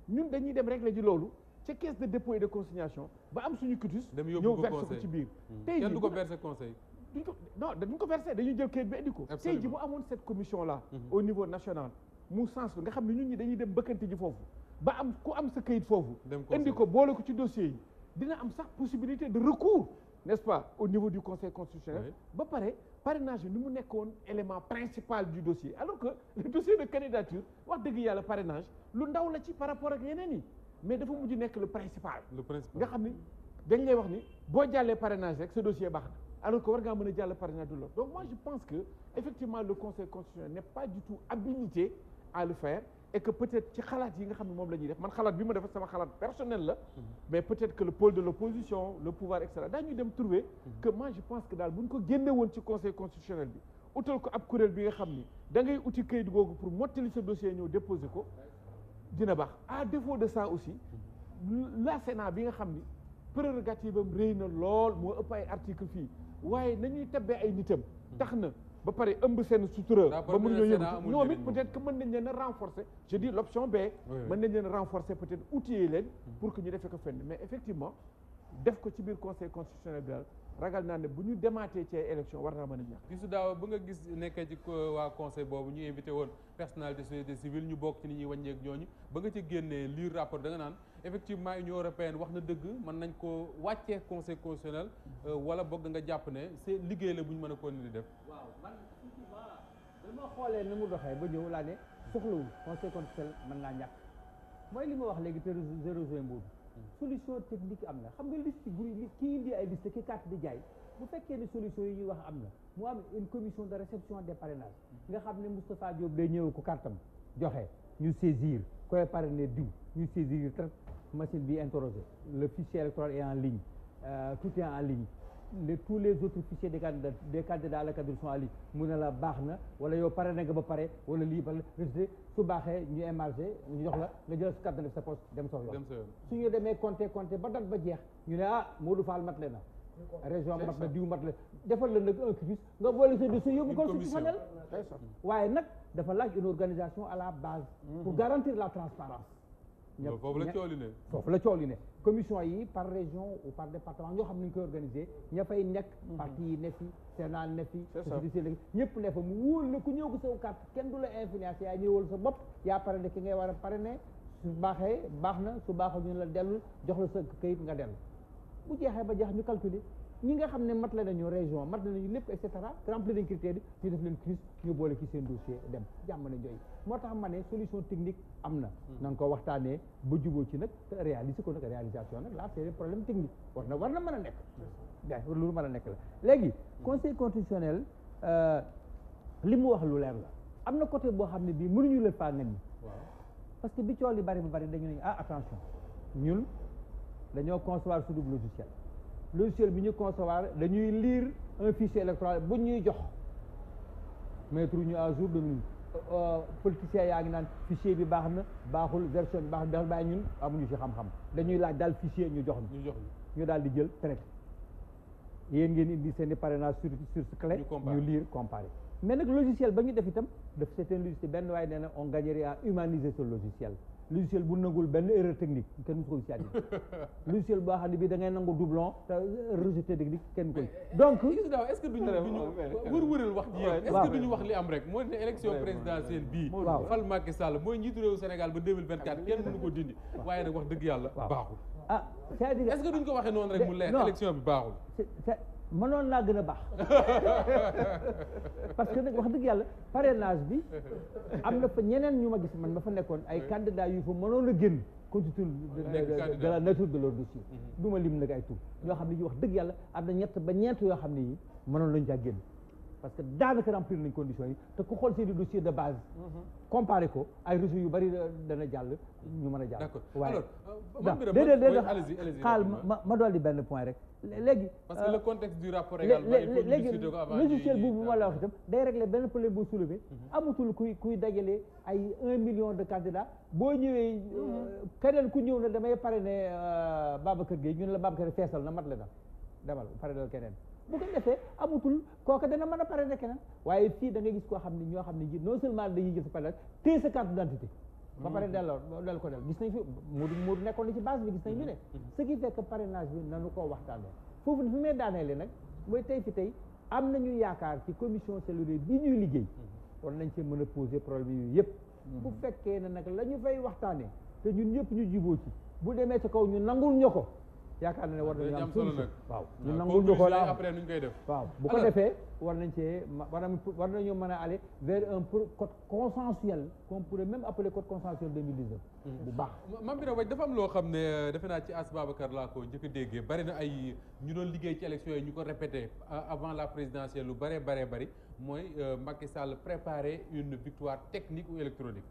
F: ñun dañuy dem régler ji loolu ca caisse de dépôt et de consignation ba am suñu cutis. dem yóbbu ko conseil ñëw verser ko ci biir.
B: tey jii du ko verser conseil.
F: duñ ko non dañ ko verser dañuy jël kayit bi indi ko. tey ji bu amoon cette commission là. au niveau national mu sens bi nga xam ne ñun ñi dañuy dem bëkkante ji foofu ba am am sa kayit foofu. indi ko boole ko ci dossier yi dina am sax possibilité de recours n'est-ce pas au niveau du conseil constitutionnel ba pare parrainage ni mu nekkoon élément principal du dossier alors que le dossier de candidature wax dëgg yàlla parrainage lu ndaw la ci par rapport ak yeneen yi mais dafa mujj nekk le principal nga xam ni dañ lay wax ni boo jàllee parrainage rek sa dossier baax na alors que war ngaa mën a jàll parrainage du loolu donc moi je pense que effectivement le conseil constitutionnel n'est pas du tout habilité à le faire et que peut-être ci xalaat yi nga xam ne moom la ñuy def man xalaat bi ma def sama xalaat personnel la mais peut que le pôle de l'opposition le pouvoir et cetera daañuy dem trouver que moi je pense que daal bu ñu ko génne woon ci conseil constitutionnel bi utal ko ab kuréel bi nga xam ni dangay ngay uti kayit googu pour mottali sa dossier ñëw déposer ko dina baax à défaut de sa aussi la Sénat bi nga xam ni prérogative am réy na lool moo ëpp ay article fii waaye nañuy tabbee ay nitam tax na ba pare ëmb seen sutura ba mën ñoo yëngatu ñoom it peut être mën na leen a renforcer je dis l' mën nañ leen renforcer peut être outiller leen pour que ñu defee ko fenn mais effectivement def ko ci biir conseil constitutionnel bi daal ragal naa ne bu ñu demaatee ci élection war naa mën ñax
B: ñàkk gisu daaw ba nga gis nekkee ci waa conseil boobu ñu invité woon personnalité société civile ñu bokk ci ni ñuy wàññeek ñooñu ba nga ci génnee lire rapport da nga naan effectivement union européenne wax na dëgg mën nañ ko wàccee conseil constitutionnel euh, wala boog nga jàpp ne c'est liggéey la bu ñu mën a continuer di def
D: waaw
G: xoolee ni mu doxee ba ñëw laa ne soxlawul conseil mën naa ñàkk mooy li ma wax léegi te zéro juin boobu solution technique am na xam nga liste bu kii indi ay liste ki carte di jaay bu fekkee ne solution yi ñuy wax am na mu am une commission de réception des parrainages nga xam ne Moustapha Diop day ñëw ko kartam joxe ñu saisir koy parrainé diw ñu saisir machine bi interrogée le fichier électoral est en ligne euh, tout est en ligne les tous les autres fichiers des candidats des candidats à la candidature en ligne mu ne la baax na wala yow pare na nga ba pare wala lii ba rejeté su baaxee ñu émargé ñu jox la nga jël sa carte def sa poste dem soxla su ñu demee compté compté ba date ba jeex ñu ne ah Modou Fall mat le na région mat na diw mat la defal la nag un crise nga boole sa dossier yóbbu constitutionnel waaye nag dafa laaj une organisation à la base mm-hmm. garantir la transparence ñëpp foofu la cooli
B: ne foofu la cooli ne
G: commission yi par région ou par département ñoo xam ni ñu koy organisé ña fay nekk mhm. parti yi ne fi sénat ne fi société lég ñëpp ne fa mu wóor la ku ñëw ko saw carte kenn du la influencé yaa ñëwal sa bopp yaa pare ne ki ngay war a pare ne su baaxee baax na su baaxul ñu la dellu jox la sa kayit nga dellu bu jeexee ba jeex ñu calculer ñi nga xam ne mat la nañu région mat la nañu lépp et cetera rempli nañ critères yi ñu def leen crise ñu boole ki seen dossier dem jàmm na jooy moo tax ma ne solution technique am na hmm. nanga ko waxtaanee ba juboo ci nag te réaliser ko nag réalisation nag là c'est des problèmes techniques war na war na mën a nekk da lu mën a nekk la léegi hmm. conseil constitutionnel euh, li mu wax lu leer la am na côté boo xam ne bii mënuñu la faa nga ni parce que bi cool yi bari ba bari dañu ne ah attention ñun dañoo concevoir suñu logiciel logiciel bi ñu concevoir dañuy lire un fichier électoral bu ñuy jox mettre ñu à jour de ñun euh, euh, politicien yaa ngi naan ficier bi baax na baaxul version bi baax na bàyyi ñun amuñu fi xam-xam dañuy laaj daal ficier ñu jox ñu jox ñu daal di jël traité yéen ngeen indi seen i parrainage sur sur clé ñu lire comparer mais nag logiciel ba ñu def itam daf c'est un logiciel benn waaye nee na on gagnerait à humaniser logiciel logiciel bu nangul benn erreur technique kenn musu ko gis ci àddina logiciel boo xam ne bii da nangu doublon te technique kenn koy donc est-ce est-ce
B: que wax li am rek mooy ne élection présidentielle bii fal Macky Sall mooy njiitu réewu Sénégal ba 2024 ah, kenn mënu ko dindi waaye nag wax dëgg yàlla baaxul
G: ah est-ce que ko waxee noonu rek mu leer
B: élection bi baaxul
G: mënoon naa gën a baax
D: parce que nag wax
G: dëgg yàlla parrainage bi am na fa ñeneen ñu ma gis man ma fa nekkoon ay candidats yu fa mënoon a génn constitue de la nature de leur dossier mhm. du ma lim nag ay tu ñoo xam ne ñu wax dëgg yàlla am na ñett ba ñeent yoo xam ne yi mënoon lañu caa génn parce que daanaka remplir nañ conditions yi te ku xool seeni dossier de base. Mhm. comparé ko ay réseaux yu bari dana jàll ñu mën a jàll. d'accord alors euh, man mii de point rek. léegi parce que euh, le
B: contexte du rapport également il faut léegi logiciel
G: boobu ma la wax itam day benn problème boo soulevé. Mhm. amatul kuy kuy dajale ay un million de candidats boo ñëwee. Mhm. Euh, keneen ku ñëw ne damay parrainer Babacar Gueye ñu ne la Babacar feesal na mat la dam demal parrainer keneen. bu ko defee amutul kooka dana mën a pare rek keneen waaye fii da nga gis koo xam ne ñoo xam ne ji non seulement dañuy jël sa pare téye sa carte d'identité ba pare mm-hmm. delloo delloo ko del gis nañ fi Moodu Moodu nekkoon na ci base bi gis nañ ñu ne mm-hmm. ce qui fait bi nanu koo waxtaanee foofu fi may daaneele nag mooy tey fi tey am nañu yaakaar ci commission cellulaire bi ñuy liggéey mm-hmm. war nañ ci mën a poser problème yu yëpp bu fekkee ne nag la ñu fay waxtaanee te ñun ñëpp ñu juboo ci bu demee ci kaw ñu nangul ko yaakaar na ne war nañu am solution waaw ah, ñu nangul ñu ko la après
B: nuñ koy def waaw bu ko defee
G: war nañ cee war nañu man a ale vers un code consensuel qu'on pourrait même appeler code consensuel hmm. bu baax
B: mam bira waj dafa am loo xam ne euh, defe naa ci as Babacar laa ko njëkk déggee bari na ay ñu doon liggéey ci élection yi ñu ko répété avant la présidentielle lu bare bare bari mooy euh, Macky Sall préparer une victoire technique ou électronique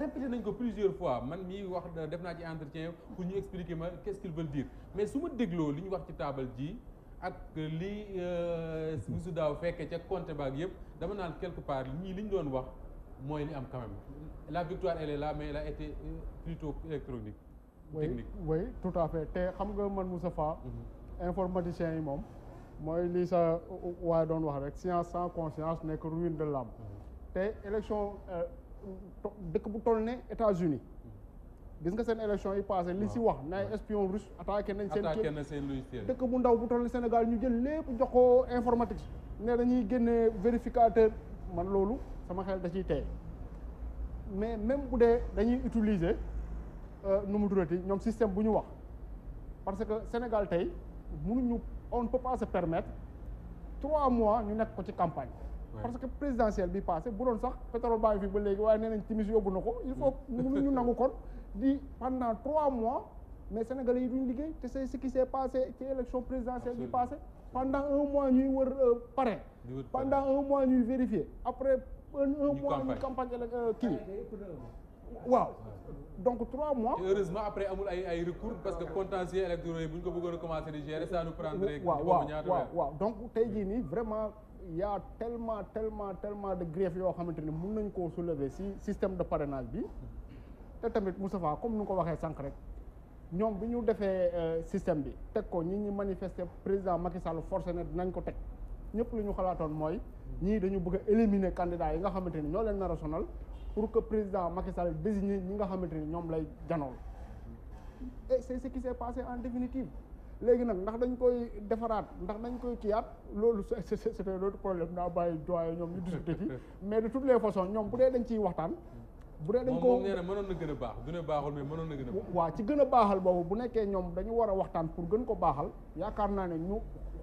B: répété nañ ko plusieurs fois man mii wax def naa ci entretien pour ñu expliquer ma qu'est-ce qu'ils veulent dire mais su ma dégloo li ñu wax ci taabal ji ak li euh, musu daaw fekkee ca compte baag yëpp dama naan quelque part ñii li ñu doon wax mooy li am quand la victoire elle est mais elle a été euh, plutôt électronique
D: oui, technique
C: oui tout à fait te xam nga man Moustapha mhm. informaticien yi moom mooy lii sa euh, waaye doon wax rek science sans conscience nekk ruine de l'âme mhm. te élection dëkk bu toll ne États-Unis gis nga seen élection yi passé li si wax na espion russe attaqué nañ
B: seen kër dëkk
C: bu ndaw bu toll ne Sénégal ñu jël lépp jox ko informatique ne dañuy génne vérificateur man loolu sama xel da ciy tey mais même bu dee dañuy utiliser euh, nu mu durati ñoom système bu ñu wax parce que Sénégal tey mënuñu on ne peut pas se trois mois ñu nekk ko ci campagne parce que présidentielle bi passé bu doon sax pétrole baa ngi fi ba léegi waaye nee nañ timis yóbbu na ko il faut ñu nangu kon di pendant trois mois mais sénégalais yi duñ liggéey te c'est ce qui s'est passé ci élection présidentielle bi passé pendant un mois ñuy euh, wër parrain pendant un mois ñuy vérifier après un mois ñuy campagne euh, kii ah, waaw donc trois
B: mois. Et heureusement après amul que contentieux électoraux yi bu ñu ko bëggoon a commencé di gérer ça nous prendrait. waaw waaw
C: waaw donc tey jii vraiment. y a tellement tellement tellement de griefs yoo xamante ni mun nañ koo soulever si système de parrainage bi te tamit Moustapha comme nu ko waxee sànq rek ñoom bi ñu defee euh, système bi teg ko ñi ñi manifester président Macky Sall forcé na dinañ ko teg ñëpp lu ñu xalaatoon mooy ñii dañu bëgg a éliminer candidats yi nga xamante ni ñoo leen nar a sonal pour que président Macky Sall ñi nga xamante ni ñoom lay janool et c'est ce qui s'est passé en définitive léegi nag ndax dañ koy defaraat ndax dañ koy kiyaat loolu c'était l'autre problème naa bàyyi doyen ñoom ñu discuter ci mais de toutes les façons ñoom bu dee dañ ciy waxtaan bu dee dañ ko moom nee
B: na mënoon na gën a baax du ne na gën a baax
C: ci gën a baaxal boobu bu nekkee ñoom dañu war a waxtaan pour gën ko baaxal yaakaar naa ne ñu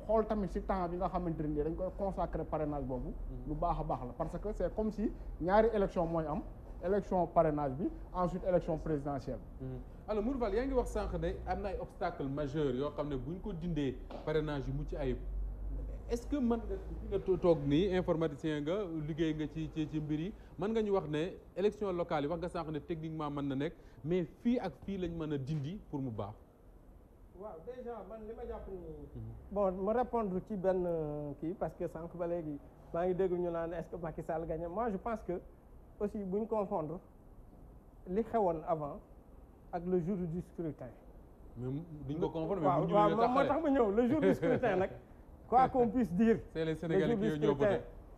C: xool tamit ci temps bi nga xamante ne dañ koy consacrer parrainage boobu mm-hmm. lu baax a baax la parce que c'est comme si ñaari élection mooy am élection parrainage bi ensuite élection présidentielle
B: mm-hmm. alors Mourval yaa ngi wax sànq ne am na ay obstacle majeur yoo xam ne bu ko dindee parrainage yu ci ayib est-ce que man nga toog nii informaticien nga liggéey nga ci ci ci mbir yi mën nga ñu wax ne élection locale yi wax nga sànq ne techniquement mën na nekk mais fii ak fii lañ mën a dindi pour mu baax.
E: waaw man ma jàpp ni. Mhm. bon ma répondre ci benn euh, ki parce que sànq ba léegi maa ngi dégg ñu naan est-ce que Macky Sall gagné je pense que aussi bu ñu confondre li xewoon avant. ak le jour du scrutin.
B: mais duñ ko waaw moo tax ma ñëw le jour du scrutin nag.
E: quoi qu'on puisse dire. c'est les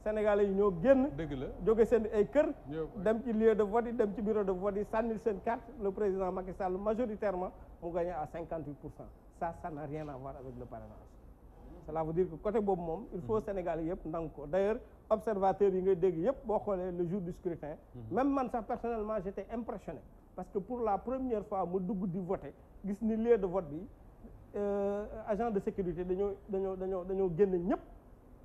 E: Sénégalais qui ñoo yi ñoo génn. dégg la jóge seen ay kër. dem ci lieu de vote yi dem ci bureau de vote yi sànni seen carte le président Macky Sall majoritairement mu gagné à pour cent ça ça n'a rien à voir avec le parrainage. cela veut dire que côté boobu moom. il faut mm-hmm. Sénégalais yëpp nangu ko d'ailleurs observateurs yi ngay dégg yëpp boo xoolee le jour du scrutin. Mm-hmm. même man sax personnellement j'étais parce que pour la première fois mu dugg di voter gis ni lieu de vote bi euh, agent de sécurité dañoo dañoo dañoo dañoo génn ñëpp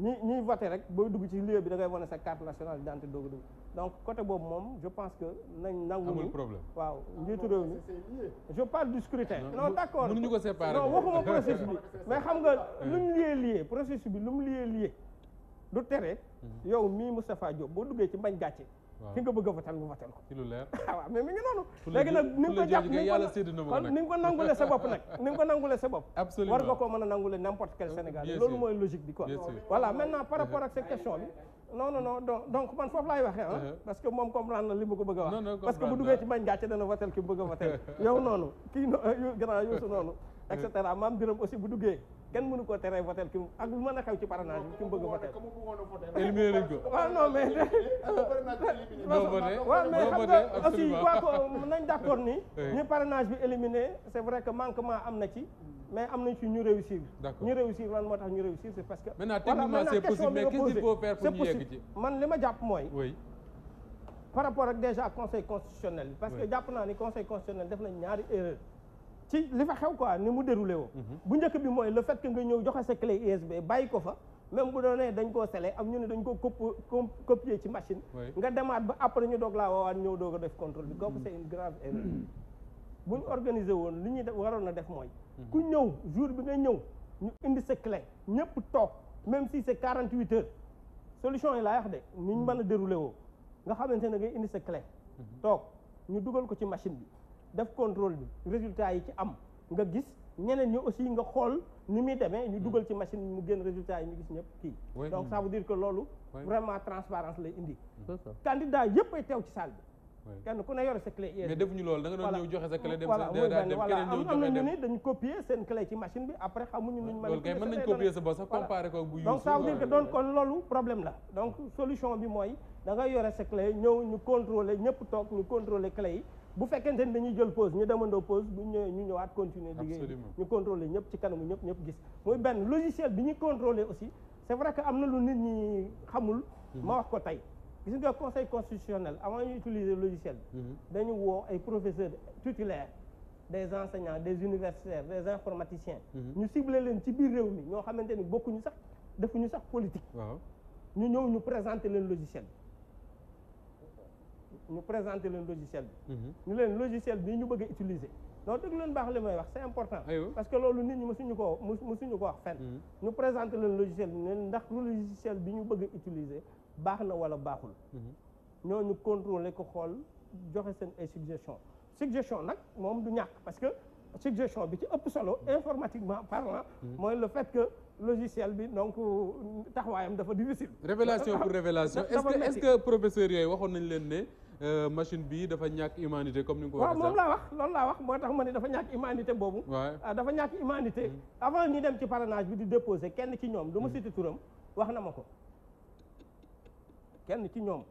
E: ñu ñuy vote rek boo dugg ci lieu bi dangay ngay wane sa carte nationale d'identité dooga dugg donc côté boobu moom je pense que nañ nangu amul problème waaw njiitu réew mi je parle du scrutin non d'accord mënuñu ko séparer non waxuma processus bi mais xam nga lu mu lié lié processus bi lu mu lié lié du tere mhm. yow mii Moustapha Diop boo duggee ci mbañ gàcce ki nga bëgg a votel nga votel waaw mais mi ngi noonu léegi nga ko ni nga ko nangule nag ni nga ko nangule war nga koo mën a nangule n'importe quel Sénégalais man foofu laay waxee uh-huh. parce que moom comprendre li mu ko wax parce que bu duggee ci mañ gàcce dana votel ki mu bëgg a votel yow noonu kii grand noonu et hmm. cetera maam biram aussi bu duggee kenn mënu koo teree votel ki mu ak lu mën a xew ci parrainage bi ki mu bëgg a
C: votel
B: éliminé nañ ko
E: waaw ah, non mais
C: waaw mais xam
D: nga aussi quoi ko euh,
C: nañ
E: d'accord ni ñu parrainage bi éliminé c'est vrai que manquement am na ci hmm. mais am nañ ci ñu réussir ñu réussir lan moo tax ñu réussir c'est parce que maintenant techniquement c'est possible mais qu'est-ce qu'il faut faire pour ñu yegg ci man li ma jàpp mooy par rapport ak déjà conseil constitutionnel parce que jàpp naa ni conseil constitutionnel def nañ ñaari erreur ci li fa xew quoi ni mu déroulé woo. Mhm. bu njëkk bi mooy lu fait nga ñëw joxe sa clé USB bàyyi ko fa même bu doonee dañ koo sele am ñu ne dañ ko copier ci machine. nga demaat ba après ñu doog laa woowaat ñëw doog def contrôle bi. Mhm. kooku c'est une bu ñu organisé woon li ñuy waroon a def mooy. Mhm. ku ñëw jour bi nga ñëw ñu indi sa clé ñëpp toog même si c'est 48 heures solution yi laay wax de ñu mën a déroulé woo nga xamante ne ngay indi sa clé. toog ñu dugal ko ci machine bi. def contrôle bi résultat yi ci am nga gis ñeneen ñu aussi nga xool ni muy demee ñu dugal ci machine mu génn résultat yi ñu gis ñëpp kii donc ça veut dire que loolu vraiment transparence lay indi candidat yëpp ay teew ci salle bi kenn ku ne yore sa clé mais defuñu loolu da nga doon joxe sa clé dem sa voilà am nañu ni dañu copier seen clé ci machine bi
B: ko kon
E: loolu problème la donc solution bi mooy da nga yore sa clé ñëw ñu contrôler ñëpp toog ñu contrôler clé yi bu fekkente ni dañuy jël pose ñu demandoo pause bu ñëwee ñu ñëwaat continuer liggéey ñu contrôler ñëpp ci kanamu ñëpp ñëpp gis muy benn logiciel bi ñu contrôler aussi c'est vrai que am na lu nit ñi xamul mhm. ma wax ko tey gis nga conseil constitutionnel avant ñu utiliser logiciel bi mhm. dañu woo ay professeurs titulaires des enseignants des universitaires des informaticiens mhm. ñu cibler leen ci biir réew mi ñoo xamante ni bokkuñu sax defuñu sax politique ñu ñëw ñu présenter leen logiciel ñu présenter leen logiciel bi ñu mhm. leen logiciel bi ñu bëgg a utiliser donc dëgg leen baax li may wax c'est important parce que loolu nit ñi mësuñu ko mësuñu ko wax fenn mhm. ñu présenter leen logiciel bi leen ndax logiciel bi ñu bëgg a utiliser baax na wala baaxul mhm. ñoo ñu contrôler ko xool joxe seen ay suggestion suggestion nag moom du ñàkk parce que suggestion bi ci ëpp solo informatiquement parlant mooy le fait que logiciel bi donc taxawaayam dafa difficile révélation pour révélation est-ce que
B: est yooyu waxoon nañ leen ne Euh, machine bi dafa ñàkk humanité comme ni nga ko waxee waaw moom laa wax
E: loolu laa wax moo tax ma ne dafa ñàkk humanité boobu ah, dafa ñàkk humanité mm. avant ñu dem ci parrainage bi di déposer kenn ci ñoom du ma cité wax na ma ko kenn ci ñoom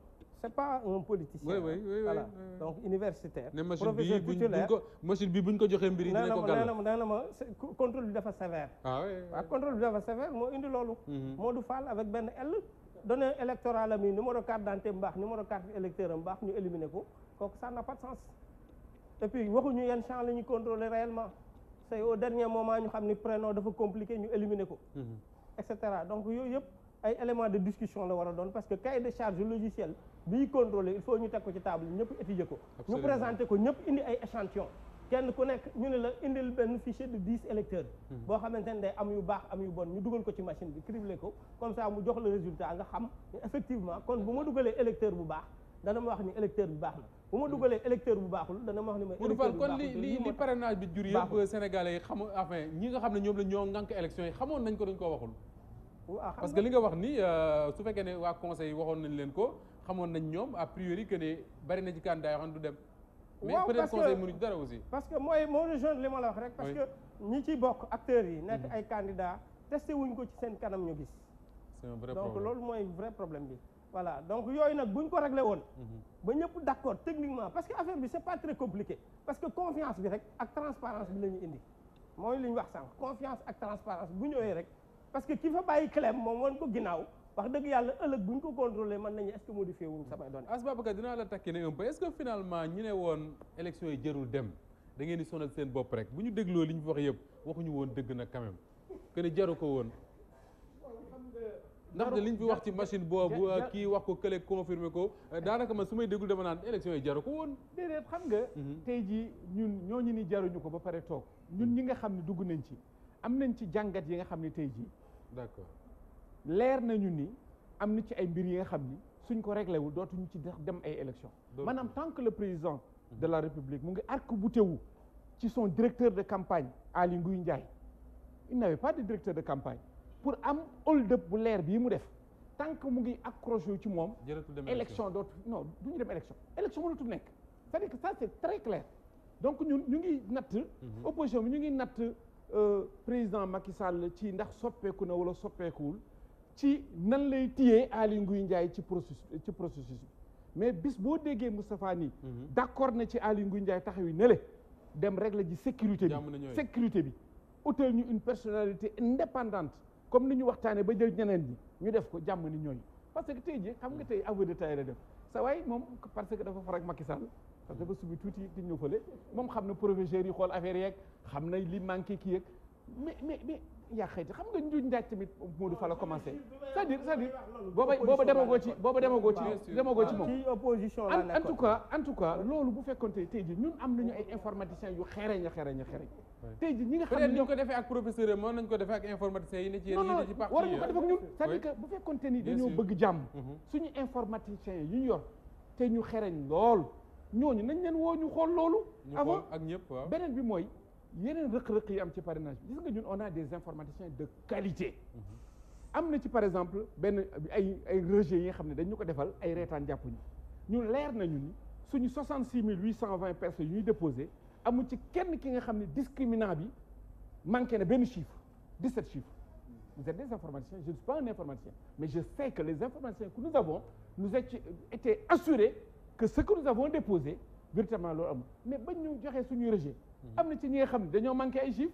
E: c'est pas un politicien oui, oui, oui, voilà donc universitaire professeur titulaire
B: machine bi bu ñu ko joxee mbir yi dina ko gàll nee
E: na ma contrôle bi dafa sévère ah, waaw contrôle bi dafa sévère moo indi loolu mm-hmm. Modou Fall avec benn L données électorales am yi numéro carte d'identité mbaax numéro carte électeur am mbaax ñu éliminer ko kooku ça n'a pas de sens et puis waxuñu yenn champ la ñuy contrôler réellement c'est au dernier moment ñu xam ni prénom dafa compliqué ñu éliminer ko mhm. et cetera donc yooyu yëpp ay éléments de discussion la war a doon parce que kay de charge logiciel bi contrôler il faut ñu teg ko ci table ñëpp étudier ko ñu présenter ko ñëpp indi ay échantion kenn ku nekk ñu ne la indil benn fichier de dix hmm. boo xamante ne am yu baax am yu bon ñu dugal ko ci machine bi ko comme ça mu jox la nga xam effectivement kon bu ma dugalee électeur bu baax dana bu baax la bu ma hmm. dugalee électeur bu baaxul dana ma wax ni ma bu baaxul kon li li li
B: parrainage bi jur yëpp sénégalais yi xamu enfin ñi nga xam ne ñoom la ñoo ngànk élection yi xamoon nañ ko dañ koo waxul parce li nga wax ni euh, su fekkee ne waa conseil waxoon nañ leen ko xamoon nañ ñoom a priori que ne bari na ci candidat xam du dem waaw parce que mais
E: parce que mooy moo rejoindre li ma la wax rek. parce que ñi ci bokk acteurs yi. nekk mhm. ay candidats testé wuñ ko ci seen kanam ñu gis.
B: c'est un vrai problème loolu
E: mooy vrai problème bi. voilà donc yooyu nag bu ko réglé woon. Mhm. ba ñëpp d' accord techniquement parce que affaire bi c' est pas très compliqué. parce que confiance bi rek ak transparence bi la ñu indi mooy li ñu wax sànq confiance ak transparence bu ñëwee rek parce que ki fa bàyyi clé moom wan ko ginnaaw. wax dëgg yàlla ëllëg bu ñu ko contrôlé mën nañu est ce que modifié wuñ samay
B: données. as Babacar dinaa la takki ne un peu ce que finalement ñu ne woon élection yi jërul dem da ngeen di sonal seen bopp rek bu ñu dégloo li ñu wax yëpp waxuñu woon dëgg na quand même jaru ko woon.
D: ndax de liñ wax ci machine boobu kii
B: wax ko kële confirmé ko euh, daanaka man su may déglu dama naan élection yi jaru ko woon.
F: déedéet xam nga. Mhm. tey jii ñun ñooñu ni jaruñu ko ba pare toog. ñun ñi nga xam ne dugg nañ ci am nañ ci jàngat yi nga xam ne tey jii. d'accord leer nañu ni am na ci ay mbir yi nga xam ni suñ ko réglé wul dootuñu ci dem ay élection maanaam tant que le président mhm. de la république mu ngi arc bu wu ci son directeur de campagne Aly Ngouille Ndiaye il n'avait pas de directeur de campagne pour am hold-up bu leer bii mu def tant que mu ngi accroché wu ci moom élection dootu no du ñu dem élection élection tu nekk cest dire que ça c'est très clair donc ñun ñu ngi natt mhm. opposition bi ñu ngi natt euh, président Macky Sall ci ndax soppeeku na wala soppeekuwul ci nan lay téyee Aly Ngouille Ndiaye ci processus ci processus mais bis boo déggee Moustapha nii mhm. d' accord na ci Aly Ngouille Ndiaye taxaw yi ne le dem régler ji sécurité bi sécurité bi utal ñu une personalité indépendante comme ni ñu waxtaanee ba jël ñeneen ñi ñu def ko jàmm ni ñooñu parce que tey jii xam nga mhm. tey aveu de taille la def waay moom parce que dafa far ak Macky parce que dafa subi tuuti di ñëw fële moom xam na professeurs yi xool affaire yeeg xam na li manqué kii yeeg mais yaa xëyti xam nga njuñ njaaj tamit Moodu fa la commencé cest dire cest dire booba demagoo ci booba demagoo ci demagoo ci moom en tout cas en tout cas loolu bu fekkonte tey ji a xereñ
B: a xereñ tey ji ñi nga xam ne ñu ko defee ak professeur yi mën nañ ko defee ak informaticiens yi ne ci yéen yi ne ci parti war nañu ko def ak ñun
F: c'est-à-dire que bu fekkonte ni dañoo bëgg jàmm mm-hmm. suñu informaticiens yi ñu yor te ñu xereñ lool ñooñu nañ leen woo ñu xool loolu avant
B: ak ñëpp beneen
F: bi mooy yeneen rëq-rëq yi am ci parrainage bi gis nga ñun on a des informaticiens de qualité.
D: Mm-hmm.
F: am na ci par exemple benn ay ay rejet yi nga xam ne dañu ko defal ay reetaan jàpp ñu ñun leer nañu ni suñu mille cent 820 personnes yu ñuy déposé amu ci kenn ki nga xam ne discriminant bi manqué na benn chiffre 17 chiffres. Mm-hmm. vous êtes des informaticiens je ne suis pas un informaticien mais je sais que les informaticiens que nous avons nous que ce que nous avons déposé véritablement mais bañ ñu joxee suñuy rejet. Mm-hmm. am na ci ñi nga xam ne dañoo manqué ay chiffres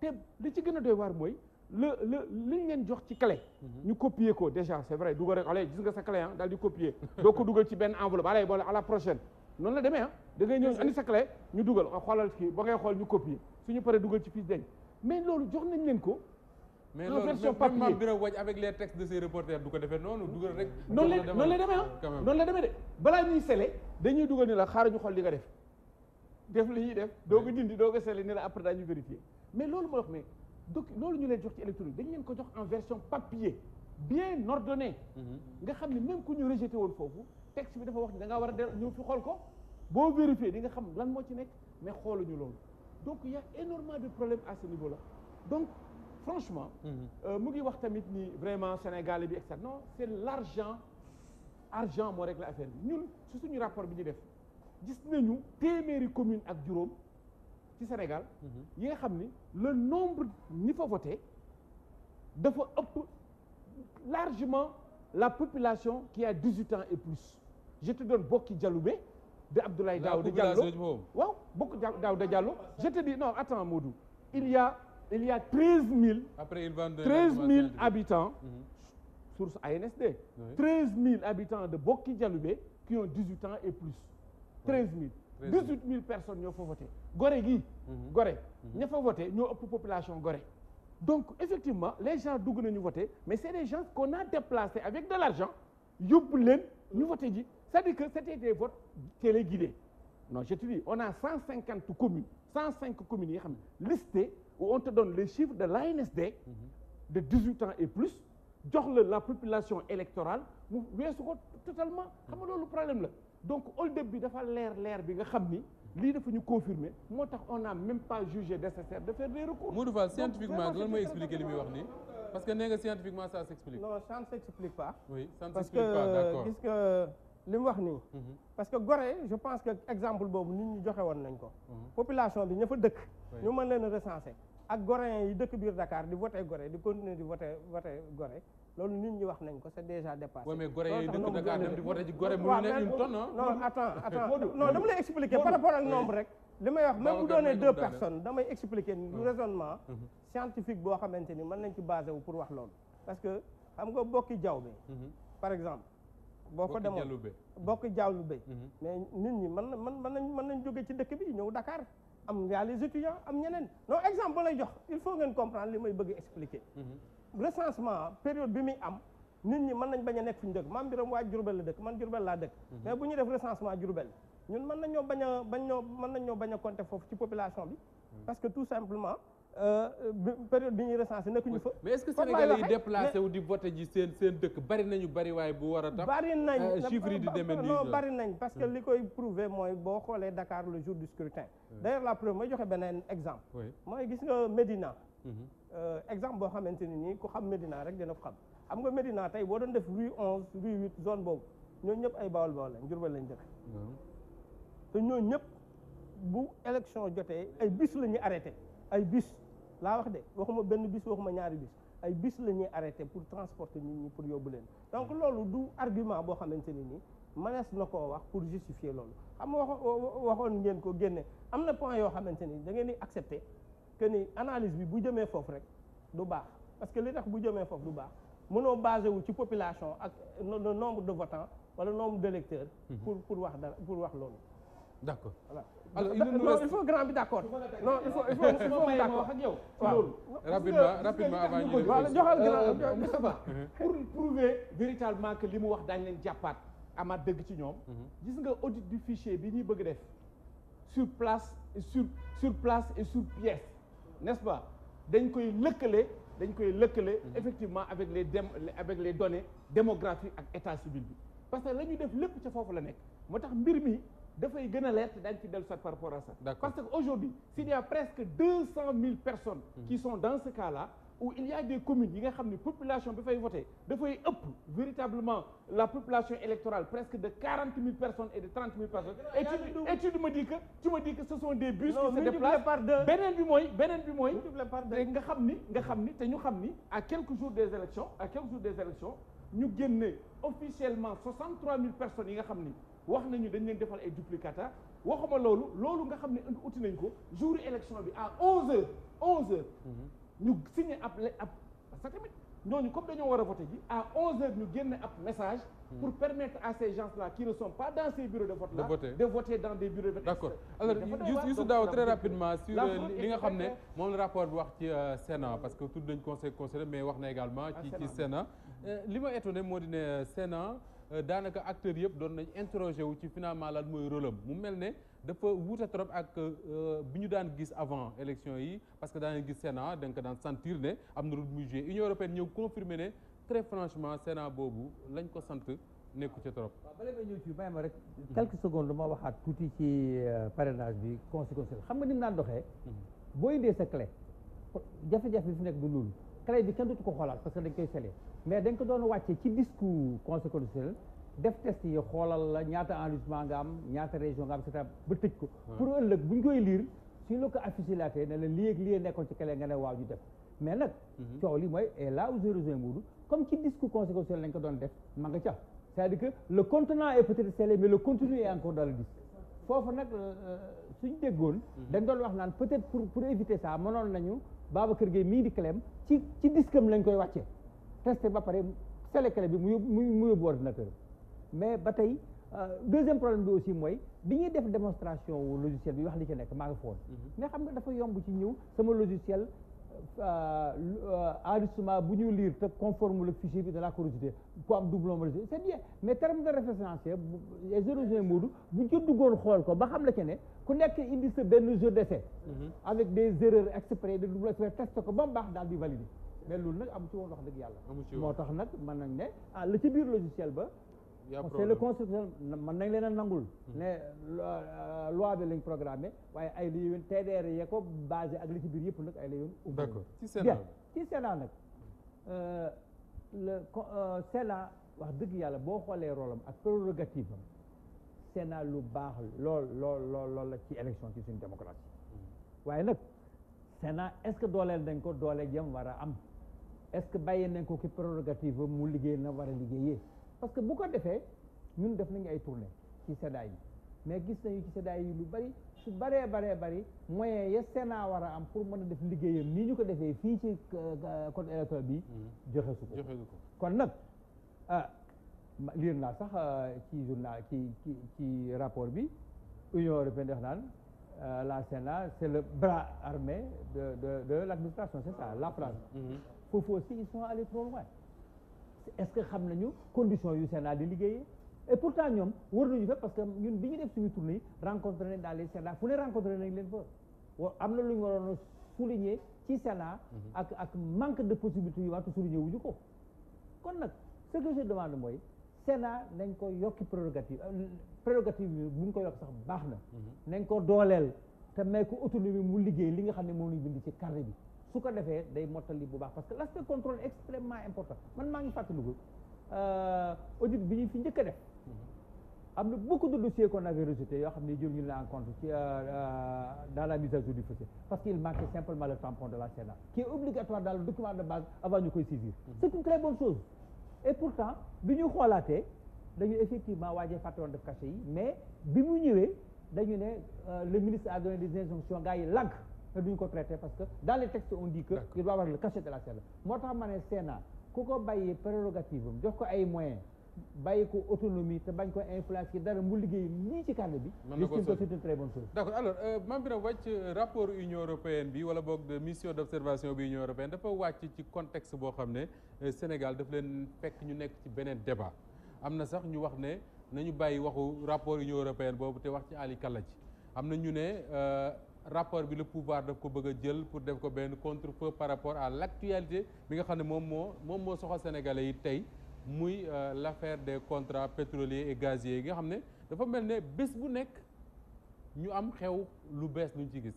F: te li ci gën a doy waar mooy le le liñ jox ci clé mm-hmm. ñu copier ko déjà c'est vrai dugal rek allez gis nga sa clé ah daal di copier doo ko dugal ci benn enveloppe allez boole à la prochaine noonu la demee ah da ngay ñëw andi sa clé ñu dugal ah, xoolal ñu paree dugal ci fiche dañ mais loolu jox nañ ko
B: mais ko defee noonu dugal rek noonu la demee ah noonu
F: de balaa ñuy sele dañuy dugal ni la xaaral ñu xool li nga def def li ñuy def doo ko dindi doo ko sell ni la après daañu vérifier mais loolu mooy wax mais donc loolu ñu leen jox ci électronique dañu leen ko jox en version papier bien ordonné mm-hmm. nga xam ne même ku ñu rejeté woon foofu texte bi dafa wax ni da ngaa war a def ñëw fi xool ko boo vérifier di nga xam lan moo ci nekk mais xooluñu loolu donc il y a énormément de problèmes à ce niveau la donc franchement mm-hmm. euh, mu ngi wax tamit ni vraiment Sénégal bi et cetera non c'est l'argent argent moo rek la affaire bi ñun su suñu rapport bi ñu def gis nañu téeméeri commune ak juróom ci Sénégal mhm. yi nga xam ni le nombre ñi fa voté dafa ëpp largement la population qui a 18 ans et plus je te donne Bokki Dialoumé de Abdoulaye Daouda Diallo waaw Bokki Daouda Diallo je te dis non attends Modou il y a il y a 13 000
B: après il va 13 000 habitants mhm.
F: source ANSD 13 000 habitants de Bokki Dialoumé qui ont 18 ans et plus treize mille dix huit mille personnes ñoo fa voté Gorée gii mhm. Gorée mhm. ña fa voté ñoo ëpp population gore donc effectivement les gens dugg nañu voté mais c'est des gens qu'on a déplacés avec de l'argent yóbbu leen ñu voté ji cest dire que c'était des votes téléguidés non je te dis on a cent cinquante commune cent cinq communes yi xam ne listées où on donne les chiffres de l'ANSD mhm. de dix-huit ans et plus jox la la population électorale mu weesu ko totalement xam nga loolu problème la donc hold-up bi dafa leer leer bi nga xam ni lii dafa ñu confirmer moo tax on n'a même pas jugé nécessaire de faire des recours.
B: Modou Fall scientifiquement lan mooy expliquer li muy wax nii parce que nee nga scientifiquement ça s'explique. non ça ne s'explique pas. oui ça ne s'explique pas d'accord parce
F: que gis nga
E: li mu wax nii. Mhm. parce que Gorée je pense que exemple boobu nit ñi joxe woon nañ ko. Mhm. population bi ña fa dëkk. ñu mën leen a recenser. ak Goréens yi dëkk biir Dakar di voter Gorée di continuer di voter voter Gorée loolu nit ñi wax nañ ko c'est déjà dépassé. loolu tax na mu gën a dem di voté ji gore mu ne une tonne non attends attends non dama lay expliquer par rapport ak nombre rek. li may wax même bu doonee deux personnes damay expliquer du raisonnement mhm. scientifique boo xamante ni mën nañ ci basé wu pour wax loolu. parce que xam nga bokki jaww bi. Mhm. par exemple. boo ko demoon bokki jawlu be mhm. mais nit ñi mën na mën nañ mën nañ jóge ci dëkk bi ñëw Dakar. am y a les étudiants am ñeneen non exemple lay jox il faut ngeen comprendre li may bëgg expliquer. recensement période bi muy am nit ñi mën nañ bañ a nekk fu ñu dëkk maam Birame waa Diourbel la dëkk man Diourbel laa dëkk mhm. mais bu ñu def recensement Diourbel ñun mën nañoo bañ a bañ ñoo mën nañoo bañ a compter foofu ci population bi mhm. parce que tout simplement euh, période bi ñuy recensé nekkuñu fa. mais est-ce que Sénégalais yi déplacé wu
B: di voté ji seen seen dëkk bari nañu bari waaye bu war a tax. bari nañ euh, chiffres yi
E: nañ parce que mhm. li koy prouver mooy boo xoolee Dakar le jour du scrutin. d'ailleurs la beneen exemple. mooy gis nga Médina. Euh, exemple boo xamante ne nii ku xam Medina rek dina ko xam xam nga Medina tey boo doon def rue 11 rue 8 zone boobu ñooñu ñëpp ay bawol bawol la Jurbel lañ dëkk te ñooñu ñëpp bu élection jotee ay bis la ñuy arrêté ay bis laa wax de waxuma benn bis waxuma ñaari bis ay bis la ñuy arrêté pour transporter nit ñi pour yóbbu leen donc hmm. loolu du argument boo xamante ne nii mënees na koo wax pour justifier loolu xam nga waxoon ngeen ko génne am na point yoo xamante ni da ngeen di accepté que ni analyse bi bu jëmee foofu rek du baax parce que li tax bu jëmee foofu du baax mënoo basé wu ci population ak le nombre de votants wala nombre d'électeurs
F: mhm. pour pour wax dara pour wax loolu
B: d'accord voilà alors il non il faut grand bi d'accord non il faut il faut d'accord ak yow loolu rapidement rapidement avant ñu voilà joxal
F: grand euh, Moustapha mhm. pour prouver véritablement que li mu wax daañ leen jàppaat amaat dëgg ci ñoom mhm. gis nga audit du fichier bi ñuy bëgg def sur place sur sur place et sur pièce n'est-ce pas dañ koy lëkkale dañ koy lëkkale effectivement avec les dem avec les données démographiques ak état civil bi parce que lañuy ñuy def lépp ca foofu la nekk moo tax mbir mi dafay gën a leer te daañu ci dellusiwaat par rapport à ça. parce que aujourd'hui s'il y a presque deux cent mille personnes. Mmh. qui sont dans ce cas la où il y des communes yi nga xam ne population bi fay voter dafay ëpp véritablement la population électorale presque de quarante mille personnes et de trente mille personnes et tu et tu me dis que tu me dis que ce sont des bus beneen bi mooy beneen bi mooy nga xam ni nga xam ni te ñu xam ni à quelques jours des élections à quelques jours des élections ñu génne nga xam ni wax nañu dañ leen defal ay duplicata waxuma loolu loolu nga xam ne uti nañ ko jour élection bi à 11h 11h. Mhm. ñu signé ab ab parce que tamit ñooñu comme dañoo war a voté ji à 11h ñu génne ab message. Mhm. pour permettre à ces gens là qui ne sont pas dans ces bureaux de vote là.
B: de voter dans des bureaux de vote. d'accord alors Youssou Daw très rapidement sur euh, li nga xam ne moom la rapport bi wax ci euh, Sénat parce que tudd nañ conseil conseil mais wax na également. ci ci Sénat euh, li ma étonné moo di Euh, daanaka acteur yëpp doon nañ interroger wu ci finalement lan mooy rôle mu mel ne dafa wuute trop ak euh, bi ñu daan gis avant élection yi parce que daanañ nga ko daan sentir ne am na rôle muy joué Union européenne ñëw confirmer ne très franchement Sénat boobu lañ ko sant nekku ci trop.
G: waaw bala ba ñëw ci may ma rek quelques lu ma waxaat tuuti ci euh, parrainage bi conséquence xam nga ni mu daan mhm. boo indee sa clé jafe-jafe bi fi nekk du loolu. clé bi kenn ko xoolal parce que dañ koy sele mais dañ ko doon wàcce ci discours conseil def test yi xoolal la ñaata enregistrement nga am ñaata région nga am c'est ba tëj ko pour ëllëg bu ñu koy liir suñu la ko affichilaté ne la lii ak lii nekkoon ci clé nga ne waaw ñu def mais nag mhm. comme ci discours conseil constitutionnel ko doon def ma nga ca c'est-à-dire que le contenant est peut-être mais le contenu encore dans le foofu nag euh, euh, suñ déggoon mhm. dañ Babacar Gueye mii di clem ci ci disquam lañ koy wàccee testé ba pare sele clé bi mu yóbbu mu yóbbu ordinateur mais ba tey euh, deuxième problème bi aussi mooy bi ñuy def démonstration wu logiciel bi wax li ci nekk maa ngi foon mhm. mais xam nga dafa yomb ci ñëw sama logiciel Euh, euh, enregistrement bu ñu lire te conforme le fichier bi de la curiosité ku am doublon ma c'est bien mais terme de référence financière jeunes bu jël duggoon xool ko ba xam la ca ne ku nekk indi sa benn jeu d'essai mhm. avec des erreurs exprès de double exprès test ko ba mu baax daal di valider mais lool nag amu ci woon wax dëgg yàlla moo tax nag mën nañ ne ah la ci biir logiciel ba c'est le constitution mën nañ leen a nangul hmm. ne euh, loi bi lañ programme waaye ay la yowén TDR yee ko basé ak li ci biir yëpp nag ay la yowén um bien ci Sénat nag euh, le euh, Sénat wax dëgg yàlla boo xoolee rôlam ak prérogative am lu baax lool lool lool lool la ci élection ci suñu démocratie hmm. waaye nag Sénat est-ce que dooleel dañ ko doole jëm war a am est-ce que bàyyi nañ ko ki prérogative mu liggéey na war a liggéeyee parce que bu ko defee ñun def nañu ay tournée ci seddaay yi mais gis nañu ci seddaay yi lu bari su baree baree bari moyen ya Sénat war a am pour mën a def liggéeyam ni ñu ko defee fii ci euh, code électoral bi mm-hmm. joxe su ko kon nag ah liir naa sax euh, ci journal ci ci ci rapport bi Union européenne def naan euh, la Sénat c'est le bras armé de de de l'administration c'est ça la France mm-hmm. foofu aussi ils sont allés trop loin est-ce que xam nañu condition yu Sénat di liggéeyee et pourtant ñoom wër nañu fa parce que ñun bi ñu def suñu tournée rencontré nañ dans les Sénat fu ne rencontré nañ leen fa wa am na lu ñu waroon a ci Sénat mhm. ak ak manque de possibilité yu waxtu souligner wuñu ko kon nag ce que je demande mooy Sénat nañ ko yokki prérogative euh, prérogative bi bu ñu ko yokk sax baax na mhm. nañ ko dooleel te may ko autonomie mu liggéey li nga xam ne moom lañ bind ci carré bi su ko defee day mottali bu baax parce que l' aspect contrôle extrêmement important man maa ngi fàttaliku euh, audit bi ñu fi njëkk def mm-hmm. am na beaucoup de dossiers qu'on yoo xam ne jël ñu la en compte ci euh, euh, dans la mise à jour du foncier parce qu'il manquait simplement le tampon de la CNA qui obligatoire dans document de base avant ñu koy saisir mm-hmm. c'est une très bonne chose et pourtant bi ñu xoolaatee dañu effectivement waajee fàtte woon def cachet yi mais bi mu ñëwee ne le ministre a donné des injonctions gars te duñ ko traité parce que dans les textes on dit que il doit avoir le cachet de moo tax ma ne Sénat ku ko bàyyi prérogative jox ko ay moyens bàyyi ko autonomie te bañ ko influencer dara mu liggéey nii ci cadre bi estime que c'est une très bonne chose
B: d' accord alors euh, Mame Birame wàcc euh, rapport union européenne bi wala boog de mission d' bi union européenne dafa wàcc ci contexte boo xam ne euh, Sénégal daf leen fekk ñu nekk ci beneen débat am na sax ñu wax ne nañu bàyyi waxu rapport union européenne boobu te wax ci Ali ci am na ñu ne rapport bi le pouvoir daf ko bëgg a jël pour def ko benn contre-feu par rapport à l'actualité bi nga xam ne moom moo moom moo soxal sénégalais yi tey muy euh, l'affaire des contrats pétroliers et gaziers yi nga xam ne dafa mel ne bés bu nekk ñu am xew lu bees luñ ci gis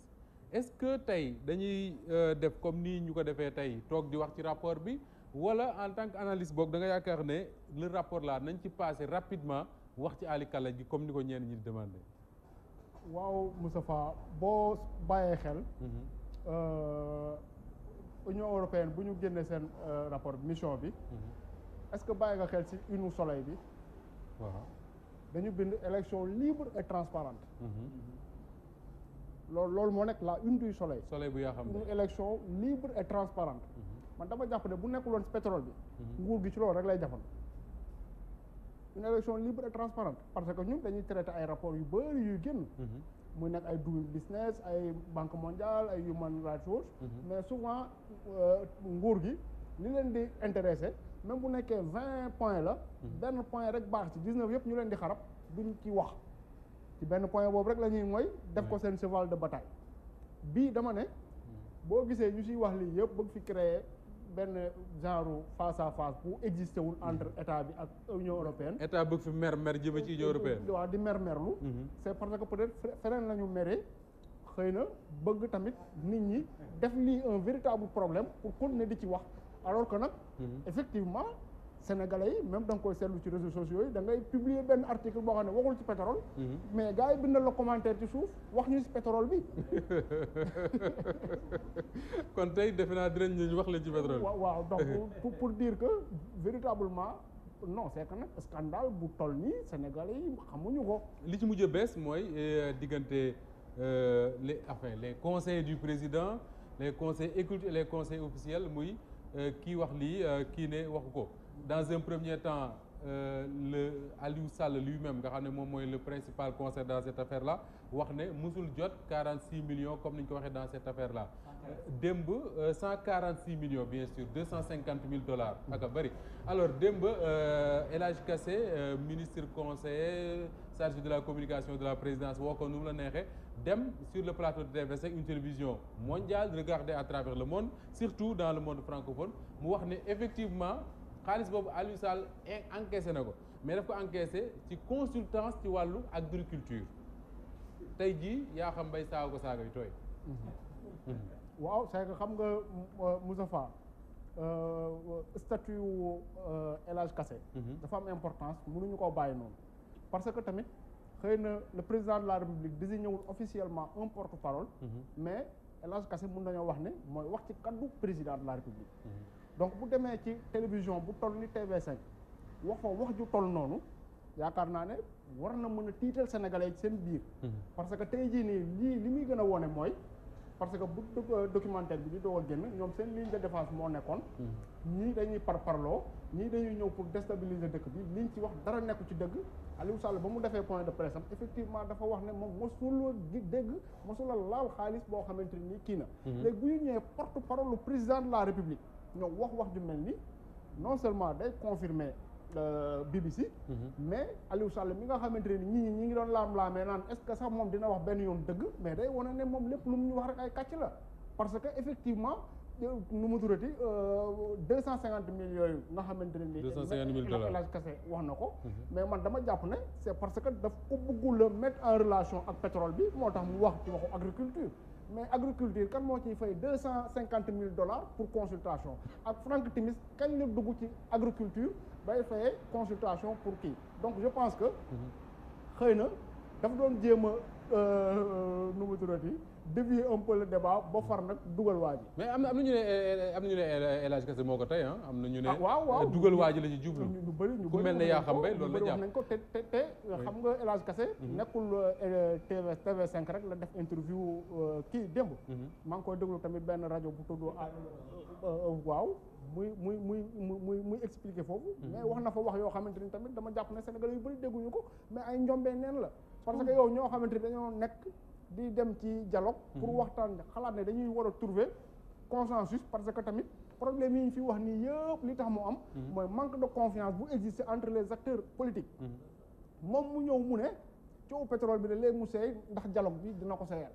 B: est-ce que tey dañuy euh, def comme nii ñu ko defee tey toog di wax ci rapport bi wala en tant que qu'analyste boog da nga yaakaar ne le rapport là nañ ci passer rapidement wax ci àllikala gi comme ni ko ñeen ñi di
C: waaw Moustapha boo bàyyee xel. Mhm. Euh, Union européenne bu ñu génnee seen euh, rapport mission bi. Mhm. est-ce que bàyyi nga xel ci une soleil bi. waaw dañu bind élection libre et transparente. Mhm. loolu loolu moo nekk la une du soleil.
B: soleil bu yaa xam ne une
C: élection libre et transparente. man dama jàpp ne bu nekkuloon ci pétrole bi. nguur gi ci loolu rek lay jàppoon. une élection libre et transparente parce que ñun dañuy traité ay rapports yu bëri yuy génn mhm. muy nekk ay doing business ay banque mondiale ay human rights watch mhm. mais souvent euh, nguur gi ni leen di intéressé même bu nekkee vingt points la mhm. benn point rek baax ci dix-neuf yëpp ñu leen di xarab duñ ci wax ci benn point boobu rek la ñuy mooy def ko seen cheval de bataille bii dama ne boo gisee ñu siy wax lii yëpp bëgg fi créer benn genre face à face bu existé wul entre état bi ak union européenne.
B: état bëgg fi mer mer jëme ci union européenne.
C: waaw di mer merlu. c' est parce que peut être feneen la ñu meree xëy na bëgg tamit nit ñi def lii un véritable problème pour continuer di ci wax alors que nag. effectivement. sénégalais yi même da nga koy seetlu ci réseaux sociaux yi da ngay publier benn article boo xam ne waxul ci pétrole. Mhm. mais gars yi na la commentaire ci suuf wax ñu ci pétrole bi.
B: kon tey defe naa dinañ ñu wax leen ci pétrole bi. waaw donc
C: pour dire que véritablement non c'est que nag scandale bu toll nii sénégalais yi
B: xamuñu ko. li ci mujj a bees mooy euh, diggante euh, les enfin les conseils du président les conseil occultes et les conseils officiels muy euh, kii wax lii kii ne waxu ko. dans un premier temps euh, le Aliou Sall lui-même nga xam ne moom mooy le principal concerné dans cette affaire là wax ne musul jot 46 millions comme ni ñu ko waxee dans cette affaire là. Euh, démb 146 euh, millions bien sûr 250 000 dollars. ak a bëri alors démb euh, El Hadj Kassé ministre conseiller chargé de la communication de la présidence woo ko nu la neexe dem sur le plateau de TVS une télévision mondiale regardée à travers le monde surtout dans le monde francophone mu wax ne effectivement. xaalis boobu Aliou Sall encaissé na ko mais daf ko encaissé ci consultance ci wàllu agriculture tey jii yaa xam bay saaga ko saaga yu tooy
D: mm-hmm.
C: waaw c'est xam nga euh, Moustapha euh, statut wu euh, El Hadj Kassé mm-hmm. dafa am importance mënuñu koo bàyyi noonu parce que tamit xëy na le président de la république désigné wul officiellement un porte-parole mm-hmm. mais El Hadj mun nañoo wax ne mooy wax ci kaddu président de la république donc bu demee ci télévision bu toll ni TV5 wax fa wax ju toll noonu yaakaar naa ne war na mën a tiital sénégalais seen biir. Mhm. parce que tey jii nii lii li muy gën a wone mooy. parce que bu euh, documentaire bi di doog a génn ñoom seen ligne de défense moo nekkoon. Mhm. ñii dañuy parparloo ñii dañuy ñëw pour déstabiliser dëkk bi liñ ci wax dara nekku ci dëgg Aliou Sall ba mu defee point de presse am effectivement dafa wax ne moom mosula di dégg mosula laal xaalis boo xamante ni kii na. Mhm. léegi bu ñu ñëwee porte parole président la république. ñoom wax wax ju mel ni non seulement day confirmer euh, BBC mhm. mais Aliou Sall mi nga xamante ne ñii ñi ngi doon laam-laamee naan est-ce que sax moom dina wax benn yoon dëgg mais day wane ne moom lépp lu mu ñu wax rek ay kàcc la parce que effectivement euh, nu mu turati euh, deux cent cinquante mille yooyu nga xamante ne nii. deux cent cinquante mille dollars Elaj Kase wax na ko. Mhm. mais man dama jàpp ne c' est parce que daf ko bëggul a mettre en relation ak pétrole bi moo tax mu wax ci waxu mais agriculture kan moo ciy fay deux cent cinquante mille dollars pour consultation ak Franck Timis kañ la dugg ci agriculture bay fayee consultation pour kii donc je pense que mhm. xëy na dafa doon jéem a euh, euh, nu mu tuddati dévier un peu le débat ba far nag dugal waa ji.
B: mais am na am na ñu ne eh, am na eh, eh, moo ko tey ah am na ñu ne. Ah, waaw waaw dugal waa ji la ñu jublu. ñu bëri ñu bëri ku mel ne yaa xam bay loolu la jàpp. nañ
C: ko te te te xam nga El Hadj Kassé. Mhm. nekkul TV tv rek la def interview euh, kii démb. Mhm. maa ngi koy déglu tamit benn rajo bu tudd ah, euh, euh, waaw. muy muy muy muy muy expliqué foofu. Mhm. mais wax na fa wax yoo xamante ni tamit dama jàpp na Sénégalais yu bari dégguñu ko mais ay njombee neen la. parce que yow ñoo xamante ni dañoo nekk. di dem ci dialogue pour hmm. waxtaan xalaat ne dañuy war a trouver consensus parce que tamit problème yi ñu fi wax nii yëpp li tax mu am hmm. mooy manque de confiance bu exister entre les acteurs politiques hmm. moom mu ñëw mu ne coow pétrole bi de léegi mu seey ndax dialogue bi dina ko seeyal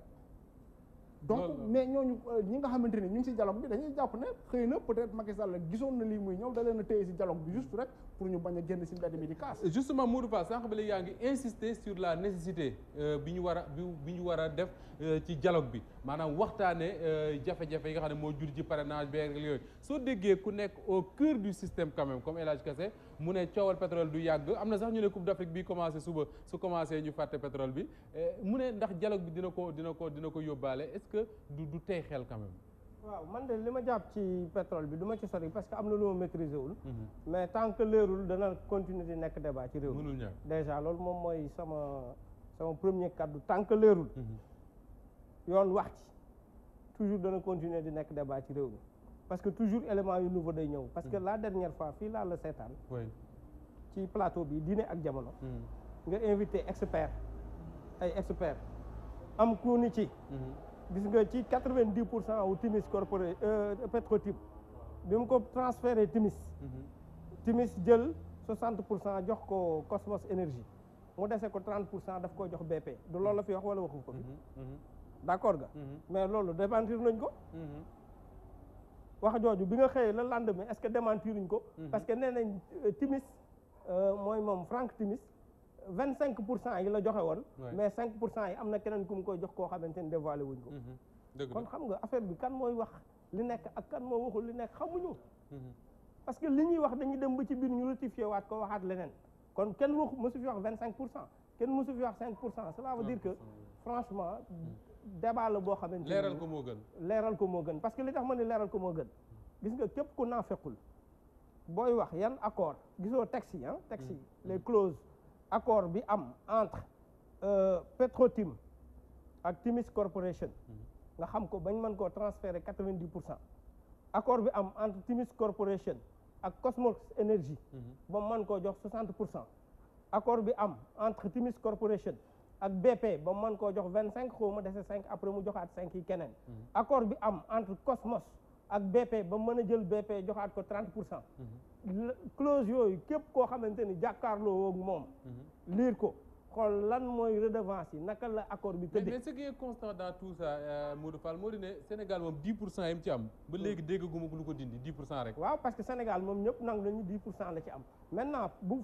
C: donc mais ñooñu euh, ñi nga xamante ni ñu ngi ci dialogue bi dañuy jàpp ne xëy na peut-être Macky Sall gisoon na lii muy ñëw da leen a téye ci dialogue bi juste rek pour ñu bañ a génn si mbedd mi di kaas
B: justement Modou Fall sànq ba léegi yaa ngi insister sur la nécessité euh, bi ñu war a bi ñu war a def euh, ci dialogue bi maanaam waxtaane jafe-jafe yi nga xam ne moo jur ci parrainage bi ak yooyu soo déggee ku nekk au cœur du système quand même comme El Hadj mu ne coowal pétrole du yàgg am na sax ñu ne Coupe d'Afrique bi commencé suba su commencé ñu fàtte pétrole bi eh, mu ne ndax dialogue bi dina ko dina ko dina ko yóbbaale est-ce que du tey xel quand
E: waaw man de li ma jàpp ci pétrole bi du ma ci sori parce que am na lu ma maîtriser wul. Mhm. mais tant que leerul dana continuer di nekk débat ci réew mi. mënul ñàkk déjà loolu moom mooy sama sama premier kaddu tant que leerul. Mhm. yoon wax ci toujours dana continuer di nekk débat ci réew mi. parce que toujours élément yu nouveau day ñëw parce que mm. la dernière fois fii laa la seetaan ci plateau bi diine ak jamono mm. nga invité expert ay expert am ku ni ci mm-hmm. gis nga ci quatre-vingt-dix pour cent wu Timis corporé euh, Petrotip bi mu ko transféré Timis
D: mm-hmm.
E: Timis jël soixante pour cent jox ko Cosmos Énergie mu dese ko trente pour cent daf koo jox BP du loolu la fi wax wala waxu ko fi mm-hmm. d'accord ga mais loolu démentir nañ ko wax jooju bi nga xëyee la lendemain est-ce que démentiruñ ko mhm. parce que nee euh, timis euh, mooy moom Frank Timis vingt cinq pour cent yi la joxe woon mais cinq pour cent yi am na keneen ku mu koy jox koo xamante ni dévoilé wuñ ko mhm. kon xam nga affaire bi kan mooy wax li nekk ak kan moo waxul li nekk xamuñu mhm. parce que li ñuy wax dañuy dem ba ci biir ñu rectifié waat ko waxaat leneen kon kenn waxu mosu fi wax vingt cinq pour cent kenn mosu fi wax cinq pour cent cela veut dire que franchement débat la boo xamante leeral ko moo gën leeral ko moo gën parce que li tax ma ne leeral ko moo gën gis nga képp ku naafequl booy wax yan accord gisoo taxi yi ah taxi yi hmm. les clauses accord bi am entre euh, Petrotim ak Timis Corporation hmm. nga xam ko bañ mën koo transférer quatre vingt pour cent accord bi am entre Timis Corporation ak Cosmos Energy hmm. ba mën koo jox soixante pour cent accord bi am entre Timis Corporation ak bépp ba mu mën koo jox vingt cinq xaw ma dese cinq après mu joxaat cinq yi keneen mm-hmm. accord bi am entre Cosmos ak BP ba mën a jël BP joxaat ko trente pour cent mm-hmm. clause yooyu képp koo xamante ni jàkkaarloo woog moom
D: mm-hmm.
E: liir ko xool lan mooy redevance yi naka la accord bi tëddee mais
B: ce qui est constant dans tout ça euh, Modou moo di ne Sénégal moom dix pour cent yi mu ci am ba léegi mm. déggaguma lu ko dindi dix pour cent rek waaw
E: parce que Sénégal moom ñëpp nangu nañu dix pour cent la ci am maintenant bu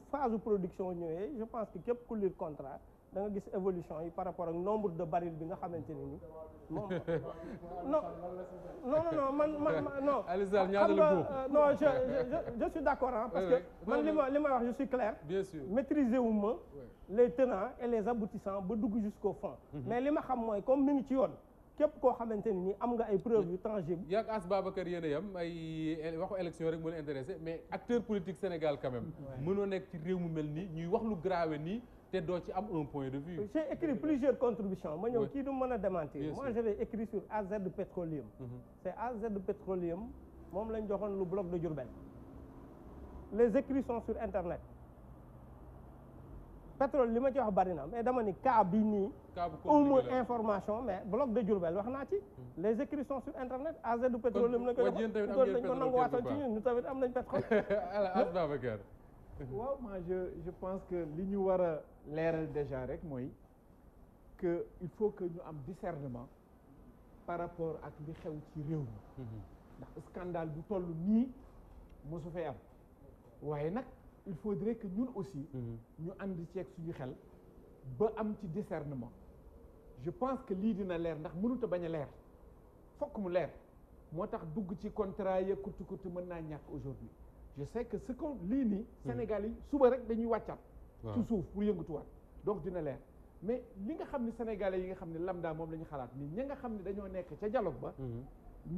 E: production ñëwee je pense képp ku liir contrat da nga gis évolution yi par rapport ak nombre de baril bi nga xamante ne ni
D: moom non non non man man non xam nga euh, non je je
E: suis d' accord ah parce que man li ma li may wax je suis clair bien sûr maîtriser wu ma les tenants et les aboutissants ba dugg jusqu'au fond mhm. mais li ma xam mooy comme mi ngi ci yoon képp koo xamante ne ni am nga ay preuve yu tangible
B: yaag as Babacar yéen a yam ay waxu élection rek mën a intéressé mais acteur politique Sénégal quand même mënoo nekk ci réew mu mel nii ñuy wax lu grave nii te doo ci am un point de vue. j'ai
E: écrit plusieurs contributions ma ñëw kii du mën a démentir. moi j'avais écrit sur AZ Petroleum. Mhm. c'est AZ Petroleum moom lañ joxoon lu bloc de Diourbel. les écrits sont sur internet. pétrole li ma ci wax bari na mais dama ni cas bi nii. au moins information mais bloc de Diourbel wax naa ci. Mhm. les écrits sont sur internet AZ Petroleum. kon kon am ngeen pétrole quelque ko nanguwaatoon ci ñun am nañ pétrole.
F: Mhm. waaw moi je pense que li ñu war a leeral déjà rek mooy que il faut que ñu am discernement par rapport ak li xew ci réew mi mhm. ndax scandale bu toll nii mosu fay am waaye nag il faut que ñun aussi mhm. ñu ànd ceeg suñu xel ba am ci discernement je pense que lii dina leer ndax mënut a bañ a leer fokk mu leer moo tax dugg ci contrat ya kurtu kurtu mën naa ñàkk aujourd'hui je sais que ce qu'on lii nii Sénégal yi suba rek dañuy wàccaat ci suuf pour yëngatuwaat donc dina leen mais li nga xam ne sénégalais yi nga xam ne lambda moom la ñu xalaat nii ña nga xam ne dañoo nekk ca dialogue ba mhm.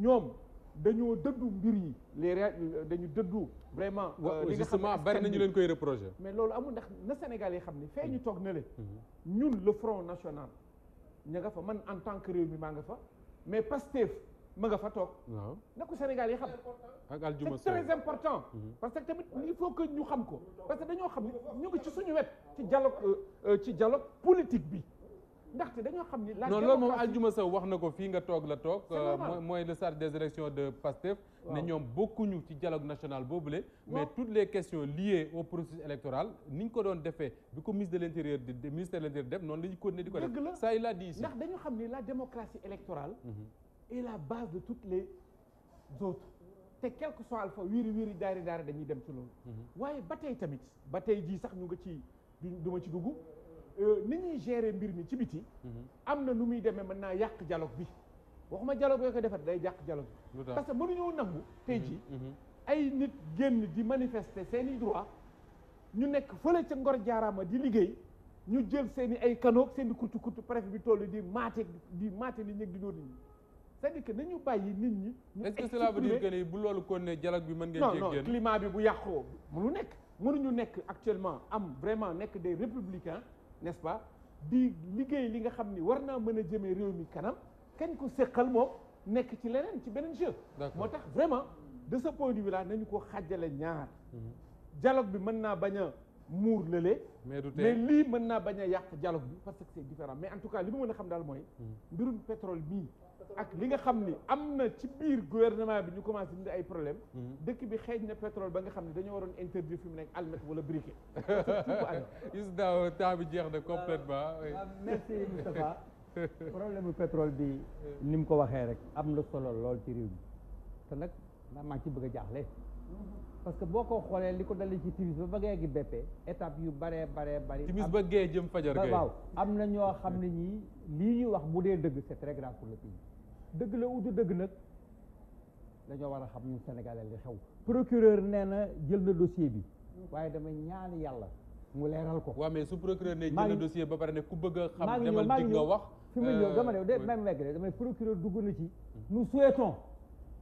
F: ñoom dañoo dëddu mbir yi les euh, dañu dëddu vraiment euh, li nga xam bari nañu leen koy reprocher mais loolu amul ndax na sénégalais yi xam ni fee ñu mhm. toog na le mhm. ñun le front national ña nga fa man en tant que réew mi maa nga fa mais Pastef ma nga fa toog. waaw na ko Sénégal yi xam. ak aljuma c'est mhm. parce que tamit il faut que ñu xam ko parce que dañoo xam ne ñu ngi ci suñu wet ci dialogue euh, euh, ci dialogue politique bi. ndaxte dañoo xam ni la non
B: na ko fii nga toog la toog euh, mooy le chargé des élections de Pastef ne ñoom bokkuñu ci dialogue national boobule mais toutes les questions liées au processus électoral ni ñu ko doon defee bi ko ministre de l'intérieur di ndax dañoo
F: xam ni la démocratie électorale mhm. est la base de toutes les autres te quel que soit alpha wiiri wiiri daari daari dañuy dem ci loolu mhm. waaye ba tey tamit ba tey jii sax ñu nga ci duma ci dugg euh, ni ñuy gérer mbir mi ci biti mhm. am na nu muy demee mën naa yàq dialogue bi waxuma dialogue boo ko defar day yàq dialogue bi parce que mënuñoo nangu tey jii mhm, ay nit génn di manifester seeni droit ñu nekk fële ca Ngor jaaraama di liggéey ñu jël seen i ay kanoog seen i kurtu kurtu bi toll di maate di maate ni ñëg di ñóor c'est-à-dire que nañu bàyyi nit ñi. ñu est-ce que cela veut dire que
B: ni bu loolu kon ne dialogue bi mën ngeen. jéggeen non non climat
F: bi mënu nekk. nekk actuellement am vraiment nekk des républicains n'est-ce di liggéey li nga xam ni war naa mën a jëmee réew mi kanam kañ ko séqal moom nekk ci leneen ci beneen jeu. moo tax vraiment de ce point de vue là nañu ko ñaar. Mhm. dialogue bi mën naa bañ a muur lële.
B: mais du tee mais lii
F: mën naa bañ a yàq bi parce que c'est différent mais en tout cas li mu mën a xam daal mooy. Mhm. mbirum pétrole bii. ak li nga xam ni am na ci biir gouvernement bi ñu commencé indi ay problème mhm. dëkk bi xeeñ na pétrole ba nga xam ne
B: dañoo waroon interdire fi mu nekk almet wala briquet. daaw bi jeex na complètement euh, euh, merci Moustapha
G: problème bu pétrole bi ni mu ko waxee rek am na solo lool ci réew mi te nag naa maa ci bëgg a jaaxle parce que boo ko xoolee li ko dalee ci timis ba bëggee gi bépp étape yu baree bare bari. timis ba
B: gee jëm fajar gay waaw
G: am na ñoo xam ne ñii lii ñu wax bu dee dëgg c'est dëgg la udu dëgg nag dañoo war a xam ñu sénégalais li xew procureur nee na jël na dossier bi waaye damay ñaan yàlla mu leeral
B: ko waaw mais su procureur ne jël na dossier ba pare ne ku bëgg a xam demal dig nga wax fi mu ñëw euh, dama ne de même
G: wegg de dama ne procureur dugg na ci nous souhaitons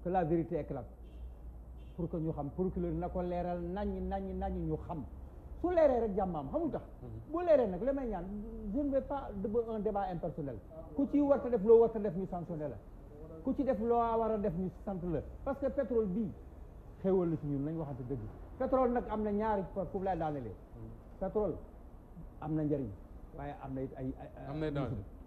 G: que la vérité éclate que ñu xam procureur na ko leeral nañ nañ nañ ñu xam su leeree rek jàmmaam xamul tax mhm. bu leeree nag la may ñaan je ne veux pas débat impersonnel ku ci war ta def loo war ta def ñu sanctionné la ku ci def loo war a def ñu sant la parce que pétrole bii xéwal la ci ñun nañ waxante dëgg pétrole nag am na ñaari par foofu laay daanelee hmm. pétrole am na njëriñ waaye am na it ay am na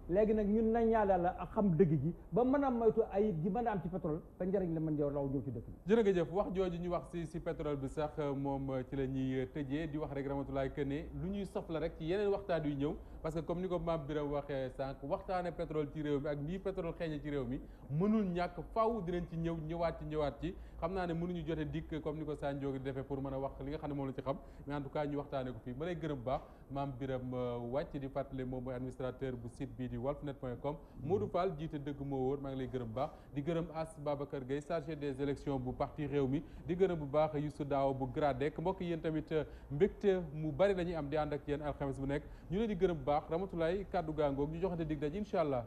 G: léegi nag ñun nañ ñaan yàlla ak xam dëgg ji ba mën moytu ay ji mën a am ci pétrole ba njëriñ la mën yow law ñëw ci dëkk bi
B: jërë nga jëf wax jooju ñu wax si si pétrole bi sax moom ci la ñuy tëjee di wax rek ramatulaay que ne lu ñuy soxla rek ci yeneen waxtaan yu ñëw parce que comme ni ko maam Birame waxee sànq waxtaane petrole ci réew mi ak nii pétrole xeeñe ci réew mi mënul ñàkk faaw dinañ ci ñëw ñëwaat ci ñëwaat ci xam naa ne ñu jote dikk comme ni ko Sa Ndiogou di defee pour mën a wax li nga xam ne moom la ci xam mais en tout cas ñu waxtaane ko fii ma lay gërëm baax maam Biram euh, Wàcc di fàttale moom mooy administrateur bu site bii di walfnet.com mm-hmm. Modou Fall jiite dëgg moo wóor maa ngi lay gërëm baax di gërëm As Babacar Gueye chargé des élections bu parti réew mi di gërëm bu baax Youssou Daaw bu Gradec mbokk yéen tamit euh, mbégte mu bari la ñuy am di ànd ak yéen alxames bu nekk ñu leen di gërëm bu baax
D: Ramatoulaye kaddu ñu joxante dig daj incha allah